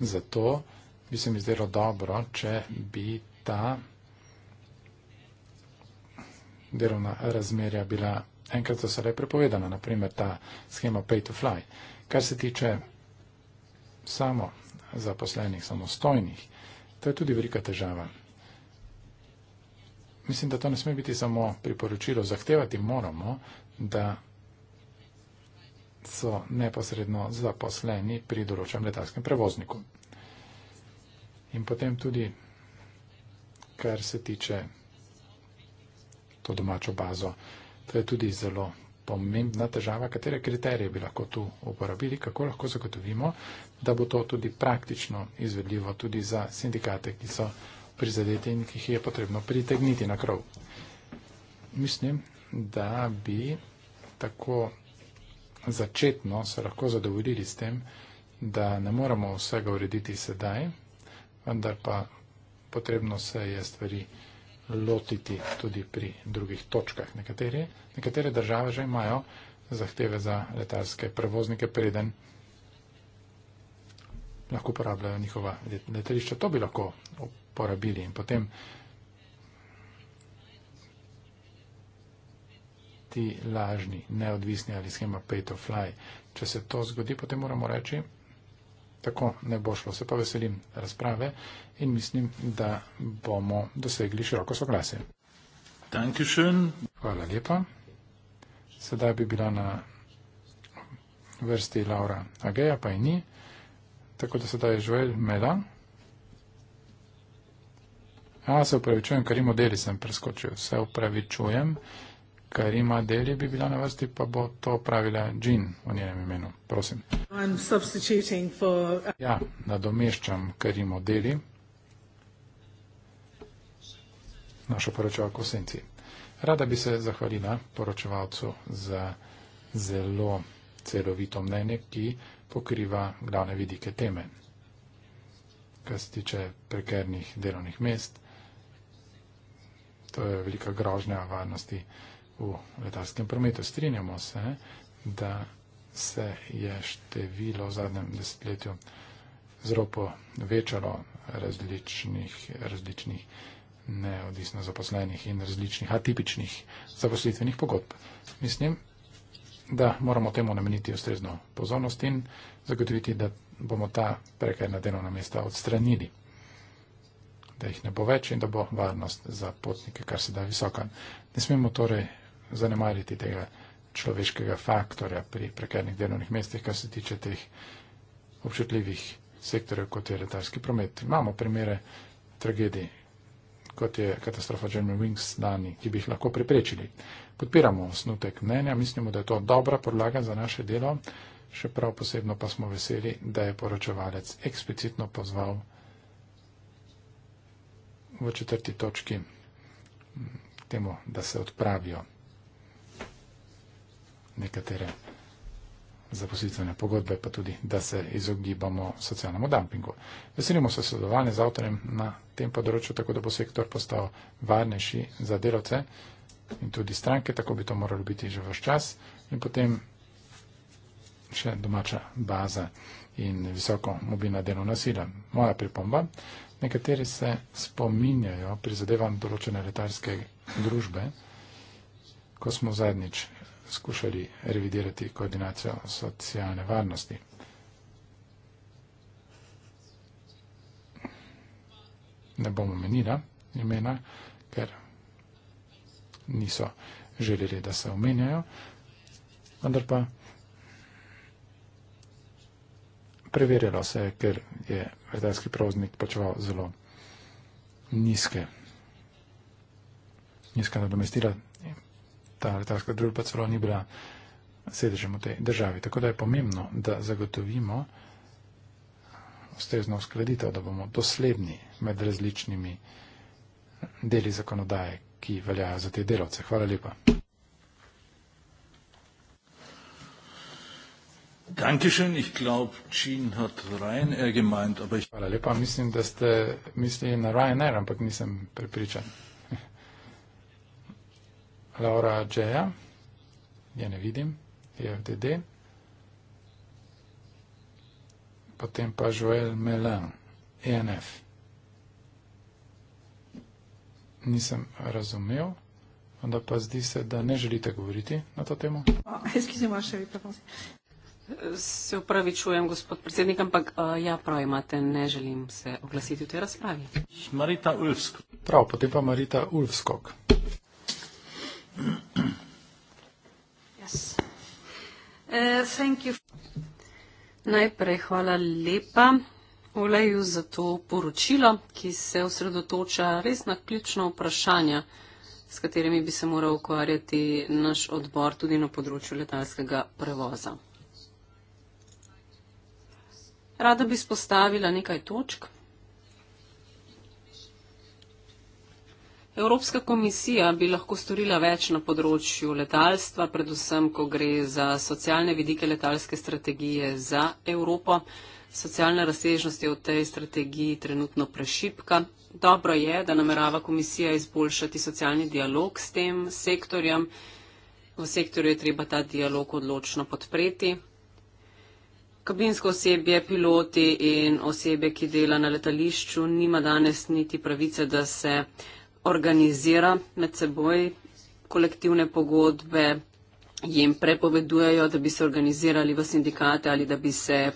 Zato bi se mi zdelo dobro, če bi ta delovna razmerja bila enkrat za vse prepovedana, naprimer ta schema pay to fly. Kar se tiče samo zaposlenih, samostojnih, To je tudi velika težava. Mislim, da to ne sme biti samo priporočilo. Zahtevati moramo, da so neposredno zaposleni pri določenem letalskem prevozniku. In potem tudi, kar se tiče to domačo bazo, to je tudi zelo pomembna težava, katere kriterije bi lahko tu uporabili, kako lahko zagotovimo, da bo to tudi praktično izvedljivo tudi za sindikate, ki so prizadeti in ki jih je potrebno pritegniti na krov. Mislim, da bi tako začetno se lahko zadovoljili s tem, da ne moramo vsega urediti sedaj, vendar pa potrebno se je stvari urediti lotiti tudi pri drugih točkah. Nekateri, nekatere države že imajo zahteve za letalske prevoznike preden lahko uporabljajo njihova letališča. To bi lahko uporabili in potem ti lažni, neodvisni ali schema pay to fly. Če se to zgodi, potem moramo reči, tako ne bo šlo. Se pa veselim razprave in mislim, da bomo dosegli široko soglasje. Hvala lepa. Sedaj bi bila na vrsti Laura Ageja, pa je ni. Tako da sedaj je Joel Meda. A, se upravičujem, kar imo deli sem preskočil. Se upravičujem kar ima Delhi, bi bila na vrsti, pa bo to pravila Džin v njenem imenu. Prosim. For... Uh, ja, nadomeščam Karimo Deli, našo poročevalko v Senci. Rada bi se zahvalila poročevalcu za zelo celovito mnenje, ki pokriva glavne vidike teme. Kar se tiče prekernih delovnih mest, to je velika grožnja varnosti v letalskem prometu. Strinjamo se, da se je število v zadnjem desetletju zelo povečalo različnih, različnih neodvisno zaposlenih in različnih atipičnih zaposlitvenih pogodb. Mislim, da moramo temu nameniti ustrezno pozornost in zagotoviti, da bomo ta prekajna delovna mesta odstranili, da jih ne bo več in da bo varnost za potnike kar se da visoka. Ne smemo torej zanemariti tega človeškega faktorja pri prekernih delovnih mestih, kar se tiče teh občutljivih sektorjev, kot je letalski promet. Imamo primere tragedij, kot je katastrofa German Wings dani, ki bi jih lahko preprečili. Podpiramo osnutek mnenja, mislimo, da je to dobra podlaga za naše delo, še prav posebno pa smo veseli, da je poročevalec eksplicitno pozval v četrti točki temu, da se odpravijo nekatere zaposlitvene pogodbe, pa tudi, da se izogibamo socialnemu dumpingu. Veselimo se sodelovanja z avtorjem na tem področju, tako da bo sektor postal varnejši za delavce in tudi stranke, tako bi to moralo biti že vaš čas. In potem še domača baza in visoko mobilna delovna sila. Moja pripomba, nekateri se spominjajo, prizadevam določene letarske družbe, ko smo zadnjič skušali revidirati koordinacijo socialne varnosti. Ne bomo menila imena, ker niso želeli, da se omenjajo, vendar pa preverjalo se je, ker je vrtajski provoznik počeval zelo nizke, nizke nadomestila ta letalska družba pa celo ni bila sedežem v tej državi. Tako da je pomembno, da zagotovimo ustrezno uskladitev, da bomo dosledni med različnimi deli zakonodaje, ki veljajo za te delavce. Hvala lepa. Dankeschön, ich glaube, Jean hat Ryanair gemeint, aber ich. Hvala lepa, mislim, da ste mislili na Ryanair, ampak nisem prepričan. Laura Džeja, je ne vidim, je FDD. Potem pa Joel Melan, ENF. Nisem razumel, onda pa zdi se, da ne želite govoriti na to temo. Se upravičujem, gospod predsednik, ampak uh, ja, prav imate, ne želim se oglasiti v tej razpravi. Marita Ulfskog. Prav, potem pa Marita Ulfskog. Yes. Uh, thank you. Najprej hvala lepa Oleju za to poročilo, ki se osredotoča res na ključna vprašanja, s katerimi bi se moral ukvarjati naš odbor tudi na področju letalskega prevoza. Rada bi spostavila nekaj točk. Evropska komisija bi lahko storila več na področju letalstva, predvsem, ko gre za socialne vidike letalske strategije za Evropo. Socialna razsežnost je v tej strategiji trenutno prešipka. Dobro je, da namerava komisija izboljšati socialni dialog s tem sektorjem. V sektorju je treba ta dialog odločno podpreti. Kabinsko osebje, piloti in osebe, ki dela na letališču, nima danes niti pravice, da se organizira med seboj kolektivne pogodbe, jim prepovedujejo, da bi se organizirali v sindikate ali da bi se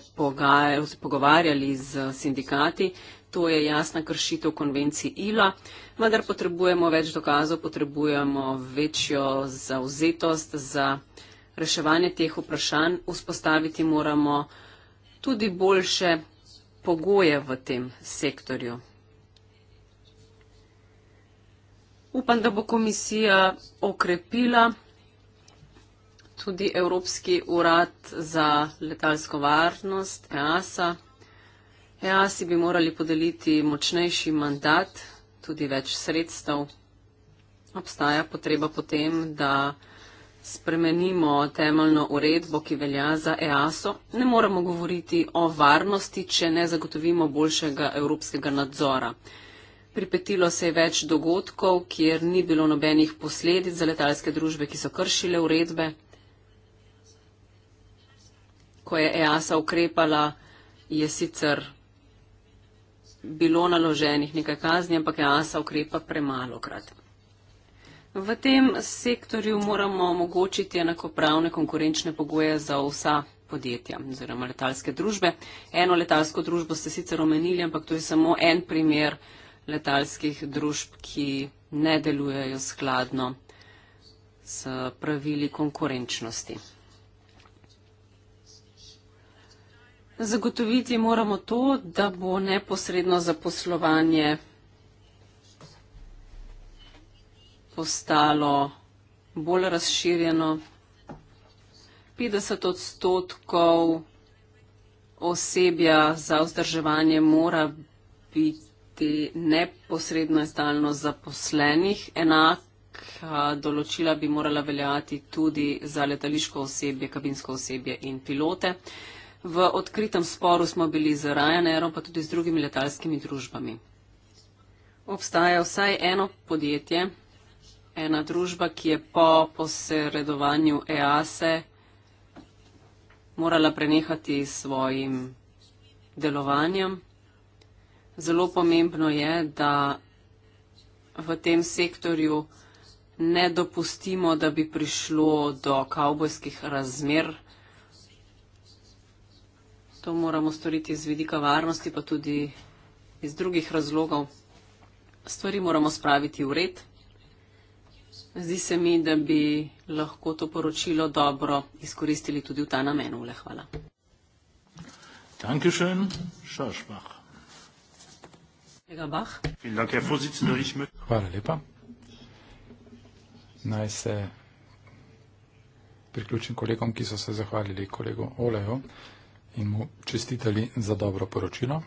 pogovarjali z sindikati. To je jasna kršitev konvencij ILA, vendar potrebujemo več dokazov, potrebujemo večjo zauzetost za reševanje teh vprašanj. Vzpostaviti moramo tudi boljše pogoje v tem sektorju. Upam, da bo komisija okrepila tudi Evropski urad za letalsko varnost, EASA. EASI bi morali podeliti močnejši mandat, tudi več sredstev. Obstaja potreba potem, da spremenimo temeljno uredbo, ki velja za EASO. Ne moremo govoriti o varnosti, če ne zagotovimo boljšega evropskega nadzora pripetilo se je več dogodkov, kjer ni bilo nobenih posledic za letalske družbe, ki so kršile uredbe. Ko je EASA ukrepala, je sicer bilo naloženih nekaj kazni, ampak EASA ukrepa premalo krat. V tem sektorju moramo omogočiti enakopravne konkurenčne pogoje za vsa podjetja oziroma letalske družbe. Eno letalsko družbo ste sicer omenili, ampak to je samo en primer letalskih družb, ki ne delujejo skladno s pravili konkurenčnosti. Zagotoviti moramo to, da bo neposredno zaposlovanje postalo bolj razširjeno. 50 odstotkov osebja za vzdrževanje mora biti biti neposredno in stalno zaposlenih. Enaka določila bi morala veljati tudi za letališko osebje, kabinsko osebje in pilote. V odkritem sporu smo bili z Ryanairom, pa tudi z drugimi letalskimi družbami. Obstaja vsaj eno podjetje, ena družba, ki je po posredovanju EASE morala prenehati s svojim delovanjem zelo pomembno je, da v tem sektorju ne dopustimo, da bi prišlo do kavbojskih razmer. To moramo storiti z vidika varnosti, pa tudi iz drugih razlogov. Stvari moramo spraviti v red. Zdi se mi, da bi lahko to poročilo dobro izkoristili tudi v ta namen. Ule, hvala. Dankeschön, Schorschbach. Hvala lepa. Naj se priključim kolegom, ki so se zahvalili kolegu Olejo in mu čestitali za dobro poročilo.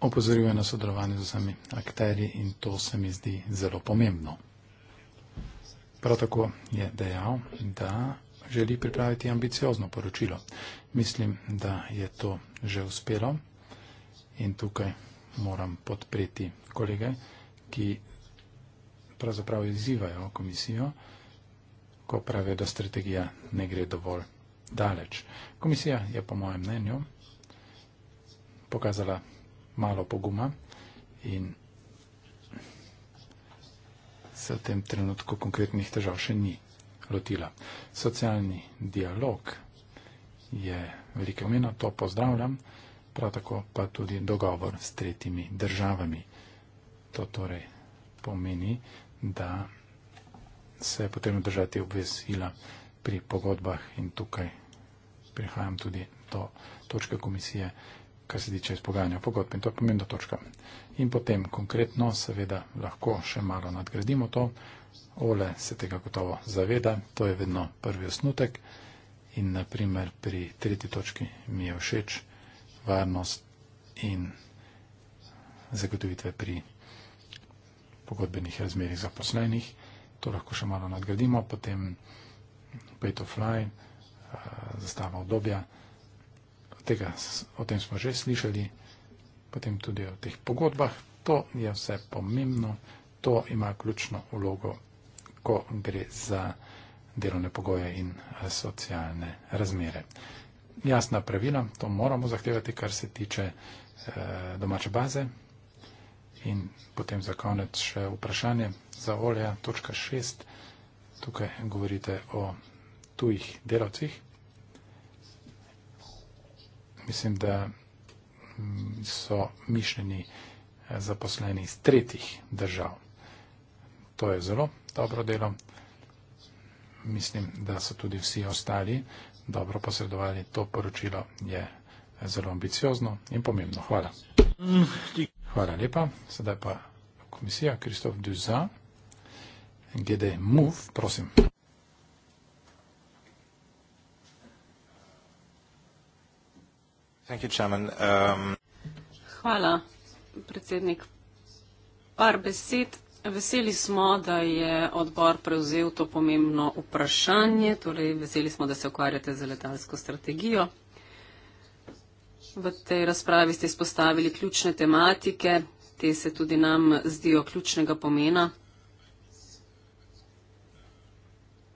Opozorijo na sodelovanje z vsemi akterji in to se mi zdi zelo pomembno. Prav tako je dejal, da želi pripraviti ambiciozno poročilo. Mislim, da je to že uspelo. In tukaj moram podpreti kolege, ki pravzaprav izzivajo komisijo, ko pravijo, da strategija ne gre dovolj daleč. Komisija je po mojem mnenju pokazala malo poguma in se v tem trenutku konkretnih težav še ni lotila. Socialni dialog je velike omena, to pozdravljam prav tako pa tudi dogovor s tretjimi državami. To torej pomeni, da se je potrebno držati obvezila pri pogodbah in tukaj prihajam tudi do točke komisije, kar se tiče izpogajanja pogodb in to je pomembna točka. In potem konkretno seveda lahko še malo nadgradimo to. Ole se tega gotovo zaveda, to je vedno prvi osnutek in naprimer pri tretji točki mi je všeč varnost in zagotovitve pri pogodbenih razmerih zaposlenih. To lahko še malo nadgradimo, potem pay to fly, eh, zastava obdobja. Tega, o tem smo že slišali, potem tudi o teh pogodbah. To je vse pomembno, to ima ključno vlogo, ko gre za delovne pogoje in eh, socialne razmere jasna pravila, to moramo zahtevati, kar se tiče eh, domače baze. In potem za konec še vprašanje za olja, točka šest. Tukaj govorite o tujih delavcih. Mislim, da mm, so mišljeni eh, zaposleni iz tretjih držav. To je zelo dobro delo. Mislim, da so tudi vsi ostali dobro posredovali. To poročilo je zelo ambiciozno in pomembno. Hvala. Hvala lepa. Sedaj pa komisija Kristof Duza, GD MUV, prosim. Thank you, um... Hvala, predsednik. Par besed Veseli smo, da je odbor prevzel to pomembno vprašanje, torej veseli smo, da se ukvarjate z letalsko strategijo. V tej razpravi ste izpostavili ključne tematike, te se tudi nam zdijo ključnega pomena.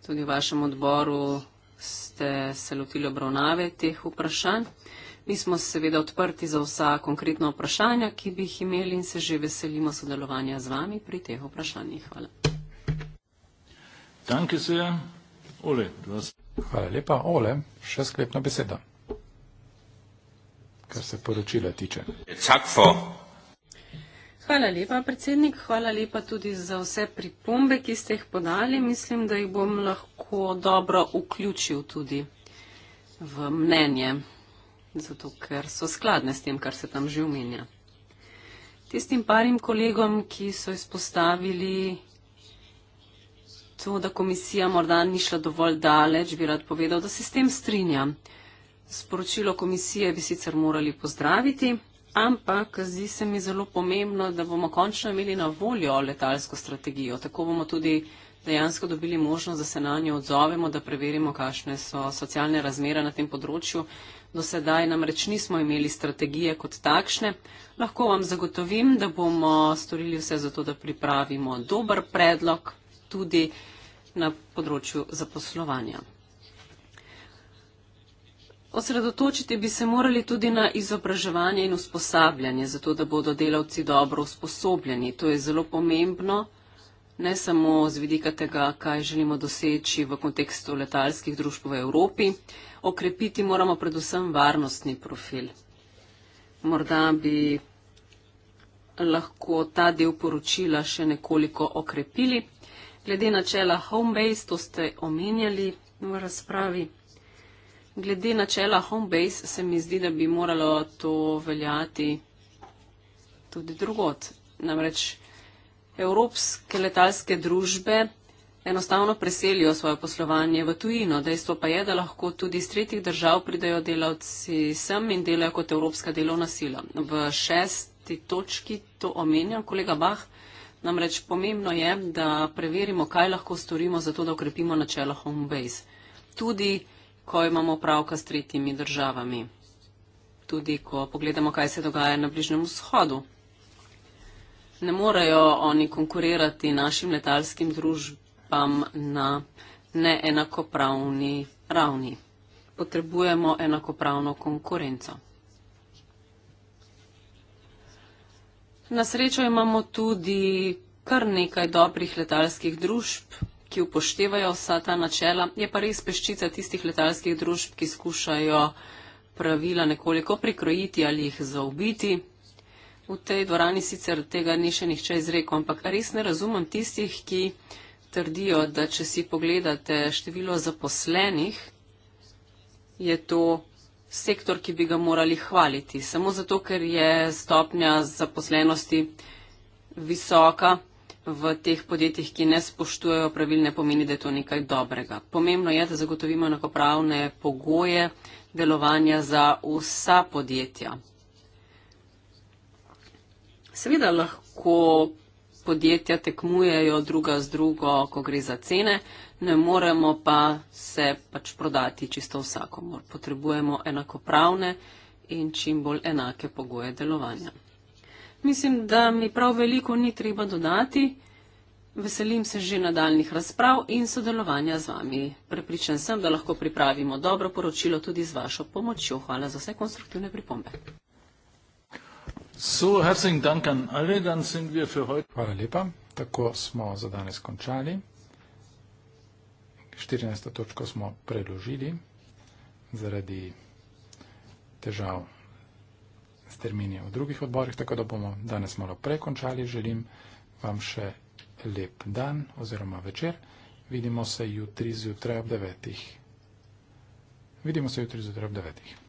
Tudi v vašem odboru ste se lotili obravnave teh vprašanj. Mi smo seveda odprti za vsa konkretna vprašanja, ki bi jih imeli in se že veselimo sodelovanja z vami pri teh vprašanjih. Hvala. Danke se, Ole. Vas... Hvala lepa, Ole. Še sklepna beseda, kar se poročila tiče. Hvala lepa, predsednik. Hvala lepa tudi za vse pripombe, ki ste jih podali. Mislim, da jih bom lahko dobro vključil tudi v mnenje zato ker so skladne s tem, kar se tam že umenja. Tistim parim kolegom, ki so izpostavili to, da komisija morda ni šla dovolj daleč, bi rad povedal, da se s tem strinjam. Sporočilo komisije bi sicer morali pozdraviti, ampak zdi se mi zelo pomembno, da bomo končno imeli na voljo letalsko strategijo. Tako bomo tudi dejansko dobili možnost, da se na njo odzovemo, da preverimo, kakšne so socialne razmere na tem področju, Do sedaj namreč nismo imeli strategije kot takšne. Lahko vam zagotovim, da bomo storili vse za to, da pripravimo dober predlog tudi na področju zaposlovanja. Osredotočiti bi se morali tudi na izobraževanje in usposabljanje, zato da bodo delavci dobro usposobljeni. To je zelo pomembno, ne samo z vidika tega, kaj želimo doseči v kontekstu letalskih družb v Evropi, okrepiti moramo predvsem varnostni profil. Morda bi lahko ta del poročila še nekoliko okrepili. Glede načela Homebase, to ste omenjali v razpravi. Glede načela Homebase se mi zdi, da bi moralo to veljati tudi drugot. Namreč evropske letalske družbe enostavno preselijo svoje poslovanje v tujino. Dejstvo pa je, da lahko tudi iz tretjih držav pridajo delavci sem in delajo kot evropska delovna sila. V šesti točki to omenjam, kolega Bah. Namreč pomembno je, da preverimo, kaj lahko storimo za to, da okrepimo načelo home base. Tudi, ko imamo pravka s tretjimi državami. Tudi, ko pogledamo, kaj se dogaja na Bližnjem vzhodu. Ne morejo oni konkurirati našim letalskim družbam ekipam na neenakopravni ravni. Potrebujemo enakopravno konkurenco. Na srečo imamo tudi kar nekaj dobrih letalskih družb, ki upoštevajo vsa ta načela. Je pa res peščica tistih letalskih družb, ki skušajo pravila nekoliko prikrojiti ali jih zaobiti. V tej dvorani sicer tega ni še nihče izrekel, ampak res ne razumem tistih, ki trdijo, da če si pogledate število zaposlenih, je to sektor, ki bi ga morali hvaliti. Samo zato, ker je stopnja zaposlenosti visoka v teh podjetjih, ki ne spoštujejo pravil, ne pomeni, da je to nekaj dobrega. Pomembno je, da zagotovimo enakopravne pogoje delovanja za vsa podjetja. Seveda lahko podjetja tekmujejo druga z drugo, ko gre za cene, ne moremo pa se pač prodati čisto vsakomor. Potrebujemo enakopravne in čim bolj enake pogoje delovanja. Mislim, da mi prav veliko ni treba dodati. Veselim se že nadaljnih razprav in sodelovanja z vami. Prepričan sem, da lahko pripravimo dobro poročilo tudi z vašo pomočjo. Hvala za vse konstruktivne pripombe. So, herzlichen Dank an alle, dann sind wir für heute. Hvala lepa, tako smo za danes končali. 14. točko smo predložili zaradi težav s termini v drugih odborih, tako da bomo danes malo prekončali. Želim vam še lep dan oziroma večer. Vidimo se jutri zjutraj ob 9. Vidimo se jutri zjutraj ob 9.